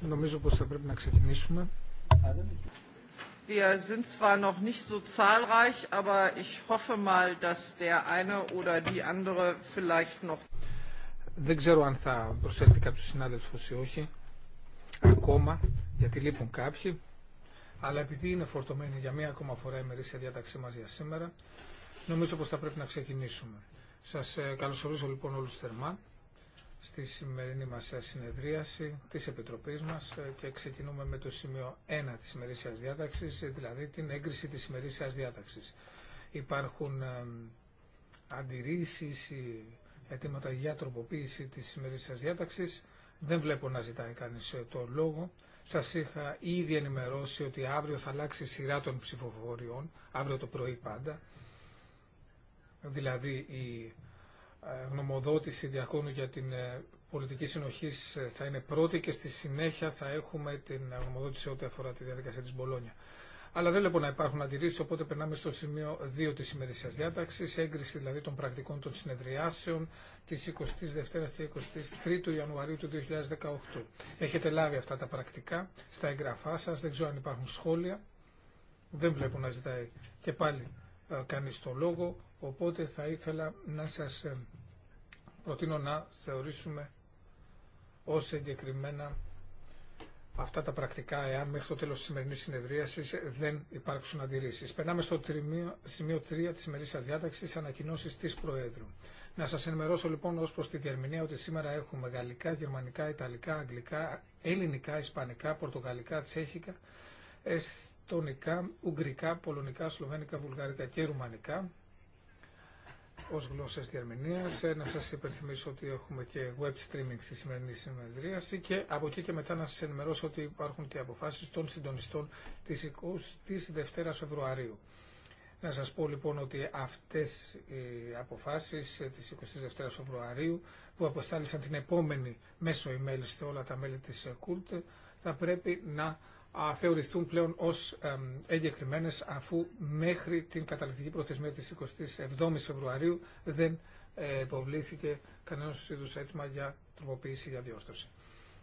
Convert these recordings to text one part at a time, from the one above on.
Νομίζω πως θα πρέπει να ξεκινήσουμε. Wir sind zwar noch nicht so zahlreich, aber ich hoffe mal, dass der eine oder die andere vielleicht noch. Δεν ξέρω αν θα προσέλθει κάποιος συνάδελφος ή όχι. Ακόμα, γιατί λείπουν κάποιοι. Αλλά επειδή είναι φορτωμένη για μία ακόμα φορά η μερίσια διάταξή μας για σήμερα, νομίζω πως θα πρέπει να ξεκινήσουμε. Σας ε, καλωσορίζω λοιπόν όλους θερμά στη σημερινή μας συνεδρίαση της Επιτροπής μας ε, και ξεκινούμε με το σημείο 1 της ημερήσιας διάταξης, ε, δηλαδή την έγκριση της ημερήσιας διάταξης. Υπάρχουν ε, αντιρρήσεις ή αιτήματα για τροποποίηση της ημερήσιας διάταξης. Δεν βλέπω να ζητάει κανείς το λόγο. Σας είχα ήδη ενημερώσει ότι αύριο θα αλλάξει η σειρά των ψηφοφοριών, αύριο το πρωί πάντα. Δηλαδή η ε, γνωμοδότηση διακόνου για την ε, πολιτική συνοχή ε, θα είναι πρώτη και στη συνέχεια θα έχουμε την γνωμοδότηση ό,τι αφορά τη διαδικασία της Μπολόνια. Αλλά δεν βλέπω να υπάρχουν αντιρρήσει, οπότε περνάμε στο σημείο 2 τη ημερήσια διάταξη, έγκριση δηλαδή των πρακτικών των συνεδριάσεων τη 22η και 23η Ιανουαρίου του 2018. Έχετε λάβει αυτά τα πρακτικά στα εγγραφά σα, δεν ξέρω αν υπάρχουν σχόλια. Δεν βλέπω να ζητάει και πάλι ε, κανείς το λόγο, οπότε θα ήθελα να σας ε, προτείνω να θεωρήσουμε ως εγκεκριμένα αυτά τα πρακτικά εάν μέχρι το τέλος της σημερινής συνεδρίασης δεν υπάρξουν αντιρρήσεις. Περνάμε στο σημείο 3 της σας διάταξης ανακοινώσεις της Προέδρου. Να σας ενημερώσω λοιπόν ως προς τη Γερμηνία ότι σήμερα έχουμε γαλλικά, γερμανικά, ιταλικά, αγγλικά, ελληνικά, ισπανικά, πορτογαλικά, τσέχικα, ε, τονικά, ουγγρικά, πολωνικά, σλοβένικα, βουλγάρικα και ρουμανικά ως γλώσσες διαρμηνίας. Ε, να σας υπενθυμίσω ότι έχουμε και web streaming στη σημερινή συνεδρίαση και από εκεί και μετά να σας ενημερώσω ότι υπάρχουν και αποφάσεις των συντονιστών της 22ης Φεβρουαρίου. Να σας πω λοιπόν ότι αυτές οι αποφάσεις ε, της 22ης Φεβρουαρίου που αποστάλησαν την επόμενη μέσω email σε όλα τα μέλη της CULT θα πρέπει να θεωρηθούν πλέον ως εγκεκριμένε αφού μέχρι την καταληκτική προθεσμία της 27ης Φεβρουαρίου δεν ε, υποβλήθηκε κανένα είδου αίτημα για τροποποίηση για διόρθωση.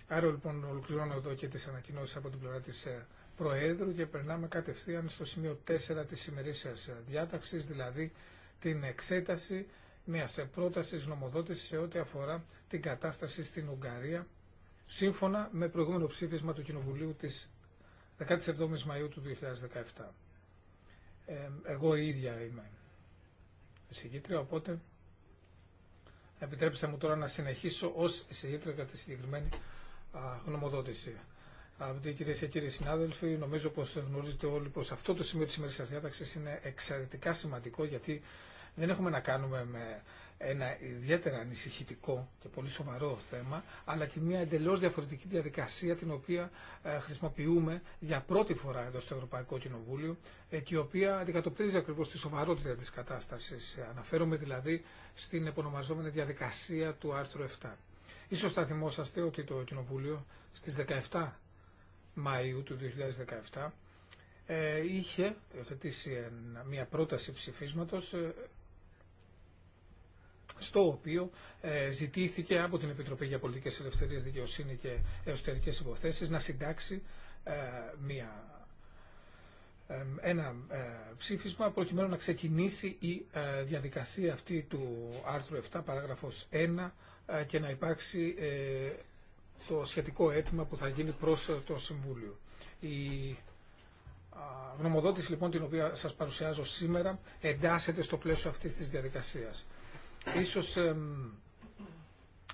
Άρα λοιπόν ολοκληρώνω εδώ και τις ανακοινώσεις από την πλευρά της ε, Προέδρου και περνάμε κατευθείαν στο σημείο 4 της ημερήσια ε, διάταξης, δηλαδή την εξέταση μιας πρότασης νομοδότηση σε ό,τι αφορά την κατάσταση στην Ουγγαρία σύμφωνα με προηγούμενο ψήφισμα του Κοινοβουλίου της 17 Μαΐου του 2017. Ε, εγώ η ίδια είμαι εισηγήτρια, οπότε επιτρέψτε μου τώρα να συνεχίσω ως εισηγήτρια για τη συγκεκριμένη γνωμοδότηση. Αγαπητοί κυρίε και κύριοι συνάδελφοι, νομίζω πω γνωρίζετε όλοι πω αυτό το σημείο τη σας διάταξη είναι εξαιρετικά σημαντικό γιατί δεν έχουμε να κάνουμε με ένα ιδιαίτερα ανησυχητικό και πολύ σοβαρό θέμα, αλλά και μια εντελώς διαφορετική διαδικασία την οποία ε, χρησιμοποιούμε για πρώτη φορά εδώ στο Ευρωπαϊκό Κοινοβούλιο ε, και η οποία αντικατοπτρίζει ακριβώς τη σοβαρότητα της κατάστασης. Ε, αναφέρομαι δηλαδή στην επωνομαζόμενη διαδικασία του άρθρου 7. Ίσως θα θυμόσαστε ότι το Κοινοβούλιο στις 17 Μαΐου του 2017 είχε υιοθετήσει μια πρόταση ψηφίσματος στο οποίο ε, ζητήθηκε από την Επιτροπή για Πολιτικές Ελευθερίες, Δικαιοσύνη και Εσωτερικές Υποθέσεις να συντάξει ε, μια ε, ένα ψήφισμα προκειμένου να ξεκινήσει η διαδικασία αυτή του άρθρου 7 παράγραφος 1 και να υπάρξει το σχετικό αίτημα που θα γίνει προς το Συμβούλιο. Η γνωμοδότηση λοιπόν την οποία σας παρουσιάζω σήμερα εντάσσεται στο πλαίσιο αυτής της διαδικασίας. Ίσως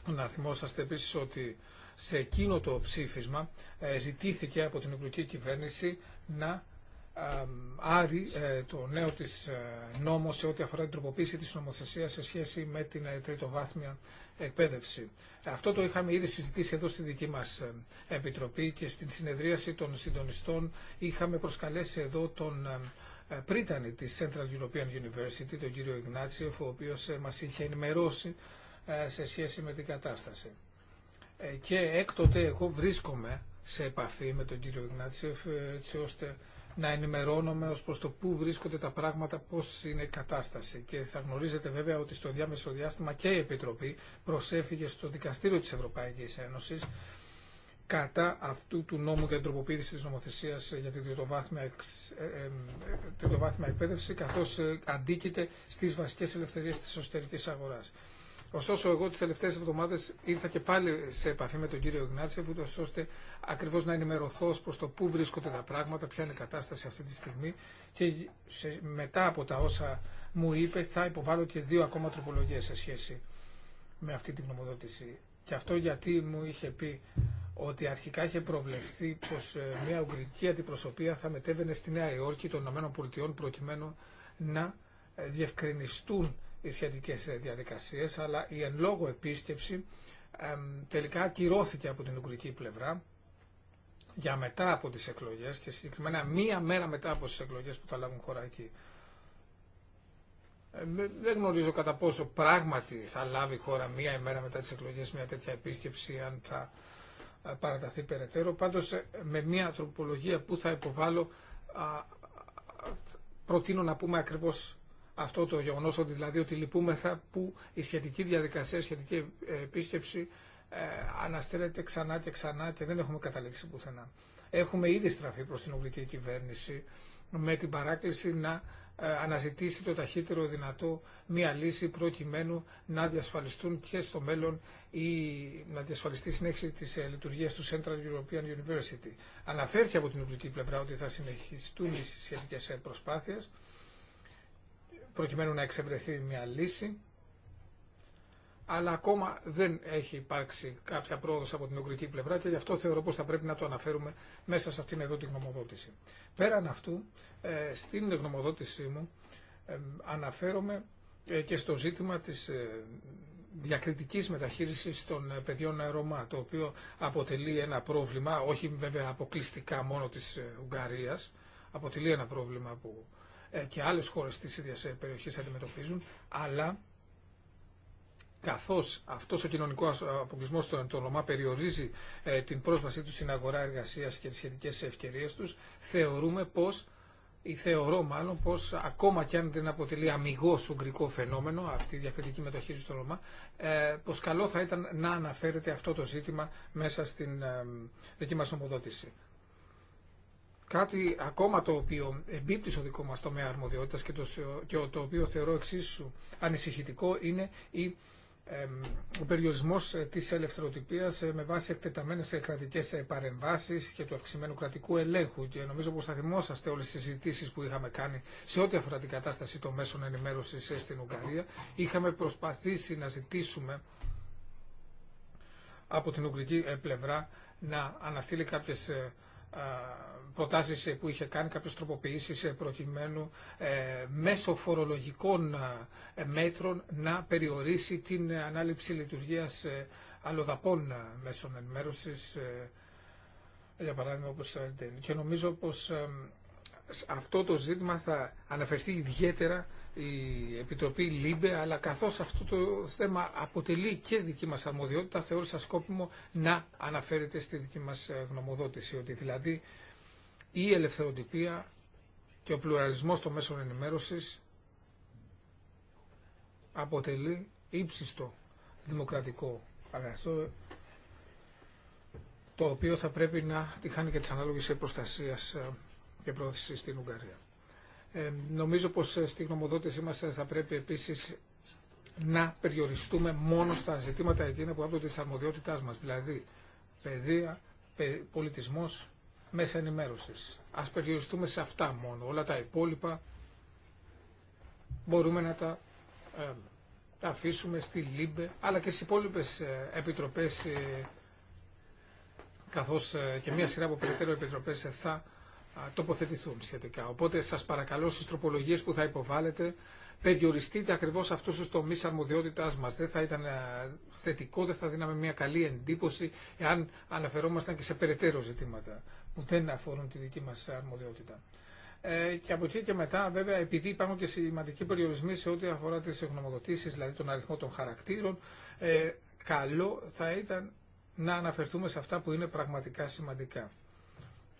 να θυμόσαστε επίσης ότι σε εκείνο το ψήφισμα ε, ζητήθηκε από την εκλογική κυβέρνηση να άρει ε, το νέο της ε, νόμο σε ό,τι αφορά την τροποποίηση της νομοθεσίας σε σχέση με την τρίτο βάθμια εκπαίδευση. Αυτό το είχαμε ήδη συζητήσει εδώ στη δική μας Επιτροπή και στην συνεδρίαση των συντονιστών είχαμε προσκαλέσει εδώ τον ε, πρίτανη της Central European University, τον κύριο Ιγνάτσιεφ, ο οποίος ε, μας είχε ενημερώσει ε, σε σχέση με την κατάσταση. Και έκτοτε εγώ βρίσκομαι σε επαφή με τον κύριο Ιγνάτσιεφ, έτσι ώστε να ενημερώνομαι ως προς το πού βρίσκονται τα πράγματα, πώς είναι η κατάσταση. Και θα γνωρίζετε βέβαια ότι στο διάμεσο διάστημα και η Επιτροπή προσέφυγε στο Δικαστήριο της Ευρωπαϊκής Ένωσης κατά αυτού του νόμου για την τροποποίηση της νομοθεσίας ε, για την τριτοβάθμια, ε, ε, τριτοβάθμια εκπαίδευση, καθώς αντίκειται στις βασικές ελευθερίες της εσωτερικής αγοράς. Ωστόσο, εγώ τι τελευταίε εβδομάδε ήρθα και πάλι σε επαφή με τον κύριο Γνάτσεφ, ώστε ακριβώ να ενημερωθώ προς το πού βρίσκονται τα πράγματα, ποια είναι η κατάσταση αυτή τη στιγμή και μετά από τα όσα μου είπε θα υποβάλω και δύο ακόμα τροπολογίε σε σχέση με αυτή την νομοδοτηση. Και αυτό γιατί μου είχε πει ότι αρχικά είχε προβλεφθεί πω ε, μια ουγγρική αντιπροσωπεία θα μετέβαινε στη Νέα Υόρκη των ΗΠΑ προκειμένου να ε, διευκρινιστούν οι σχετικέ ε, διαδικασίε, αλλά η εν λόγω επίσκεψη τελικά ακυρώθηκε από την ουγγρική πλευρά για μετά από τις εκλογές και συγκεκριμένα μία μέρα μετά από τις εκλογές που θα λάβουν χώρα εκεί. Δεν γνωρίζω κατά πόσο πράγματι θα λάβει χώρα μία ημέρα μετά τις εκλογές μια τέτοια επίσκεψη, αν θα παραταθεί περαιτέρω. Πάντως ε, με μια τροπολογία που θα υποβάλω προτείνω να πούμε ακριβώς αυτό το γεγονός ότι δηλαδή ότι λυπούμεθα που η σχετική διαδικασία, η σχετική επίσκεψη ε, αναστέλλεται ξανά και ξανά και δεν έχουμε καταλήξει πουθενά. Έχουμε ήδη στραφεί προς την Ουγγλική κυβέρνηση με την παράκληση να ε, αναζητήσει το ταχύτερο δυνατό μία λύση προκειμένου να διασφαλιστούν και στο μέλλον ή να διασφαλιστεί η συνέχιση της ε, λειτουργίας του Central European University. Αναφέρθηκε από την Ουγγρική πλευρά ότι θα συνεχιστούν οι σχετικέ ε, προσπάθειες προκειμένου να εξευρεθεί μία λύση αλλά ακόμα δεν έχει υπάρξει κάποια πρόοδο από την Ουγγρική πλευρά και γι' αυτό θεωρώ πω θα πρέπει να το αναφέρουμε μέσα σε αυτήν εδώ τη γνωμοδότηση. Πέραν αυτού, ε, στην γνωμοδότησή μου ε, αναφέρομαι ε, και στο ζήτημα της διακριτικής μεταχείρισης των παιδιών Ρωμά, το οποίο αποτελεί ένα πρόβλημα, όχι βέβαια αποκλειστικά μόνο της Ουγγαρίας, αποτελεί ένα πρόβλημα που και άλλες χώρες της ίδιας περιοχής αντιμετωπίζουν, αλλά καθώς αυτό ο κοινωνικό αποκλεισμός στον των περιορίζει ε, την πρόσβασή του στην αγορά εργασίας και τις σχετικές ευκαιρίες τους, θεωρούμε πως ή θεωρώ μάλλον πω ακόμα και αν δεν αποτελεί αμυγό ουγγρικό φαινόμενο αυτή η διακριτική μεταχείριση του Ρωμά ε, πως καλό θα ήταν να αναφέρεται αυτό το ζήτημα μέσα στην ε, δική μα ομοδότηση. Κάτι ακόμα το οποίο εμπίπτει στο δικό μα τομέα αρμοδιότητα και το, και το οποίο θεωρώ εξίσου ανησυχητικό είναι η ο περιορισμός ε, της ελευθεροτυπίας ε, με βάση εκτεταμένες ε, κρατικές παρεμβάσεις και του αυξημένου κρατικού ελέγχου και νομίζω πως θα θυμόσαστε όλες τις συζητήσεις που είχαμε κάνει σε ό,τι αφορά την κατάσταση των μέσων ενημέρωσης στην Ουγγαρία είχαμε προσπαθήσει να ζητήσουμε από την Ουγγρική πλευρά να αναστείλει κάποιες προτάσεις ε, που είχε κάνει, κάποιε τροποποιήσει ε, προκειμένου ε, μέσω φορολογικών μέτρων να περιορίσει την ανάληψη λειτουργίας αλλοδαπών μέσων ενημέρωσης, για παράδειγμα όπως το Και νομίζω πως αυτό το ζήτημα θα αναφερθεί ιδιαίτερα η Επιτροπή ΛΥΜΠΕ, αλλά καθώς αυτό το θέμα αποτελεί και δική μας αρμοδιότητα, θεώρησα σκόπιμο να αναφέρεται στη δική μας γνωμοδότηση, ότι δηλαδή η ελευθεροτυπία και ο πλουραλισμός των μέσων ενημέρωσης αποτελεί ύψιστο δημοκρατικό αγαθό το οποίο θα πρέπει να τη και τις ανάλογες προστασίας ε, και πρόθεση στην Ουγγαρία. Ε, νομίζω πως ε, στη γνωμοδότησή μας θα πρέπει επίσης να περιοριστούμε μόνο στα ζητήματα εκείνα που άπτονται της αρμοδιότητάς μας, δηλαδή παιδεία, πολιτισμός, μέσα ενημέρωσης. Ας περιοριστούμε σε αυτά μόνο. Όλα τα υπόλοιπα μπορούμε να τα ε, αφήσουμε στη ΛΥΜΠΕ, αλλά και στις υπόλοιπες ε, επιτροπές, ε, καθώς και μια σειρά από περαιτέρω επιτροπές θα τοποθετηθούν σχετικά. Οπότε σας παρακαλώ στις τροπολογίες που θα υποβάλλετε, περιοριστείτε ακριβώς αυτούς τους τομείς αρμοδιότητάς μας. Δεν θα ήταν θετικό, δεν θα δίναμε μια καλή εντύπωση εάν αναφερόμασταν και σε περαιτέρω ζητήματα που δεν αφορούν τη δική μας αρμοδιότητα. Ε, και από εκεί και μετά, βέβαια, επειδή υπάρχουν και σημαντικοί περιορισμοί σε ό,τι αφορά τις γνωμοδοτήσεις, δηλαδή τον αριθμό των χαρακτήρων, ε, καλό θα ήταν να αναφερθούμε σε αυτά που είναι πραγματικά σημαντικά.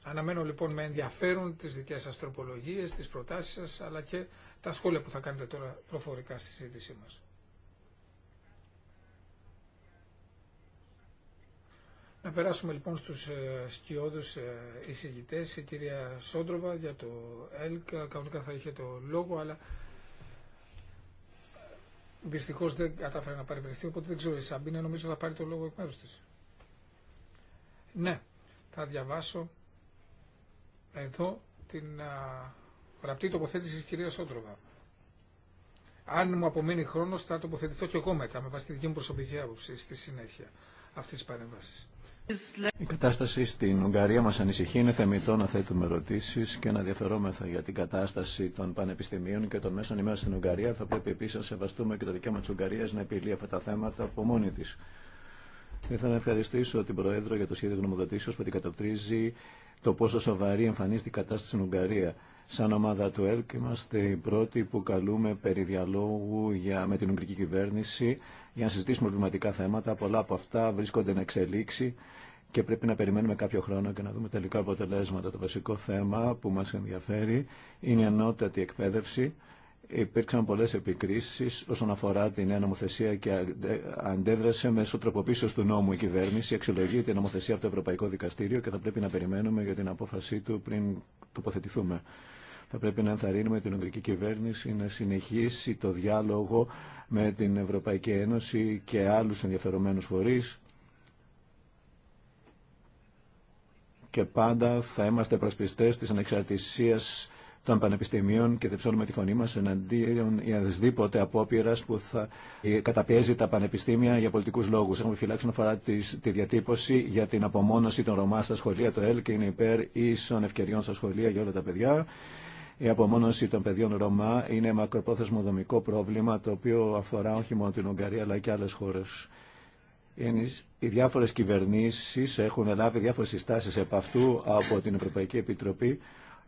Αναμένω λοιπόν με ενδιαφέρον τις δικές σα τροπολογίε, τι προτάσει σα, αλλά και τα σχόλια που θα κάνετε τώρα προφορικά στη συζήτησή μας. Να περάσουμε λοιπόν στους ε, σκιώδους ε, εισηγητές. Η κυρία Σόντροβα για το ΕΛΚ κανονικά θα είχε το λόγο, αλλά δυστυχώς δεν κατάφερε να παρευρεθεί, οπότε δεν ξέρω. Η Σαμπίνα νομίζω θα πάρει το λόγο εκ μέρους της. Ναι, θα διαβάσω εδώ την γραπτή τοποθέτηση της κυρίας Σόντροβα. Αν μου απομείνει χρόνος θα τοποθετηθώ και εγώ μετά, με βάση τη δική μου προσωπική άποψη στη συνέχεια αυτής της παρέμβασης. Η κατάσταση στην Ουγγαρία μας ανησυχεί. Είναι θεμητό να θέτουμε ερωτήσεις και να διαφερόμεθα για την κατάσταση των πανεπιστημίων και των μέσων ημέρας στην Ουγγαρία. Θα πρέπει επίσης να σεβαστούμε και το δικαίωμα της Ουγγαρίας να επιλύει αυτά τα θέματα από μόνη της. Θα ήθελα να ευχαριστήσω την Προέδρο για το σχέδιο γνωμοδοτήσεως που αντικατοπτρίζει το πόσο σοβαρή εμφανίζεται η κατάσταση στην Ουγγαρία. Σαν ομάδα του ΕΛΚ είμαστε οι πρώτοι που καλούμε περί διαλόγου για, με την Ουγγρική κυβέρνηση για να συζητήσουμε προβληματικά θέματα. Πολλά από αυτά βρίσκονται να εξελίξει και πρέπει να περιμένουμε κάποιο χρόνο και να δούμε τελικά αποτελέσματα. Το βασικό θέμα που μας ενδιαφέρει είναι η ανώτατη εκπαίδευση. Υπήρξαν πολλές επικρίσεις όσον αφορά την νέα νομοθεσία και αντέδρασε μέσω τροποποίησης του νόμου η κυβέρνηση. αξιολογεί την νομοθεσία από το Ευρωπαϊκό Δικαστήριο και θα πρέπει να περιμένουμε για την απόφασή του πριν τοποθετηθούμε. Θα πρέπει να ενθαρρύνουμε την Ουγγρική κυβέρνηση να συνεχίσει το διάλογο με την Ευρωπαϊκή Ένωση και άλλους ενδιαφερομένους φορείς και πάντα θα είμαστε προσπιστές της ανεξαρτησίας των πανεπιστημίων και θα τη φωνή μας εναντίον ιαδεσδήποτε απόπειρα που θα ε, καταπιέζει τα πανεπιστήμια για πολιτικούς λόγους. Έχουμε φυλάξει να αφορά τη διατύπωση για την απομόνωση των Ρωμά στα σχολεία, το ΕΛ και είναι υπέρ ίσων ευκαιριών στα σχολεία για όλα τα παιδιά. Η απομόνωση των παιδιών Ρωμά είναι μακροπρόθεσμο δομικό πρόβλημα το οποίο αφορά όχι μόνο την Ουγγαρία αλλά και άλλες χώρες. Οι διάφορες κυβερνήσεις έχουν λάβει διάφορες συστάσεις επ' αυτού από την Ευρωπαϊκή Επιτροπή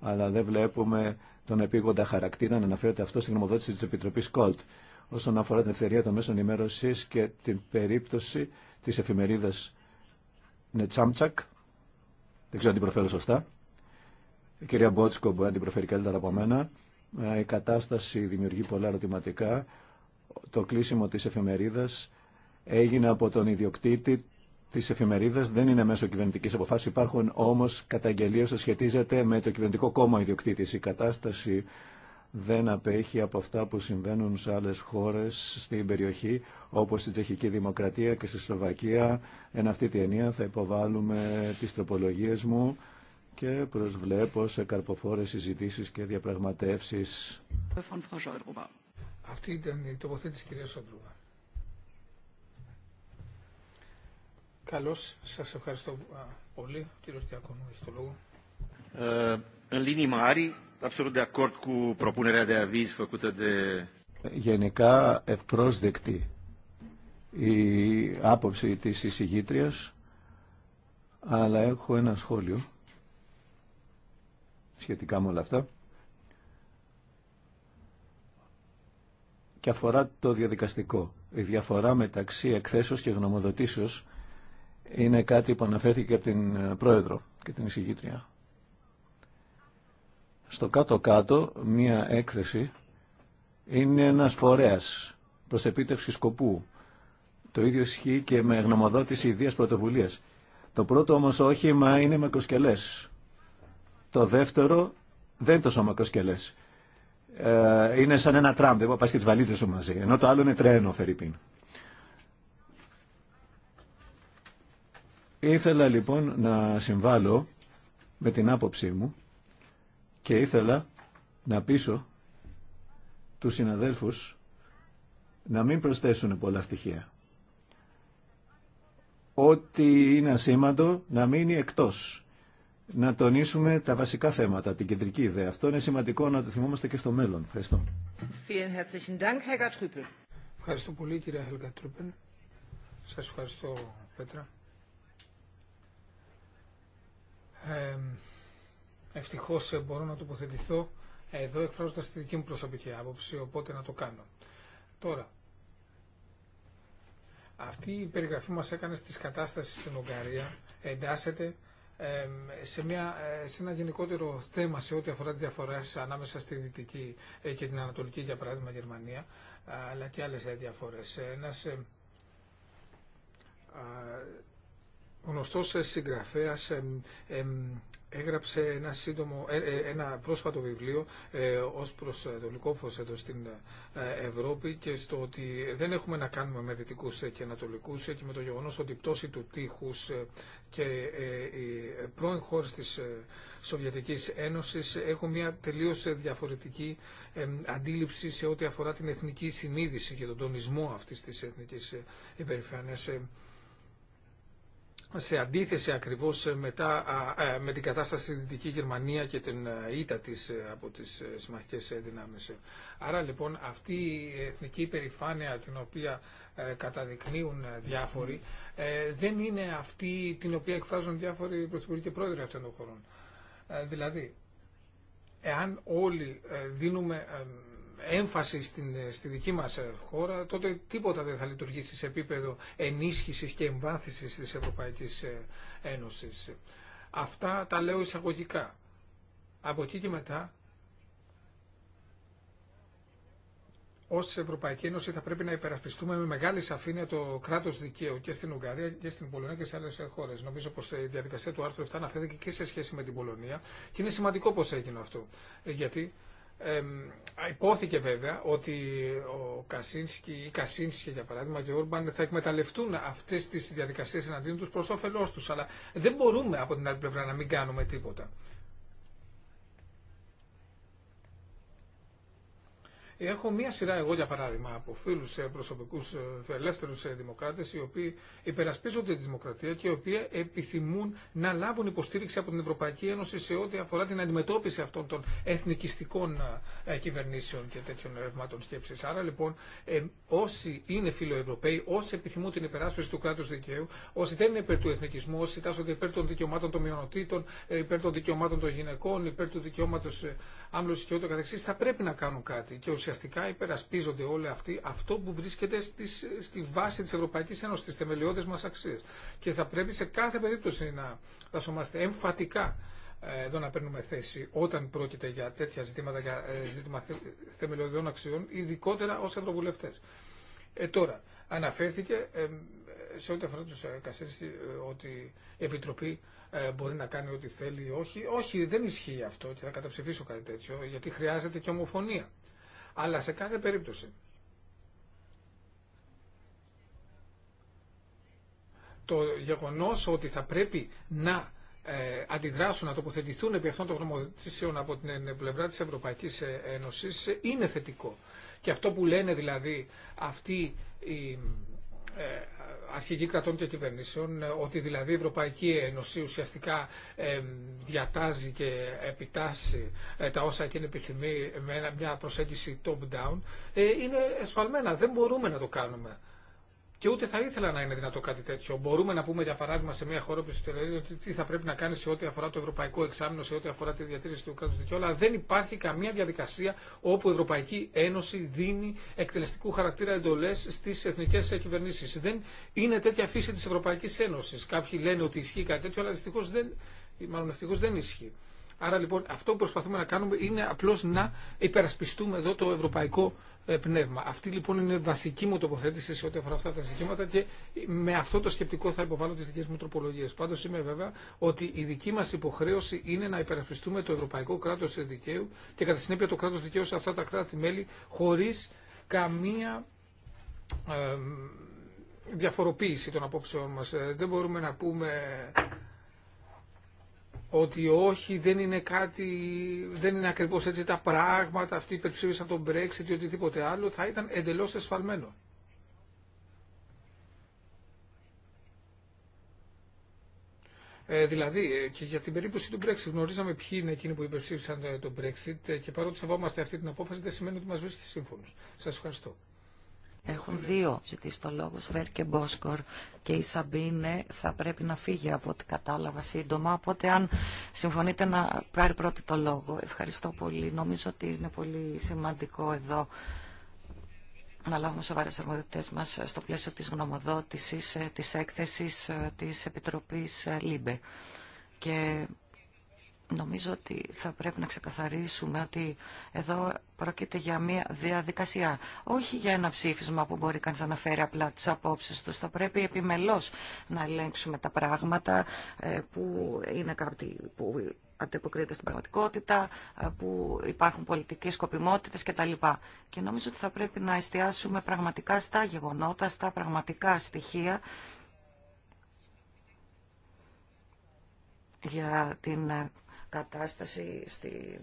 αλλά δεν βλέπουμε τον επίγοντα χαρακτήρα να αναφέρεται αυτό στην γνωμοδότηση της Επιτροπής ΚΟΛΤ όσον αφορά την ευθερία των μέσων ενημέρωση και την περίπτωση της εφημερίδας Νετσάμτσακ, δεν ξέρω αν την προφέρω σωστά, η κυρία Μπότσκο μπορεί να καλύτερα από μένα, ε, η κατάσταση δημιουργεί πολλά ερωτηματικά. Το κλείσιμο της εφημερίδας έγινε από τον ιδιοκτήτη της εφημερίδας, δεν είναι μέσω κυβερνητικής αποφάση. υπάρχουν όμως καταγγελίες που σχετίζεται με το κυβερνητικό κόμμα ιδιοκτήτης. Η κατάσταση δεν απέχει από αυτά που συμβαίνουν σε άλλες χώρες στην περιοχή, όπως στη Τσεχική Δημοκρατία και στη Σλοβακία. Εν αυτή τη ενία θα υποβάλουμε τις τροπολογίες μου και προσβλέπω σε καρποφόρες συζητήσεις και διαπραγματεύσεις. Αυτή ήταν η τοποθέτηση κυρία Σόντρουβα. Καλώς, σας ευχαριστώ πολύ. Ο κύριος Διακόνου έχει το λόγο. Ε, εν λίνη μάρη, absolut de acord cu propunerea de aviz făcută de... Ε, γενικά ευπρόσδεκτη η άποψη της εισηγήτριας, αλλά έχω ένα σχόλιο σχετικά με όλα αυτά και αφορά το διαδικαστικό. Η διαφορά μεταξύ εκθέσεως και γνωμοδοτήσεως είναι κάτι που αναφέρθηκε από την ε, Πρόεδρο και την εισηγήτρια. Στο κάτω-κάτω μία έκθεση είναι ένας φορέας προς επίτευξη σκοπού. Το ίδιο ισχύει και με γνωμοδότηση ιδίας πρωτοβουλίας. Το πρώτο όμως όχημα είναι με μακροσκελές. Το δεύτερο δεν είναι το μακροσκελέ. Ε, είναι σαν ένα τραμπ. δεν πα και τι βαλίτσε σου μαζί. Ενώ το άλλο είναι τρένο, Φερρυπίν. Ήθελα λοιπόν να συμβάλλω με την άποψή μου και ήθελα να πείσω τους συναδέλφους να μην προσθέσουν πολλά στοιχεία. Ό,τι είναι ασήμαντο να μείνει εκτός να τονίσουμε τα βασικά θέματα, την κεντρική ιδέα. Αυτό είναι σημαντικό να το θυμόμαστε και στο μέλλον. Ευχαριστώ. Ευχαριστώ πολύ κυρία Χέλγα Τρούπεν. Σας ευχαριστώ Πέτρα. Ε, ευτυχώς μπορώ να τοποθετηθώ εδώ εκφράζοντας τη δική μου προσωπική άποψη, οπότε να το κάνω. Τώρα, αυτή η περιγραφή μας έκανε στις κατάστασεις στην Ουγγαρία εντάσσεται σε, μια, ε, σε ένα γενικότερο θέμα σε ό,τι αφορά τις διαφορές ανάμεσα στη Δυτική ε, και την Ανατολική, για παράδειγμα Γερμανία, αλλά και άλλες ε, διαφορές. Ένας γνωστός συγγραφέας έγραψε ένα, σύντομο, ε, ε, ένα πρόσφατο βιβλίο ε, ως προς το εδώ στην Ευρώπη και στο ότι δεν έχουμε να κάνουμε με δυτικούς και ανατολικούς και με το γεγονός ότι η πτώση του τείχους και οι πρώην χώρες της Σοβιετικής Ένωσης έχουν μια τελείως διαφορετική αντίληψη σε ό,τι αφορά την εθνική συνείδηση και τον τονισμό αυτής της εθνικής υπερηφάνειας σε αντίθεση ακριβώς μετά, ε, με την κατάσταση στη Δυτική Γερμανία και την ε, ήττα της ε, από τις συμμαχικές δυνάμεις. Άρα λοιπόν αυτή η εθνική υπερηφάνεια την οποία καταδεικνύουν διάφοροι δεν είναι αυτή την οποία εκφράζουν διάφοροι πρωθυπουργοί και πρόεδροι αυτών των χωρών. Δηλαδή, εάν όλοι δίνουμε έμφαση στην, ε, στη δική μας ε, χώρα, τότε τίποτα δεν θα λειτουργήσει σε επίπεδο ενίσχυσης και εμβάθυνσης της Ευρωπαϊκής ε, Ένωσης. Αυτά τα λέω εισαγωγικά. Από εκεί και μετά, ως Ευρωπαϊκή Ένωση θα πρέπει να υπερασπιστούμε με μεγάλη σαφήνεια το κράτος δικαίου και στην Ουγγαρία και στην Πολωνία και σε άλλες χώρες. Νομίζω πως η διαδικασία του άρθρου 7 αναφέρεται και σε σχέση με την Πολωνία και είναι σημαντικό πως έγινε αυτό. Γιατί ε, υπόθηκε βέβαια ότι ο Κασίνσκι ή Κασίνσκι για παράδειγμα και ο Ούρμπαν θα εκμεταλλευτούν αυτέ τι διαδικασίε εναντίον του προ όφελό του. Αλλά δεν μπορούμε από την άλλη πλευρά να μην κάνουμε τίποτα. Έχω μία σειρά εγώ για παράδειγμα από φίλου ε, προσωπικού ε, ελεύθερου ε, δημοκράτε οι οποίοι υπερασπίζονται τη δημοκρατία και οι οποίοι επιθυμούν να λάβουν υποστήριξη από την Ευρωπαϊκή Ένωση σε ό,τι αφορά την αντιμετώπιση αυτών των εθνικιστικών κυβερνήσεων και τέτοιων ρευμάτων σκέψη. Άρα λοιπόν όσοι είναι φιλοευρωπαίοι, όσοι επιθυμούν την υπεράσπιση του κράτου δικαίου, όσοι δεν είναι υπέρ του εθνικισμού, όσοι τάσσονται υπέρ των δικαιωμάτων των μειονοτήτων, υπέρ των δικαιωμάτων των γυναικών, υπέρ του δικαιώματο άμβλωση και ούτω καθεξή, θα πρέπει να κάνουν κάτι ουσιαστικά υπερασπίζονται όλοι αυτοί αυτό που βρίσκεται στις, στη βάση της Ευρωπαϊκής Ένωσης, στις θεμελιώδες μας αξίες. Και θα πρέπει σε κάθε περίπτωση να δασομαστε εμφατικά ε, εδώ να παίρνουμε θέση όταν πρόκειται για τέτοια ζητήματα, για ε, ζήτημα θεμελιωδών αξιών, ειδικότερα ως ευρωβουλευτές. Ε, τώρα, αναφέρθηκε ε, σε ό,τι αφορά τους ε, ότι η Επιτροπή μπορεί να κάνει ό,τι θέλει ή όχι. Όχι, δεν ισχύει αυτό και θα καταψηφίσω κάτι τέτοιο, γιατί χρειάζεται και ομοφωνία. Αλλά σε κάθε περίπτωση το γεγονός ότι θα πρέπει να ε, αντιδράσουν, να τοποθετηθούν επί αυτών των γνωμοδοτήσεων από την πλευρά της Ευρωπαϊκής Ένωσης είναι θετικό. Και αυτό που λένε δηλαδή αυτοί οι, ε, αρχηγοί κρατών και κυβερνήσεων, ε, ότι δηλαδή η Ευρωπαϊκή Ένωση ουσιαστικά ε, διατάζει και επιτάσσει ε, τα όσα εκείνη επιθυμεί με μια προσέγγιση top-down, είναι εσφαλμένα. Δεν μπορούμε να το κάνουμε και ούτε θα ήθελα να είναι δυνατό κάτι τέτοιο. Μπορούμε να πούμε, για παράδειγμα, σε μια χώρα που η Τελωνία, ότι τι θα πρέπει να κάνει σε ό,τι αφορά το ευρωπαϊκό εξάμεινο, σε ό,τι αφορά τη διατήρηση του κράτου δικαίου, αλλά δεν υπάρχει καμία διαδικασία όπου η Ευρωπαϊκή Ένωση δίνει εκτελεστικού χαρακτήρα εντολέ στι εθνικέ κυβερνήσει. Δεν είναι τέτοια φύση τη Ευρωπαϊκή Ένωση. Κάποιοι λένε ότι ισχύει κάτι τέτοιο, αλλά δυστυχώ δεν, μάλλον ευτυχώ δεν ισχύει. Άρα λοιπόν αυτό που προσπαθούμε να κάνουμε είναι απλώ να υπερασπιστούμε εδώ το ευρωπαϊκό ε, πνεύμα. Αυτή λοιπόν είναι βασική μου τοποθέτηση σε ό,τι αφορά αυτά τα ζητήματα και με αυτό το σκεπτικό θα υποβάλω τι δικέ μου τροπολογίε. Πάντω είμαι βέβαια ότι η δική μα υποχρέωση είναι να υπερασπιστούμε το ευρωπαϊκό κράτο δικαίου και κατά συνέπεια το κράτο δικαίου σε αυτά τα κράτη-μέλη χωρί καμία διαφοροποίηση των απόψεών μας. Ε, δεν μπορούμε να πούμε ότι όχι δεν είναι κάτι, δεν είναι ακριβώς έτσι τα πράγματα, αυτοί υπερψήφισαν τον Brexit ή οτιδήποτε άλλο, θα ήταν εντελώς εσφαλμένο. Ε, δηλαδή, ε, και για την περίπτωση του Brexit, γνωρίζαμε ποιοι είναι εκείνοι που υπερψήφισαν ε, τον Brexit ε, και παρότι σεβόμαστε αυτή την απόφαση, δεν σημαίνει ότι μας βρίσκει σύμφωνος. Σας ευχαριστώ. Έχουν δύο ζητήσει το λόγο, Σβέρ και Μπόσκορ. Και η Σαμπίνε θα πρέπει να φύγει από ό,τι κατάλαβα σύντομα. Οπότε, αν συμφωνείτε να πάρει πρώτη το λόγο. Ευχαριστώ πολύ. Νομίζω ότι είναι πολύ σημαντικό εδώ να λάβουμε σοβαρές αρμοδιότητες μας στο πλαίσιο της γνωμοδότησης, ε, της έκθεσης ε, της Επιτροπής ε, ΛΥΜΠΕ. Και Νομίζω ότι θα πρέπει να ξεκαθαρίσουμε ότι εδώ πρόκειται για μια διαδικασία. Όχι για ένα ψήφισμα που μπορεί κανείς να αναφέρει απλά τις απόψεις τους. Θα πρέπει επιμελώς να ελέγξουμε τα πράγματα ε, που είναι κάτι που αντεποκρίνεται στην πραγματικότητα, ε, που υπάρχουν πολιτικές σκοπιμότητες κτλ. Και νομίζω ότι θα πρέπει να εστιάσουμε πραγματικά στα γεγονότα, στα πραγματικά στοιχεία για την κατάσταση στην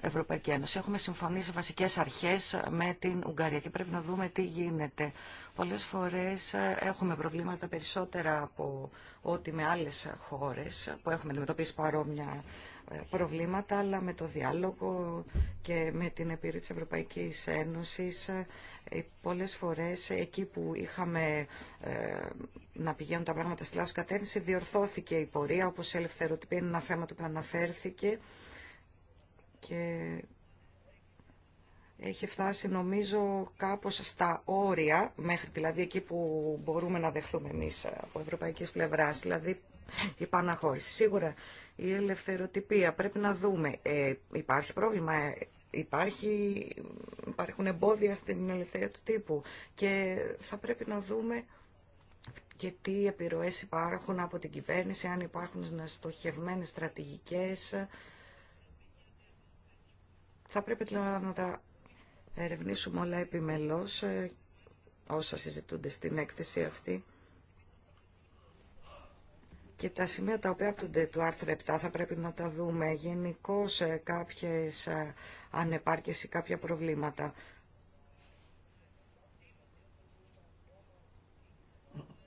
Ευρωπαϊκή Ένωση. Έχουμε συμφωνήσει βασικές αρχές με την Ουγγαρία και πρέπει να δούμε τι γίνεται. Πολλές φορές ε, έχουμε προβλήματα περισσότερα από ό,τι με άλλες χώρες που έχουμε αντιμετωπίσει παρόμοια προβλήματα, αλλά με το διάλογο και με την επίρρη της Ευρωπαϊκής Ένωσης ε, πολλές φορές εκεί που είχαμε ε, να πηγαίνουν τα πράγματα στη λάθος κατεύθυνση διορθώθηκε η πορεία, όπως η ελευθερωτική είναι ένα θέμα το οποίο αναφέρθηκε και έχει φτάσει νομίζω κάπως στα όρια, μέχρι δηλαδή εκεί που μπορούμε να δεχθούμε εμείς από ευρωπαϊκής πλευράς. Δηλαδή η παναχώρηση. Σίγουρα η ελευθεροτυπία πρέπει να δούμε. Ε, υπάρχει πρόβλημα, ε, υπάρχει, υπάρχουν εμπόδια στην ελευθερία του τύπου και θα πρέπει να δούμε και τι επιρροές υπάρχουν από την κυβέρνηση, αν υπάρχουν στοχευμένες στρατηγικές. Θα πρέπει να τα ερευνήσουμε όλα επιμελώς ε, όσα συζητούνται στην έκθεση αυτή και τα σημεία τα οποία άπτονται του άρθρου 7 θα πρέπει να τα δούμε γενικώ κάποιες ε, ανεπάρκειες ή κάποια προβλήματα.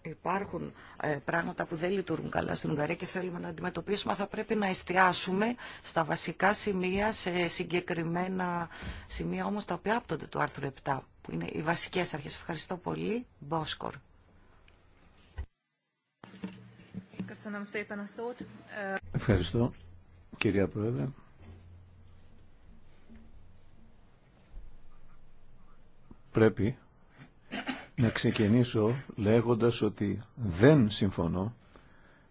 Υπάρχουν ε, πράγματα που δεν λειτουργούν καλά στην Ουγγαρία και θέλουμε να αντιμετωπίσουμε. Θα πρέπει να εστιάσουμε στα βασικά σημεία, σε συγκεκριμένα σημεία όμως τα οποία άπτονται του άρθρου 7, που είναι οι βασικές αρχές. Ευχαριστώ πολύ. Μπόσκορ. Ευχαριστώ, κυρία Πρόεδρε. Πρέπει να ξεκινήσω λέγοντας ότι δεν συμφωνώ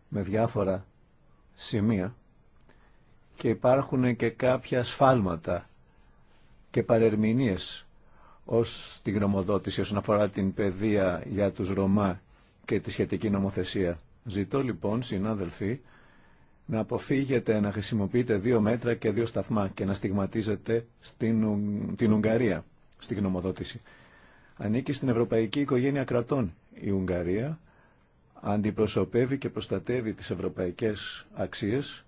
με διάφορα σημεία και υπάρχουν και κάποια σφάλματα και παρερμηνίες ως την γνωμοδότηση όσον αφορά την παιδεία για τους Ρωμά και τη σχετική νομοθεσία. Ζητώ λοιπόν, συνάδελφοι, να αποφύγετε να χρησιμοποιείτε δύο μέτρα και δύο σταθμά και να στιγματίζετε στην, την Ουγγαρία στην γνωμοδότηση. Ανήκει στην ευρωπαϊκή οικογένεια κρατών η Ουγγαρία, αντιπροσωπεύει και προστατεύει τις ευρωπαϊκές αξίες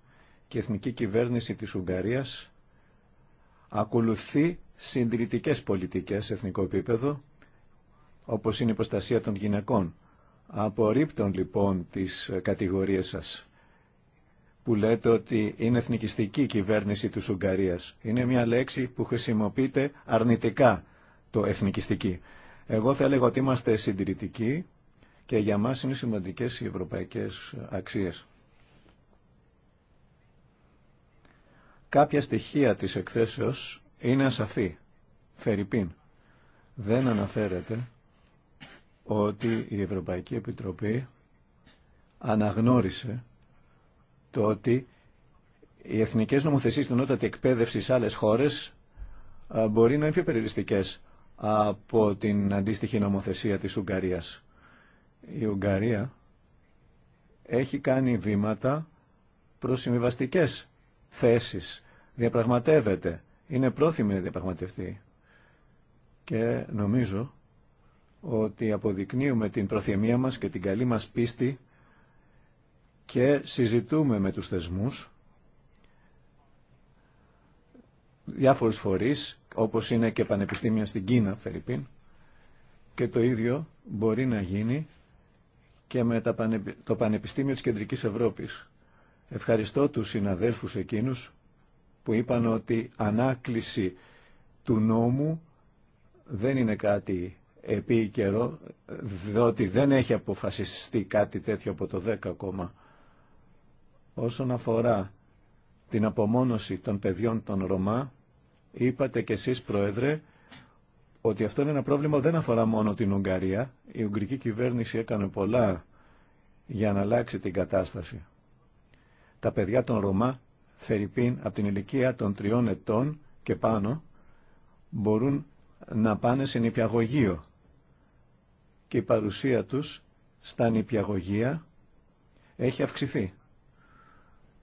και η εθνική κυβέρνηση της Ουγγαρίας ακολουθεί συντηρητικές πολιτικές σε εθνικό επίπεδο, όπως είναι η προστασία των γυναικών Απορρίπτων λοιπόν τις κατηγορίες σας που λέτε ότι είναι εθνικιστική η κυβέρνηση της Ουγγαρίας. Είναι μια λέξη που χρησιμοποιείται αρνητικά το εθνικιστική. Εγώ θα έλεγα ότι είμαστε συντηρητικοί και για μας είναι σημαντικές οι ευρωπαϊκές αξίες. Κάποια στοιχεία της εκθέσεως είναι ασαφή. Φερρυπίν. Δεν αναφέρεται ότι η Ευρωπαϊκή Επιτροπή αναγνώρισε το ότι οι εθνικές νομοθεσίες στην νότατη εκπαίδευση σε άλλες χώρες μπορεί να είναι πιο περιοριστικές από την αντίστοιχη νομοθεσία της Ουγγαρίας. Η Ουγγαρία έχει κάνει βήματα προς συμβιβαστικές θέσεις. Διαπραγματεύεται. Είναι πρόθυμη να διαπραγματευτεί. Και νομίζω ότι αποδεικνύουμε την προθυμία μας και την καλή μας πίστη και συζητούμε με τους θεσμούς διάφορους φορείς, όπως είναι και πανεπιστήμια στην Κίνα, Φερρυπίν, και το ίδιο μπορεί να γίνει και με το Πανεπιστήμιο της Κεντρικής Ευρώπης. Ευχαριστώ τους συναδέλφους εκείνους που είπαν ότι ανάκληση του νόμου δεν είναι κάτι επί καιρό, διότι δεν έχει αποφασιστεί κάτι τέτοιο από το 10 ακόμα. Όσον αφορά την απομόνωση των παιδιών των Ρωμά, είπατε κι εσείς, Πρόεδρε, ότι αυτό είναι ένα πρόβλημα δεν αφορά μόνο την Ουγγαρία. Η Ουγγρική κυβέρνηση έκανε πολλά για να αλλάξει την κατάσταση. Τα παιδιά των Ρωμά, Φερρυπίν, από την ηλικία των τριών ετών και πάνω, μπορούν να πάνε σε νηπιαγωγείο και η παρουσία τους στα νηπιαγωγεία έχει αυξηθεί.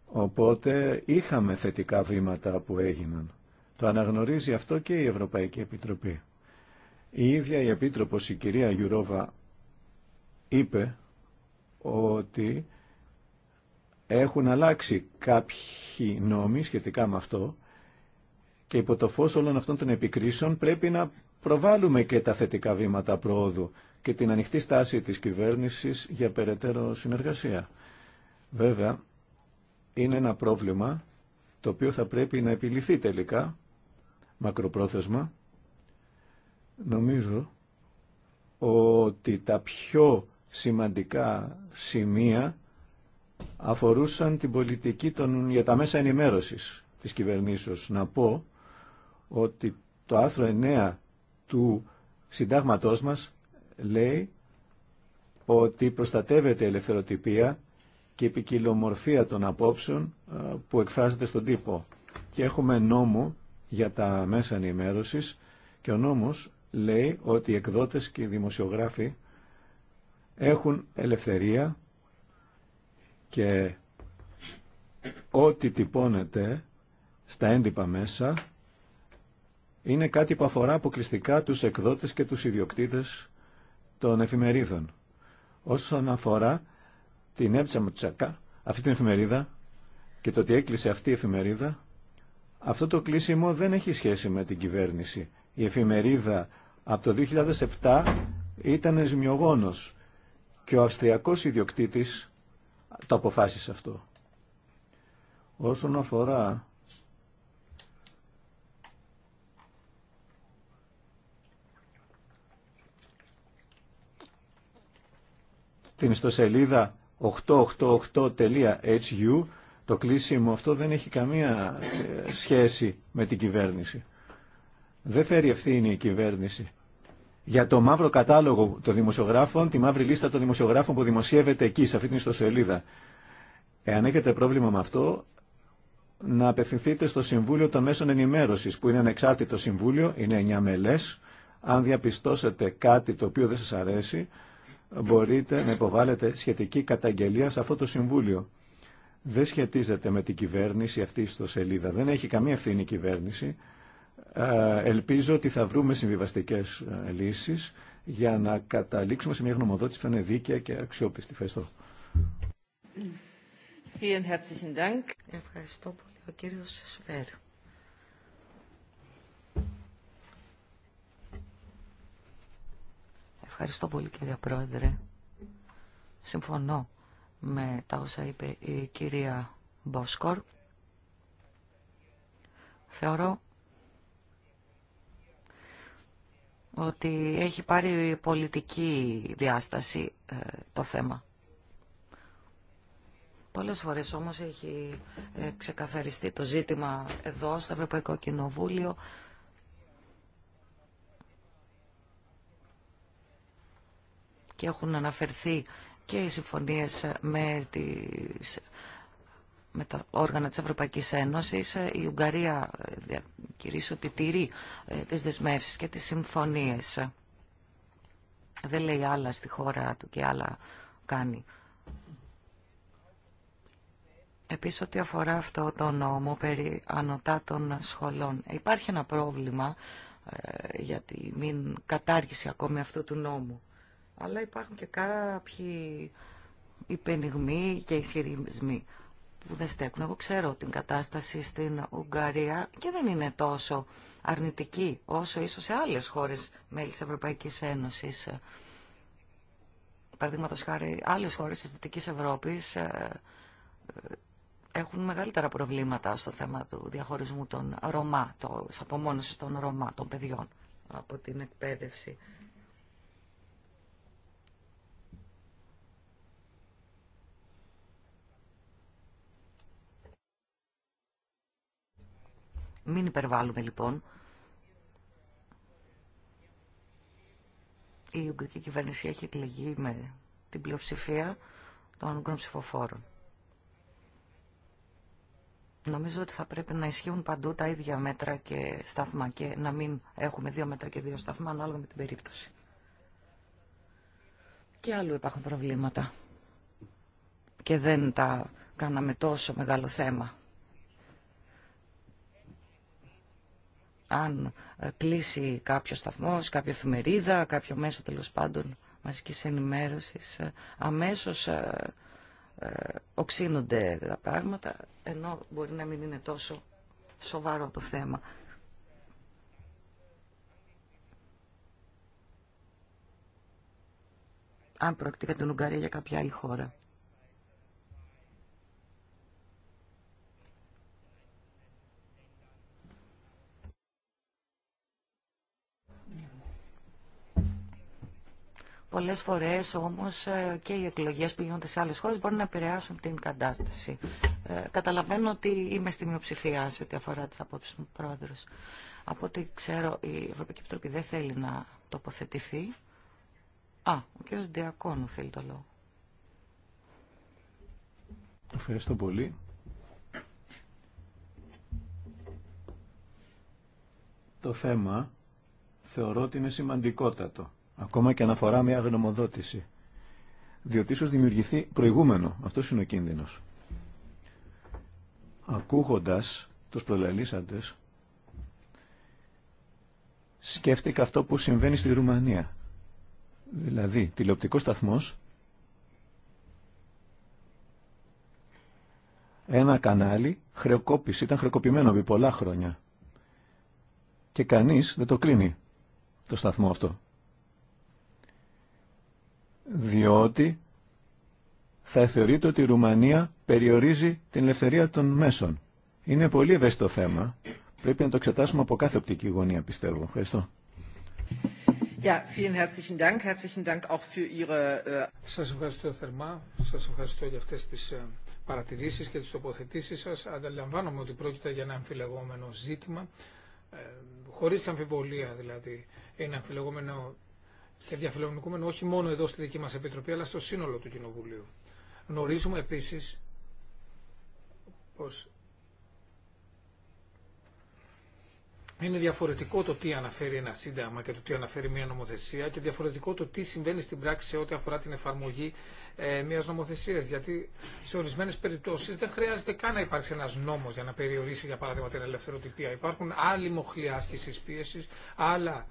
Οπότε είχαμε θετικά βήματα που έγιναν. Το αναγνωρίζει αυτό και η Ευρωπαϊκή Επιτροπή. Η ίδια η Επίτροπος, η κυρία Γιουρόβα, είπε ότι έχουν αλλάξει κάποιοι νόμοι σχετικά με αυτό και υπό το φως όλων αυτών των επικρίσεων πρέπει να προβάλλουμε και τα θετικά βήματα πρόοδου και την ανοιχτή στάση της κυβέρνησης για περαιτέρω συνεργασία. Βέβαια, είναι ένα πρόβλημα το οποίο θα πρέπει να επιληθεί τελικά, μακροπρόθεσμα. Νομίζω ότι τα πιο σημαντικά σημεία αφορούσαν την πολιτική των, για τα μέσα ενημέρωσης της κυβερνήσεως. Να πω ότι το άρθρο 9 του συντάγματός μας λέει ότι προστατεύεται η ελευθεροτυπία και η ποικιλομορφία των απόψεων ε, που εκφράζεται στον τύπο. Και έχουμε νόμο για τα μέσα ενημέρωσης και ο νόμος λέει ότι οι εκδότες και οι δημοσιογράφοι έχουν ελευθερία και ό,τι τυπώνεται στα έντυπα μέσα είναι κάτι που αφορά αποκλειστικά τους εκδότες και τους ιδιοκτήτες των εφημερίδων. Όσον αφορά την Εύτσα Μουτσακά, αυτή την εφημερίδα και το ότι έκλεισε αυτή η εφημερίδα, αυτό το κλείσιμο δεν έχει σχέση με την κυβέρνηση. Η εφημερίδα από το 2007 ήταν ζημιογόνος και ο αυστριακός ιδιοκτήτης το αποφάσισε αυτό. Όσον αφορά την ιστοσελίδα 888.hu, το κλείσιμο αυτό δεν έχει καμία ε, σχέση με την κυβέρνηση. Δεν φέρει ευθύνη η κυβέρνηση. Για το μαύρο κατάλογο των δημοσιογράφων, τη μαύρη λίστα των δημοσιογράφων που δημοσιεύεται εκεί, σε αυτή την ιστοσελίδα. Εάν έχετε πρόβλημα με αυτό, να απευθυνθείτε στο Συμβούλιο των Μέσων Ενημέρωσης, που είναι ανεξάρτητο συμβούλιο, είναι 9 μελές. Αν διαπιστώσετε κάτι το οποίο δεν σας αρέσει, μπορείτε να υποβάλλετε σχετική καταγγελία σε αυτό το Συμβούλιο. Δεν σχετίζεται με την κυβέρνηση αυτή στο σελίδα. Δεν έχει καμία ευθύνη η κυβέρνηση. Ε, ελπίζω ότι θα βρούμε συμβιβαστικέ ε, λύσει για να καταλήξουμε σε μια γνωμοδότηση που είναι δίκαια και αξιόπιστη. Ευχαριστώ. Ευχαριστώ πολύ. Ο κύριο Ευχαριστώ πολύ κύριε Πρόεδρε. Συμφωνώ με τα όσα είπε η κυρία Μπόσκορ. Θεωρώ ότι έχει πάρει πολιτική διάσταση ε, το θέμα. Πολλές φορές όμως έχει ε, ξεκαθαριστεί το ζήτημα εδώ στο Ευρωπαϊκό Κοινοβούλιο και έχουν αναφερθεί και οι συμφωνίες με, τις, με τα όργανα της Ευρωπαϊκής Ένωσης. Η Ουγγαρία ε, κυρίω ότι τηρεί ε, τις δεσμεύσεις και τις συμφωνίες. Δεν λέει άλλα στη χώρα του και άλλα κάνει. Επίσης ό,τι αφορά αυτό το νόμο περί ανωτά των σχολών. Υπάρχει ένα πρόβλημα ε, για τη μην κατάργηση ακόμη αυτού του νόμου αλλά υπάρχουν και κάποιοι υπενιγμοί και ισχυρισμοί που δεν στέκουν. Εγώ ξέρω την κατάσταση στην Ουγγαρία και δεν είναι τόσο αρνητική όσο ίσως σε άλλες χώρες μέλη της Ευρωπαϊκής Ένωσης. Παραδείγματο χάρη, άλλες χώρες της Δυτικής Ευρώπης ε, ε, έχουν μεγαλύτερα προβλήματα στο θέμα του διαχωρισμού των Ρωμά, το απομόνωση των Ρωμά, των παιδιών από την εκπαίδευση. Μην υπερβάλλουμε λοιπόν. Η Ουγγρική κυβέρνηση έχει εκλεγεί με την πλειοψηφία των Ουγγρών ψηφοφόρων. Νομίζω ότι θα πρέπει να ισχύουν παντού τα ίδια μέτρα και σταθμά και να μην έχουμε δύο μέτρα και δύο σταθμά ανάλογα με την περίπτωση. Και άλλου υπάρχουν προβλήματα. Και δεν τα κάναμε τόσο μεγάλο θέμα. αν ε, κλείσει κάποιο σταθμό, κάποια εφημερίδα, κάποιο μέσο τέλο πάντων μαζική ενημέρωση. Ε, Αμέσω ε, ε, οξύνονται τα πράγματα, ενώ μπορεί να μην είναι τόσο σοβαρό το θέμα. Αν πρόκειται για την Ουγγαρία για κάποια άλλη χώρα. Πολλές φορές όμως ε, και οι εκλογέ που γίνονται σε άλλες χώρε μπορεί να επηρεάσουν την κατάσταση. Ε, καταλαβαίνω ότι είμαι στη μειοψηφία σε ό,τι αφορά τι απόψει μου πρόεδρο. Από ό,τι ξέρω η Ευρωπαϊκή Επιτροπή δεν θέλει να τοποθετηθεί. Α, ο κ. Διακόνου θέλει το λόγο. Ευχαριστώ πολύ. Το θέμα θεωρώ ότι είναι σημαντικότατο ακόμα και αναφορά μια γνωμοδότηση. Διότι ίσω δημιουργηθεί προηγούμενο. αυτό είναι ο κίνδυνος. Ακούγοντας τους προλαλήσαντε, σκέφτηκα αυτό που συμβαίνει στη Ρουμανία. Δηλαδή, τηλεοπτικό σταθμός, ένα κανάλι χρεοκόπηση, ήταν χρεοκοπημένο επί πολλά χρόνια. Και κανείς δεν το κλείνει το σταθμό αυτό διότι θα θεωρείται ότι η Ρουμανία περιορίζει την ελευθερία των μέσων. Είναι πολύ ευαίσθητο θέμα. Πρέπει να το εξετάσουμε από κάθε οπτική γωνία, πιστεύω. Ευχαριστώ. Ja, vielen herzlichen Dank. Herzlichen Dank auch für Ihre... Äh, σας ευχαριστώ θερμά. Σας ευχαριστώ για αυτές τις ε, παρατηρήσεις και τις τοποθετήσεις σας. Ανταλαμβάνομαι ότι πρόκειται για ένα αμφιλεγόμενο ζήτημα. Ε, χωρίς αμφιβολία δηλαδή Ένα αμφιλεγόμενο και διαφιλονικούμενο όχι μόνο εδώ στη δική μας Επιτροπή, αλλά στο σύνολο του Κοινοβουλίου. Γνωρίζουμε επίσης πως είναι διαφορετικό το τι αναφέρει ένα σύνταγμα και το τι αναφέρει μια νομοθεσία και διαφορετικό το τι συμβαίνει στην πράξη σε ό,τι αφορά την εφαρμογή ε, μιας νομοθεσίας. Γιατί σε ορισμένες περιπτώσεις δεν χρειάζεται καν να υπάρξει ένας νόμος για να περιορίσει για παράδειγμα την ελευθεροτυπία. Υπάρχουν άλλοι μοχλοί άσκησης πίεσης, άλλα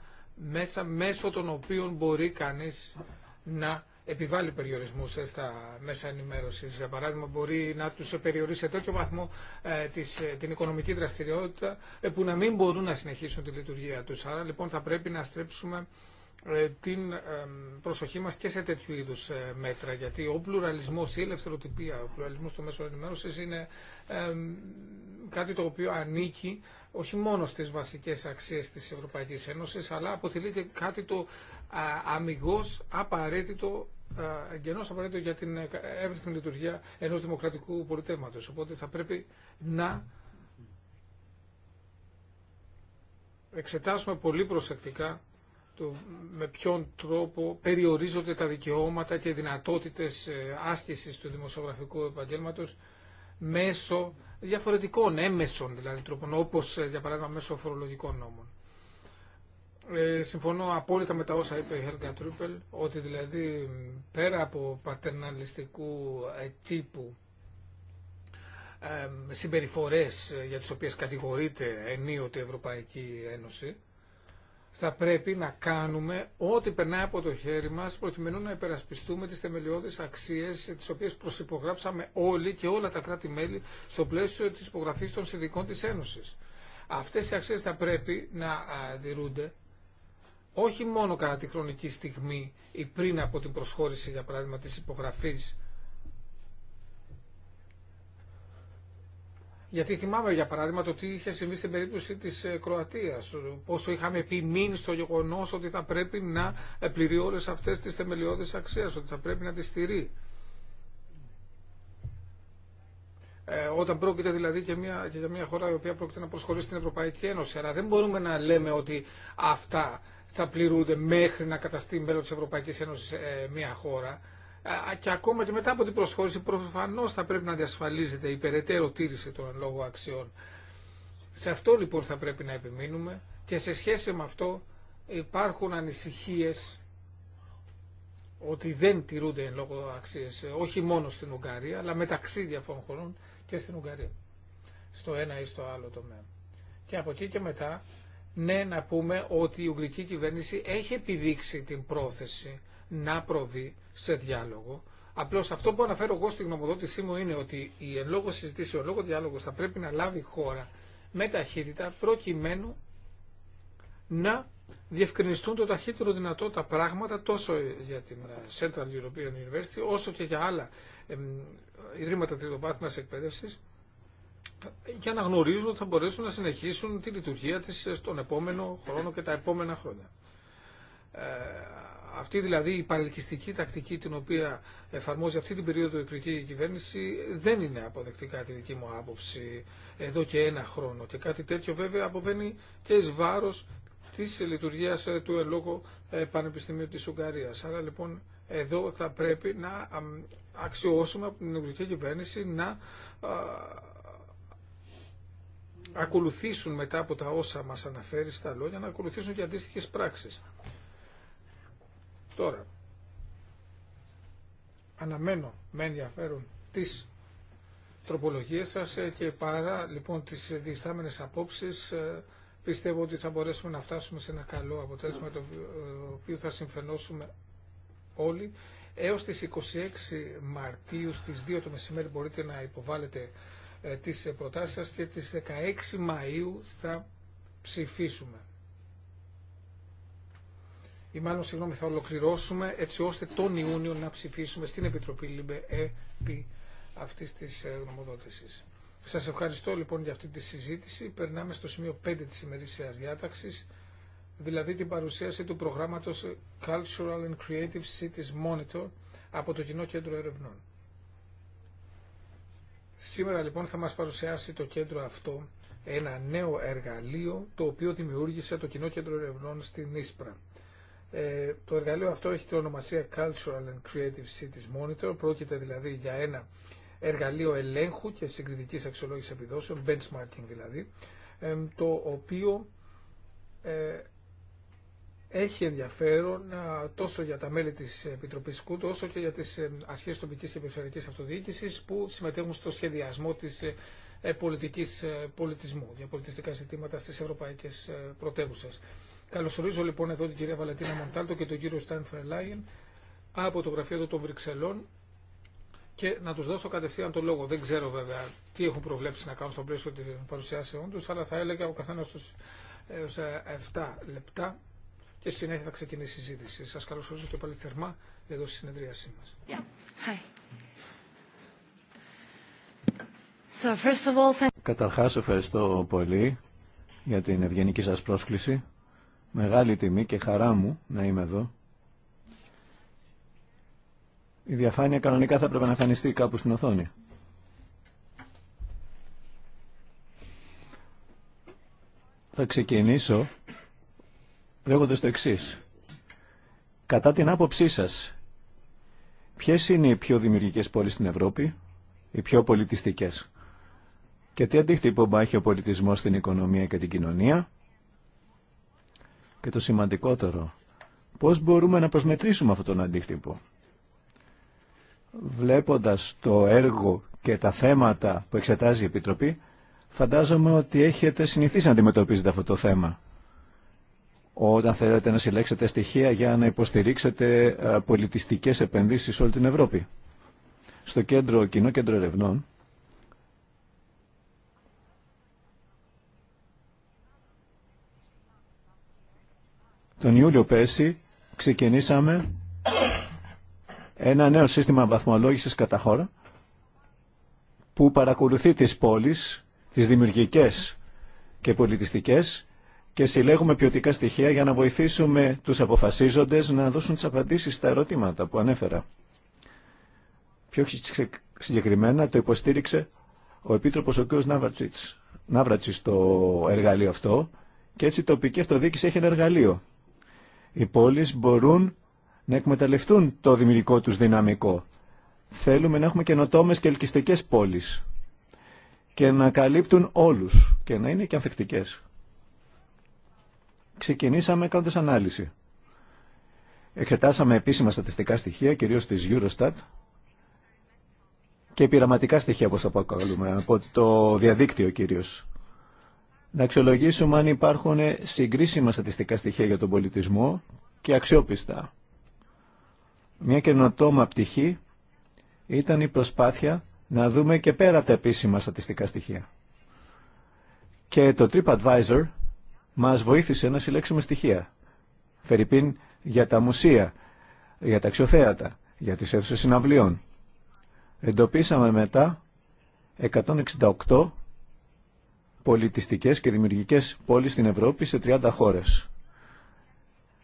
μέσα μέσω των οποίων μπορεί κανείς να επιβάλλει περιορισμούς ε, στα μέσα ενημέρωσης. Για παράδειγμα, μπορεί να τους περιορίσει σε τέτοιο βαθμό ε, της, ε, την οικονομική δραστηριότητα που να μην μπορούν να συνεχίσουν τη λειτουργία τους. Άρα, λοιπόν, θα πρέπει να στρέψουμε ε, την ε, προσοχή μας και σε τέτοιου είδους ε, μέτρα, γιατί ο πλουραλισμός, η ελευθεροτυπία, ο πλουραλισμός των μέσων ενημέρωσης είναι κάτι το οποίο ανήκει όχι μόνο στις βασικές αξίες της Ευρωπαϊκής Ένωσης, αλλά αποτελεί και κάτι το αμυγός απαραίτητο εγγενώ απαραίτητο για την εύρυθμη λειτουργία ενός δημοκρατικού πολιτεύματος. Οπότε θα πρέπει να εξετάσουμε πολύ προσεκτικά το με ποιον τρόπο περιορίζονται τα δικαιώματα και οι δυνατότητες ε, άσκησης του δημοσιογραφικού επαγγέλματος μέσω διαφορετικών έμεσων δηλαδή τρόπων, όπως ε, για παράδειγμα μέσω φορολογικών νόμων. Ε, συμφωνώ απόλυτα με τα όσα είπε η Χέλγα Τρούπελ, ότι δηλαδή πέρα από πατερναλιστικού ε, τύπου ε, συμπεριφορές για τις οποίες κατηγορείται ενίοτε η Ευρωπαϊκή Ένωση, θα πρέπει να κάνουμε ό,τι περνάει από το χέρι μας προκειμένου να υπερασπιστούμε τις θεμελιώδεις αξίες τις οποίες προσυπογράψαμε όλοι και όλα τα κράτη-μέλη στο πλαίσιο της υπογραφής των συνδικών της Ένωσης. Αυτές οι αξίες θα πρέπει να διρούνται όχι μόνο κατά τη χρονική στιγμή ή πριν από την προσχώρηση, για παράδειγμα, της υπογραφής Γιατί θυμάμαι για παράδειγμα το τι είχε συμβεί στην περίπτωση της ε, Κροατίας, πόσο είχαμε πει μην στο γεγονό ότι θα πρέπει να ε, πληρεί όλες αυτές τις θεμελιώδεις αξίες, ότι θα πρέπει να τις στηρεί. Ε, όταν πρόκειται δηλαδή και, μια, για μια χώρα η οποία πρόκειται να προσχωρήσει στην Ευρωπαϊκή Ένωση. Αλλά δεν μπορούμε να λέμε ότι αυτά θα πληρούνται μέχρι να καταστεί μέλο τη Ευρωπαϊκή Ένωση ε, μια χώρα και ακόμα και μετά από την προσχώρηση προφανώς θα πρέπει να διασφαλίζεται η περαιτέρω τήρηση των λόγω αξιών. Σε αυτό λοιπόν θα πρέπει να επιμείνουμε και σε σχέση με αυτό υπάρχουν ανησυχίες ότι δεν τηρούνται εν λόγω αξίες ε, όχι μόνο στην Ουγγαρία αλλά μεταξύ διαφόρων χωρών και στην Ουγγαρία στο ένα ή στο άλλο τομέα. Και από εκεί και μετά ναι να πούμε ότι η ουγγρική κυβέρνηση έχει επιδείξει την πρόθεση να προβεί σε διάλογο. Απλώ αυτό που αναφέρω εγώ στην γνωμοδότησή μου είναι ότι η εν λόγω συζήτηση, ο λόγο διάλογο θα πρέπει να λάβει χώρα με ταχύτητα προκειμένου να διευκρινιστούν το ταχύτερο δυνατό τα πράγματα τόσο για την ε, Central European University όσο και για άλλα ιδρύματα τριτοβάθμιας εκπαίδευσης για να γνωρίζουν ότι θα μπορέσουν να συνεχίσουν τη λειτουργία της στον επόμενο χρόνο και τα επόμενα χρόνια. Ε, αυτή δηλαδή η παρελκυστική τακτική την οποία εφαρμόζει αυτή την περίοδο η κριτική κυβέρνηση δεν είναι αποδεκτικά τη δική μου άποψη εδώ και ένα χρόνο. Και κάτι τέτοιο βέβαια αποβαίνει και εις βάρος της λειτουργίας ε, του ελόγου ε, Πανεπιστημίου της Ουγγαρίας. Άρα λοιπόν εδώ θα πρέπει να αξιώσουμε από την Ουγγρική κυβέρνηση να ακολουθήσουν μετά από τα όσα μας αναφέρει στα λόγια, να ακολουθήσουν και αντίστοιχες πράξεις τώρα. Αναμένω με ενδιαφέρον τις τροπολογίες σας ε, και παρά λοιπόν τις διστάμενες απόψεις ε, πιστεύω ότι θα μπορέσουμε να φτάσουμε σε ένα καλό αποτέλεσμα το ε, οποίο θα συμφενώσουμε όλοι. Έως τις 26 Μαρτίου στις 2 το μεσημέρι μπορείτε να υποβάλλετε τις προτάσεις σας και τις 16 Μαΐου θα ψηφίσουμε ή μάλλον συγγνώμη θα ολοκληρώσουμε έτσι ώστε τον Ιούνιο να ψηφίσουμε στην Επιτροπή ΛΥΜΠΕ επί αυτής της ε, γνωμοδότησης. Σας ευχαριστώ λοιπόν για αυτή τη συζήτηση. Περνάμε στο σημείο 5 της ημερήσιας διάταξης, δηλαδή την παρουσίαση του προγράμματος Cultural and Creative Cities Monitor από το Κοινό Κέντρο Ερευνών. Σήμερα λοιπόν θα μας παρουσιάσει το κέντρο αυτό ένα νέο εργαλείο το οποίο δημιούργησε το Κοινό Κέντρο Ερευνών στην Ίσπρα. Ε, το εργαλείο αυτό έχει την ονομασία Cultural and Creative Cities Monitor. Πρόκειται δηλαδή για ένα εργαλείο ελέγχου και συγκριτικής αξιολόγησης επιδόσεων, benchmarking δηλαδή, το οποίο ε, έχει ενδιαφέρον ε, τόσο για τα μέλη της Επιτροπής ΚΟΥΤ όσο και για τις αρχές τοπικής και περιφερειακής αυτοδιοίκησης που συμμετέχουν στο σχεδιασμό της ε, ε, πολιτικής πολιτισμού για πολιτιστικά ζητήματα στις ευρωπαϊκές πρωτεύουσες. Καλωσορίζω λοιπόν εδώ την κυρία Βαλατίνα Μοντάλτο και τον κύριο Στάιν Φερλάγεν από το γραφείο των Βρυξελών και να του δώσω κατευθείαν το λόγο. Δεν ξέρω βέβαια τι έχουν προβλέψει να κάνουν στο πλαίσιο των παρουσιάσεών του, αλλά θα έλεγα ο καθένα του έω ε, 7 ε, λεπτά και συνέχεια θα ξεκινήσει η συζήτηση. Σα καλωσορίζω και πάλι θερμά εδώ στη συνεδρίασή μα. Yeah. So, Καταρχάς ευχαριστώ πολύ για την ευγενική σας πρόσκληση. Μεγάλη τιμή και χαρά μου να είμαι εδώ. Η διαφάνεια κανονικά θα πρέπει να εμφανιστεί κάπου στην οθόνη. Θα ξεκινήσω λέγοντας το εξής. Κατά την άποψή σας, ποιες είναι οι πιο δημιουργικές πόλεις στην Ευρώπη, οι πιο πολιτιστικές και τι αντίκτυπο έχει ο πολιτισμός στην οικονομία και την κοινωνία και το σημαντικότερο, πώς μπορούμε να προσμετρήσουμε αυτόν τον αντίκτυπο. Βλέποντας το έργο και τα θέματα που εξετάζει η Επιτροπή, φαντάζομαι ότι έχετε συνηθίσει να αντιμετωπίζετε αυτό το θέμα. Όταν θέλετε να συλλέξετε στοιχεία για να υποστηρίξετε ε, πολιτιστικές επενδύσεις σε όλη την Ευρώπη. Στο κέντρο, κοινό κέντρο ερευνών, Τον Ιούλιο πέρσι ξεκινήσαμε ένα νέο σύστημα βαθμολόγησης κατά χώρα που παρακολουθεί τις πόλεις, τις δημιουργικές και πολιτιστικές και συλλέγουμε ποιοτικά στοιχεία για να βοηθήσουμε τους αποφασίζοντες να δώσουν τις απαντήσεις στα ερωτήματα που ανέφερα. Πιο συγκεκριμένα το υποστήριξε ο Επίτροπος ο κ. Ναύρατσης το εργαλείο αυτό και έτσι η τοπική αυτοδίκηση έχει ένα εργαλείο οι πόλεις μπορούν να εκμεταλλευτούν το δημιουργικό τους δυναμικό. Θέλουμε να έχουμε καινοτόμε και ελκυστικές πόλεις και να καλύπτουν όλους και να είναι και ανθεκτικές. Ξεκινήσαμε κάνοντας ανάλυση. Εξετάσαμε επίσημα στατιστικά στοιχεία, κυρίως της Eurostat, και πειραματικά στοιχεία, όπως αποκαλούμε, από το διαδίκτυο κυρίως να αξιολογήσουμε αν υπάρχουν συγκρίσιμα στατιστικά στοιχεία για τον πολιτισμό και αξιόπιστα. Μια καινοτόμα πτυχή ήταν η προσπάθεια να δούμε και πέρα τα επίσημα στατιστικά στοιχεία. Και το TripAdvisor μας βοήθησε να συλλέξουμε στοιχεία. Φερρυπίν για τα μουσεία, για τα αξιοθέατα, για τις αίθουσες συναυλίων. Εντοπίσαμε μετά 168 πολιτιστικές και δημιουργικές πόλεις στην Ευρώπη σε 30 χώρες.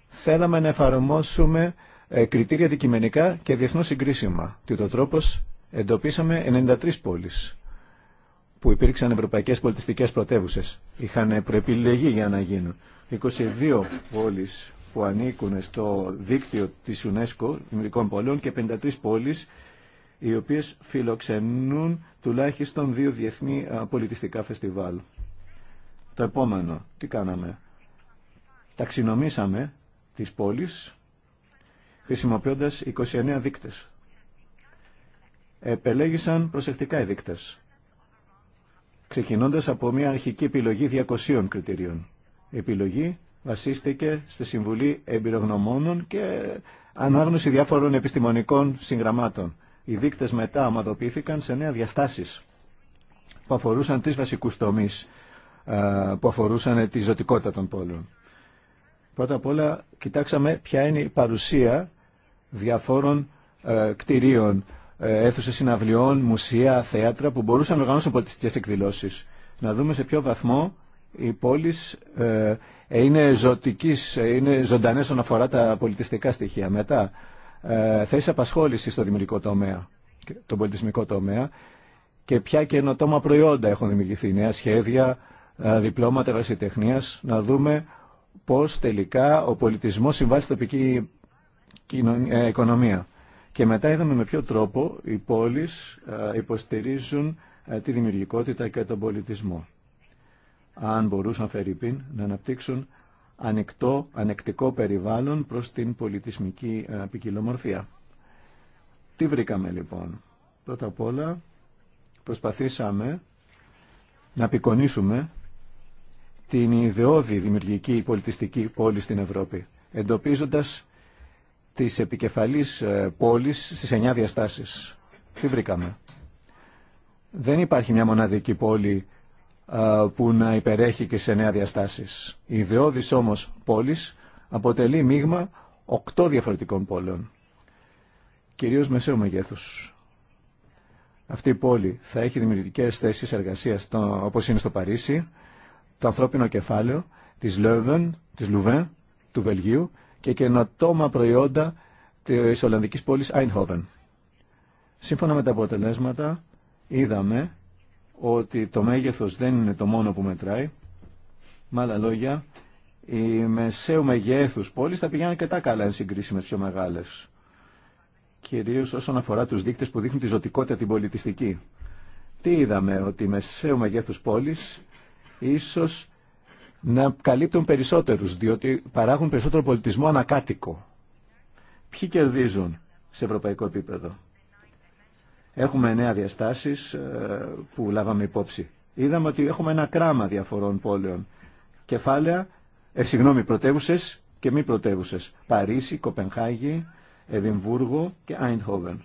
Θέλαμε να εφαρμόσουμε ε, κριτήρια δικημενικά και διεθνώς συγκρίσιμα. Τι εντοπίσαμε 93 πόλεις που υπήρξαν ευρωπαϊκές πολιτιστικές πρωτεύουσες. Είχαν προεπιλεγεί για να γίνουν. 22 πόλεις που ανήκουν στο δίκτυο της UNESCO, δημιουργικών πόλεων, και 53 πόλεις οι οποίες φιλοξενούν τουλάχιστον δύο διεθνή πολιτιστικά φεστιβάλ. Το επόμενο, τι κάναμε. Ταξινομήσαμε τις πόλεις χρησιμοποιώντας 29 δείκτες. Επελέγησαν προσεκτικά οι δείκτες, ξεκινώντας από μια αρχική επιλογή 200 κριτηρίων. Η επιλογή βασίστηκε στη Συμβουλή Εμπειρογνωμόνων και ανάγνωση διάφορων επιστημονικών συγγραμμάτων. Οι δείκτες μετά ομαδοποιήθηκαν σε νέα διαστάσεις που αφορούσαν τρεις βασικούς τομείς ε, που αφορούσαν τη ζωτικότητα των πόλεων. Πρώτα απ' όλα κοιτάξαμε ποια είναι η παρουσία διαφόρων ε, κτηρίων, ε, αίθουσε συναυλιών, μουσεία, θέατρα που μπορούσαν να οργανώσουν πολιτιστικέ εκδηλώσεις. Να δούμε σε ποιο βαθμό οι πόλει είναι, ζωτικής, είναι ζωντανέ όσον αφορά τα πολιτιστικά στοιχεία. Μετά, ε, απασχόληση απασχόλησης στο δημιουργικό τομέα, τον πολιτισμικό τομέα και ποια καινοτόμα προϊόντα έχουν δημιουργηθεί, νέα σχέδια, ε, διπλώματα τεχνίας, να δούμε πώ τελικά ο πολιτισμός συμβάλλει στην τοπική ε, οικονομία. Και μετά είδαμε με ποιο τρόπο οι πόλεις ε, υποστηρίζουν τη δημιουργικότητα και τον πολιτισμό. Αν μπορούσαν, Φερρυπίν, να αναπτύξουν ανεκτό, ανεκτικό περιβάλλον προς την πολιτισμική ε, ποικιλομορφία. Τι βρήκαμε λοιπόν. Πρώτα απ' όλα προσπαθήσαμε να απεικονίσουμε την ιδεώδη δημιουργική πολιτιστική πόλη στην Ευρώπη, εντοπίζοντας τις επικεφαλής ε, πόλεις στις εννιά διαστάσεις. Τι βρήκαμε. Δεν υπάρχει μια μοναδική πόλη που να υπερέχει και σε νέα διαστάσεις. Η ιδεώδης όμως πόλης αποτελεί μείγμα οκτώ διαφορετικών πόλεων, κυρίως μεσαίου μεγέθους. Αυτή η πόλη θα έχει δημιουργικές θέσεις εργασίας όπως είναι στο Παρίσι, το ανθρώπινο κεφάλαιο, της Λεύεν, της Λουβέν, του Βελγίου και καινοτόμα προϊόντα της Ολλανδικής πόλης Eindhoven. Σύμφωνα με τα αποτελέσματα είδαμε ότι το μέγεθος δεν είναι το μόνο που μετράει. Με άλλα λόγια, οι μεσαίου μεγέθους πόλεις θα πηγαίνουν αρκετά καλά εν συγκρίση με τις πιο μεγάλες. Κυρίως όσον αφορά τους δείκτες που δείχνουν τη ζωτικότητα την πολιτιστική. Τι είδαμε, ότι οι μεσαίου μεγέθους πόλεις ίσως να καλύπτουν περισσότερους, διότι παράγουν περισσότερο πολιτισμό ανακάτοικο. Ποιοι κερδίζουν σε ευρωπαϊκό επίπεδο. Έχουμε νέα διαστάσεις ε, που λάβαμε υπόψη. Είδαμε ότι έχουμε ένα κράμα διαφορών πόλεων. Κεφάλαια, ε, συγγνώμη, πρωτεύουσε και μη πρωτεύουσε. Παρίσι, Κοπενχάγη, Εδιμβούργο και Άιντχόβεν.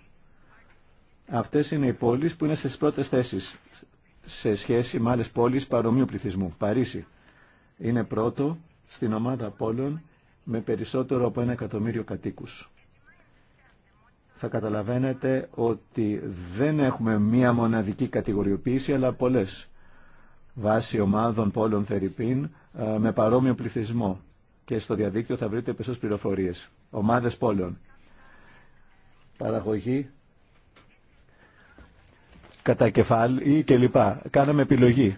Αυτές είναι οι πόλεις που είναι στις πρώτες θέσεις σε σχέση με άλλες πόλεις παρομοίου πληθυσμού. Παρίσι είναι πρώτο στην ομάδα πόλεων με περισσότερο από ένα εκατομμύριο κατοίκους θα καταλαβαίνετε ότι δεν έχουμε μία μοναδική κατηγοριοποίηση, αλλά πολλές βάσει ομάδων πόλων Φερρυπίν ε, με παρόμοιο πληθυσμό. Και στο διαδίκτυο θα βρείτε περισσότερες πληροφορίες. Ομάδες πόλεων. Παραγωγή κατά κεφάλι κλπ. Κάναμε επιλογή,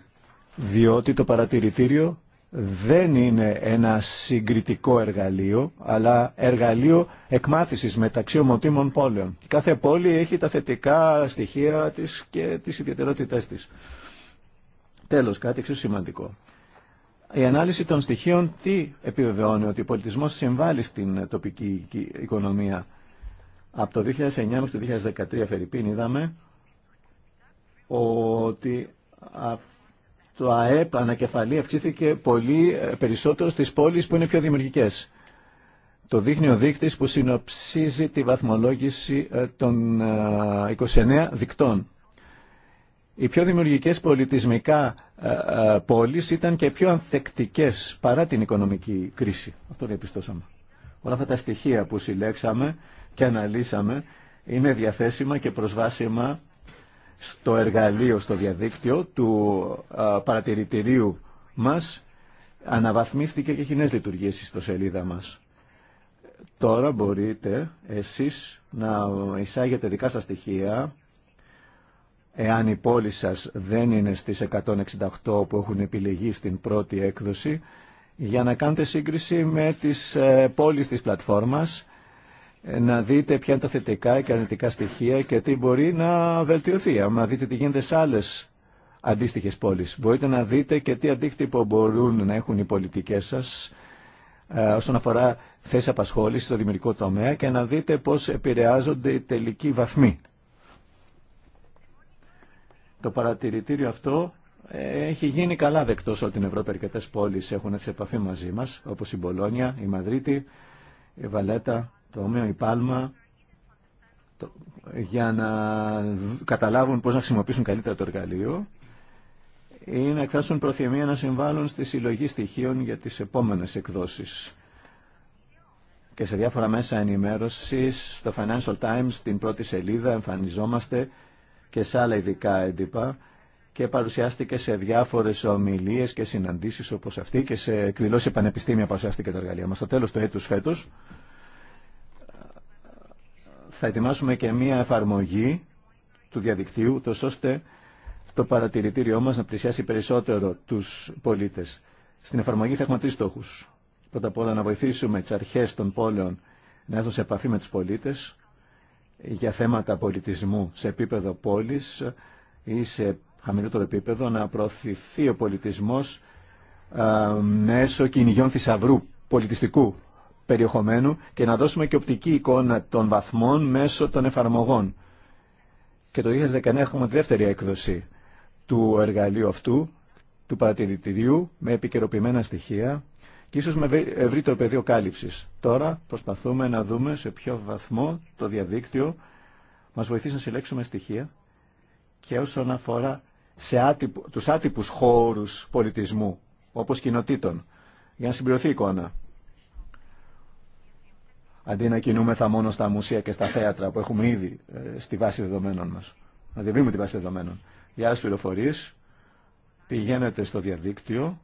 διότι το παρατηρητήριο δεν είναι ένα συγκριτικό εργαλείο, αλλά εργαλείο εκμάθησης μεταξύ ομοτήμων πόλεων. Κάθε πόλη έχει τα θετικά στοιχεία της και τις ιδιαιτερότητές της. Τέλος, κάτι εξίσου σημαντικό. Η ανάλυση των στοιχείων τι επιβεβαιώνει, ότι ο πολιτισμός συμβάλλει στην τοπική οικονομία. Από το 2009 μέχρι το 2013, Φερρυπίν, είδαμε ότι το ΑΕΠ ανακεφαλή αυξήθηκε πολύ ε, περισσότερο στις πόλεις που είναι πιο δημιουργικές. Το δείχνει ο δείκτης που συνοψίζει τη βαθμολόγηση ε, των 29 ε, δικτών. Οι πιο δημιουργικές πολιτισμικά πόλεις ήταν και πιο ανθεκτικές παρά την οικονομική κρίση. Αυτό διαπιστώσαμε. Όλα αυτά τα στοιχεία που συλλέξαμε και αναλύσαμε είναι διαθέσιμα και προσβάσιμα στο εργαλείο, στο διαδίκτυο του παρατηρητηρίου μας αναβαθμίστηκε και έχει νέες λειτουργίες στο σελίδα μας. Τώρα μπορείτε εσείς να εισάγετε δικά σας στοιχεία εάν η πόλη σας δεν είναι στις 168 που έχουν επιλεγεί στην πρώτη έκδοση για να κάνετε σύγκριση με τις ε, πόλεις της πλατφόρμας ε, να δείτε ποια είναι τα θετικά και αρνητικά στοιχεία και τι μπορεί να βελτιωθεί. Άμα δείτε τι γίνεται σε άλλε αντίστοιχε πόλει, μπορείτε να δείτε και τι αντίκτυπο μπορούν να έχουν οι πολιτικέ σα ε, όσον αφορά θέσει απασχόληση στο δημιουργικό τομέα και να δείτε πώ επηρεάζονται οι τελικοί βαθμοί. Το παρατηρητήριο αυτό ε, έχει γίνει καλά δεκτός όλη την Ευρώπη αρκετέ πόλει έχουν έρθει σε επαφή μαζί μα, όπω η Μπολόνια, η Μαδρίτη, η Βαλέτα, το η Πάλμα το, για να καταλάβουν πώς να χρησιμοποιήσουν καλύτερα το εργαλείο ή να εκφράσουν προθυμία να συμβάλλουν στη συλλογή στοιχείων για τις επόμενες εκδόσεις. Και σε διάφορα μέσα ενημέρωσης, στο Financial Times, την πρώτη σελίδα, εμφανιζόμαστε και σε άλλα ειδικά έντυπα και παρουσιάστηκε σε διάφορες ομιλίες και συναντήσεις όπως αυτή και σε εκδηλώσει πανεπιστήμια παρουσιάστηκε τα εργαλεία μας. Στο τέλος του έτους φέτος, θα ετοιμάσουμε και μία εφαρμογή του διαδικτύου, τόσο ώστε το παρατηρητήριό μας να πλησιάσει περισσότερο τους πολίτες. Στην εφαρμογή θα έχουμε τρεις στόχους. Πρώτα απ' όλα να βοηθήσουμε τις αρχές των πόλεων να έρθουν σε επαφή με τους πολίτες για θέματα πολιτισμού σε επίπεδο πόλης ή σε χαμηλότερο επίπεδο, να προωθηθεί ο πολιτισμός μέσω κυνηγιών θησαυρού πολιτιστικού περιεχομένου και να δώσουμε και οπτική εικόνα των βαθμών μέσω των εφαρμογών. Και το 2019 έχουμε τη δεύτερη έκδοση του εργαλείου αυτού, του παρατηρητηρίου, με επικαιροποιημένα στοιχεία και ίσως με ευρύτερο πεδίο κάλυψης. Τώρα προσπαθούμε να δούμε σε ποιο βαθμό το διαδίκτυο μας βοηθήσει να συλλέξουμε στοιχεία και όσον αφορά σε άτυπου, τους άτυπους χώρους πολιτισμού, όπως κοινοτήτων, για να συμπληρωθεί η εικόνα αντί να κινούμεθα μόνο στα μουσεία και στα θέατρα που έχουμε ήδη ε, στη βάση δεδομένων μας. Να διευρύνουμε τη βάση δεδομένων. Για άλλες πληροφορίες, πηγαίνετε στο διαδίκτυο,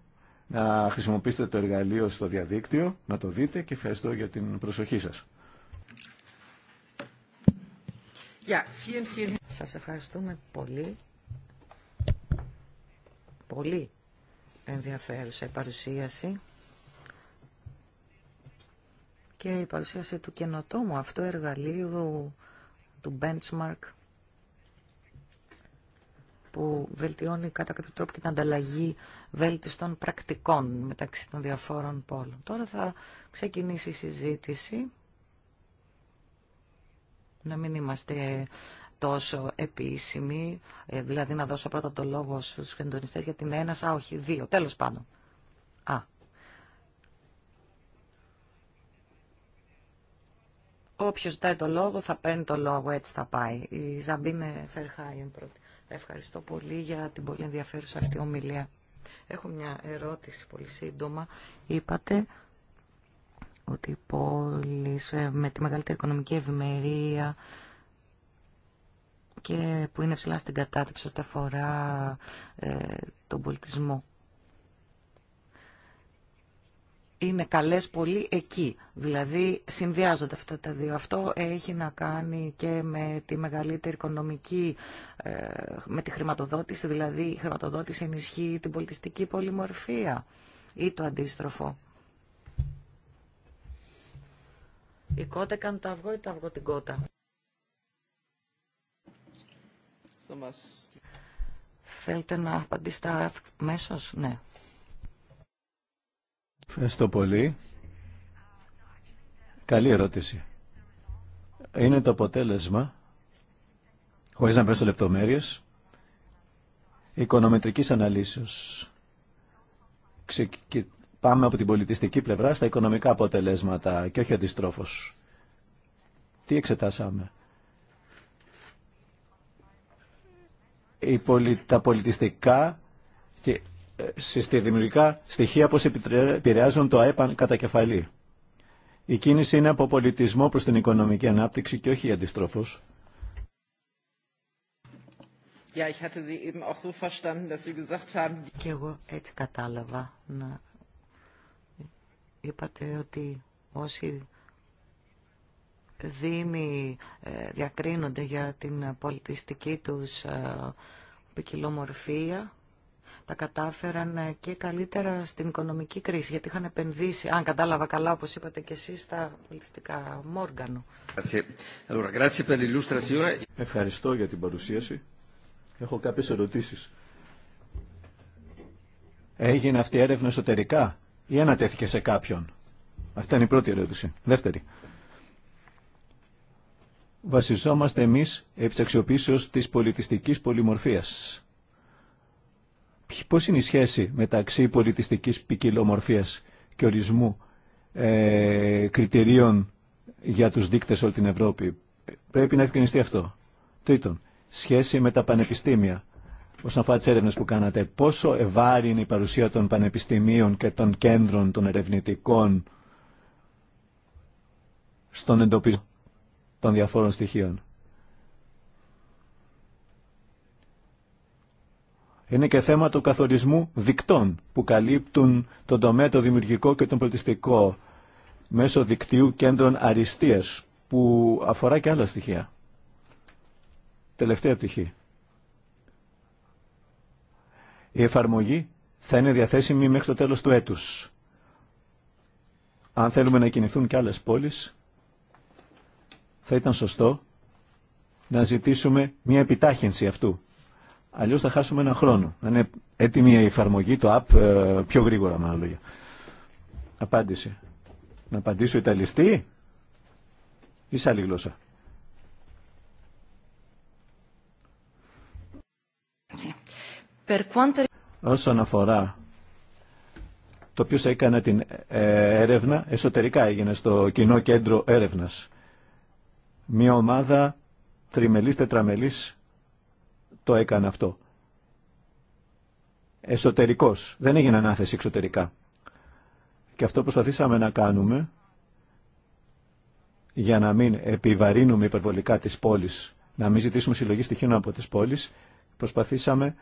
να χρησιμοποιήσετε το εργαλείο στο διαδίκτυο, να το δείτε και ευχαριστώ για την προσοχή σας. Σας ευχαριστούμε πολύ. Πολύ ενδιαφέρουσα η παρουσίαση και η παρουσίαση του καινοτόμου αυτού εργαλείου του benchmark που βελτιώνει κατά κάποιο τρόπο και την ανταλλαγή βέλτιστων πρακτικών μεταξύ των διαφόρων πόλων. Τώρα θα ξεκινήσει η συζήτηση. Να μην είμαστε τόσο επίσημοι, ε, δηλαδή να δώσω πρώτα το λόγο στους φεντονιστές για την ένας, α όχι δύο, τέλος πάντων. Όποιος ζητάει το λόγο θα παίρνει το λόγο, έτσι θα πάει. Η Ζαμπίνε Φερχάιεν πρώτη. Ευχαριστώ πολύ για την πολύ ενδιαφέρουσα αυτή ομιλία. Έχω μια ερώτηση πολύ σύντομα. Είπατε ότι οι πόλεις ε, με τη μεγαλύτερη οικονομική ευημερία και που είναι ψηλά στην κατάταξη ό,τι αφορά ε, τον πολιτισμό είναι καλές πολύ εκεί. Δηλαδή συνδυάζονται αυτά τα δύο. Αυτό έχει να κάνει και με τη μεγαλύτερη οικονομική, ε, με τη χρηματοδότηση, δηλαδή η χρηματοδότηση ενισχύει την πολιτιστική πολυμορφία ή το αντίστροφο. Η κότα έκανε το αυγό κοτα κανει το αυγό την κότα. Θέλετε να απαντήσετε αμέσω, ναι. Ευχαριστώ πολύ. Καλή ερώτηση. Είναι το αποτέλεσμα, χωρίς να πέσω λεπτομέρειες, οικονομετρικής αναλύσεως. Πάμε από την πολιτιστική πλευρά στα οικονομικά αποτελέσματα και όχι αντιστρόφως. Τι εξετάσαμε. Η Τα πολιτιστικά και ε, δημιουργικά στοιχεία πω επηρεάζουν το ΑΕΠ κατά κεφαλή. Η κίνηση είναι από πολιτισμό προς την οικονομική ανάπτυξη και όχι αντιστροφώ. Και εγώ έτσι κατάλαβα να είπατε ότι όσοι δήμοι ε, διακρίνονται για την πολιτιστική τους ε, ποικιλομορφία τα κατάφεραν ε, και καλύτερα στην οικονομική κρίση, γιατί είχαν επενδύσει, αν κατάλαβα καλά, όπως είπατε και εσείς, στα πολιτιστικά μόργανο. Ευχαριστώ για την παρουσίαση. Έχω κάποιες ερωτήσεις. Έγινε αυτή η έρευνα εσωτερικά ή ανατέθηκε σε κάποιον. Αυτή είναι η πρώτη ερώτηση. ηταν η Βασιζόμαστε εμείς επί της αξιοποίησεως της πολιτιστικής πολυμορφίας Πώς είναι η σχέση μεταξύ πολιτιστικής ποικιλομορφία και ορισμού ε, κριτηρίων για τους δείκτες όλη την Ευρώπη. Πρέπει να ευκρινιστεί αυτό. Τρίτον, σχέση με τα πανεπιστήμια. Όσον αφορά τι έρευνε που κάνατε, πόσο ευάρη είναι η παρουσία των πανεπιστημίων και των κέντρων των ερευνητικών στον εντοπισμό των διαφόρων στοιχείων. Είναι και θέμα του καθορισμού δικτών που καλύπτουν τον τομέα το δημιουργικό και τον πολιτιστικό μέσω δικτύου κέντρων αριστείας που αφορά και άλλα στοιχεία. Τελευταία πτυχή. Η εφαρμογή θα είναι διαθέσιμη μέχρι το τέλος του έτους. Αν θέλουμε να κινηθούν και άλλες πόλεις, θα ήταν σωστό να ζητήσουμε μια επιτάχυνση αυτού Αλλιώ θα χάσουμε ένα χρόνο. είναι έτοιμη η εφαρμογή, το app, ε, πιο γρήγορα με λόγια. Απάντηση. Να απαντήσω Ιταλιστή ή σε άλλη γλώσσα. Όσον αφορά το ποιος έκανε την ε, έρευνα, εσωτερικά έγινε στο κοινό κέντρο έρευνας. Μία ομάδα τριμελής, τετραμελής το έκανε αυτό. Εσωτερικός. Δεν έγινε ανάθεση εξωτερικά. Και αυτό προσπαθήσαμε να κάνουμε για να μην επιβαρύνουμε υπερβολικά τις πόλεις, να μην ζητήσουμε συλλογή στοιχείων από τις πόλεις, προσπαθήσαμε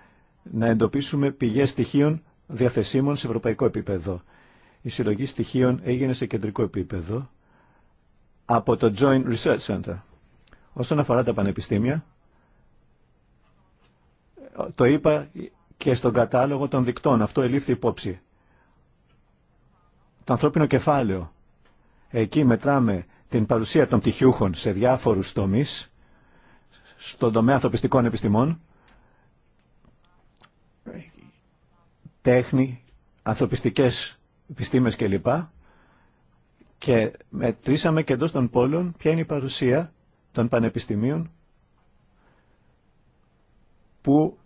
να εντοπίσουμε πηγές στοιχείων διαθεσίμων σε ευρωπαϊκό επίπεδο. Η συλλογή στοιχείων έγινε σε κεντρικό επίπεδο από το Joint Research Center. Όσον αφορά τα πανεπιστήμια, το είπα και στον κατάλογο των δικτών. Αυτό ελήφθη υπόψη. Το ανθρώπινο κεφάλαιο. Εκεί μετράμε την παρουσία των πτυχιούχων σε διάφορους τομείς, στον τομέα ανθρωπιστικών επιστημών, τέχνη, ανθρωπιστικές επιστήμες κλπ. Και μετρήσαμε και εντός των πόλων ποια είναι η παρουσία των πανεπιστημίων που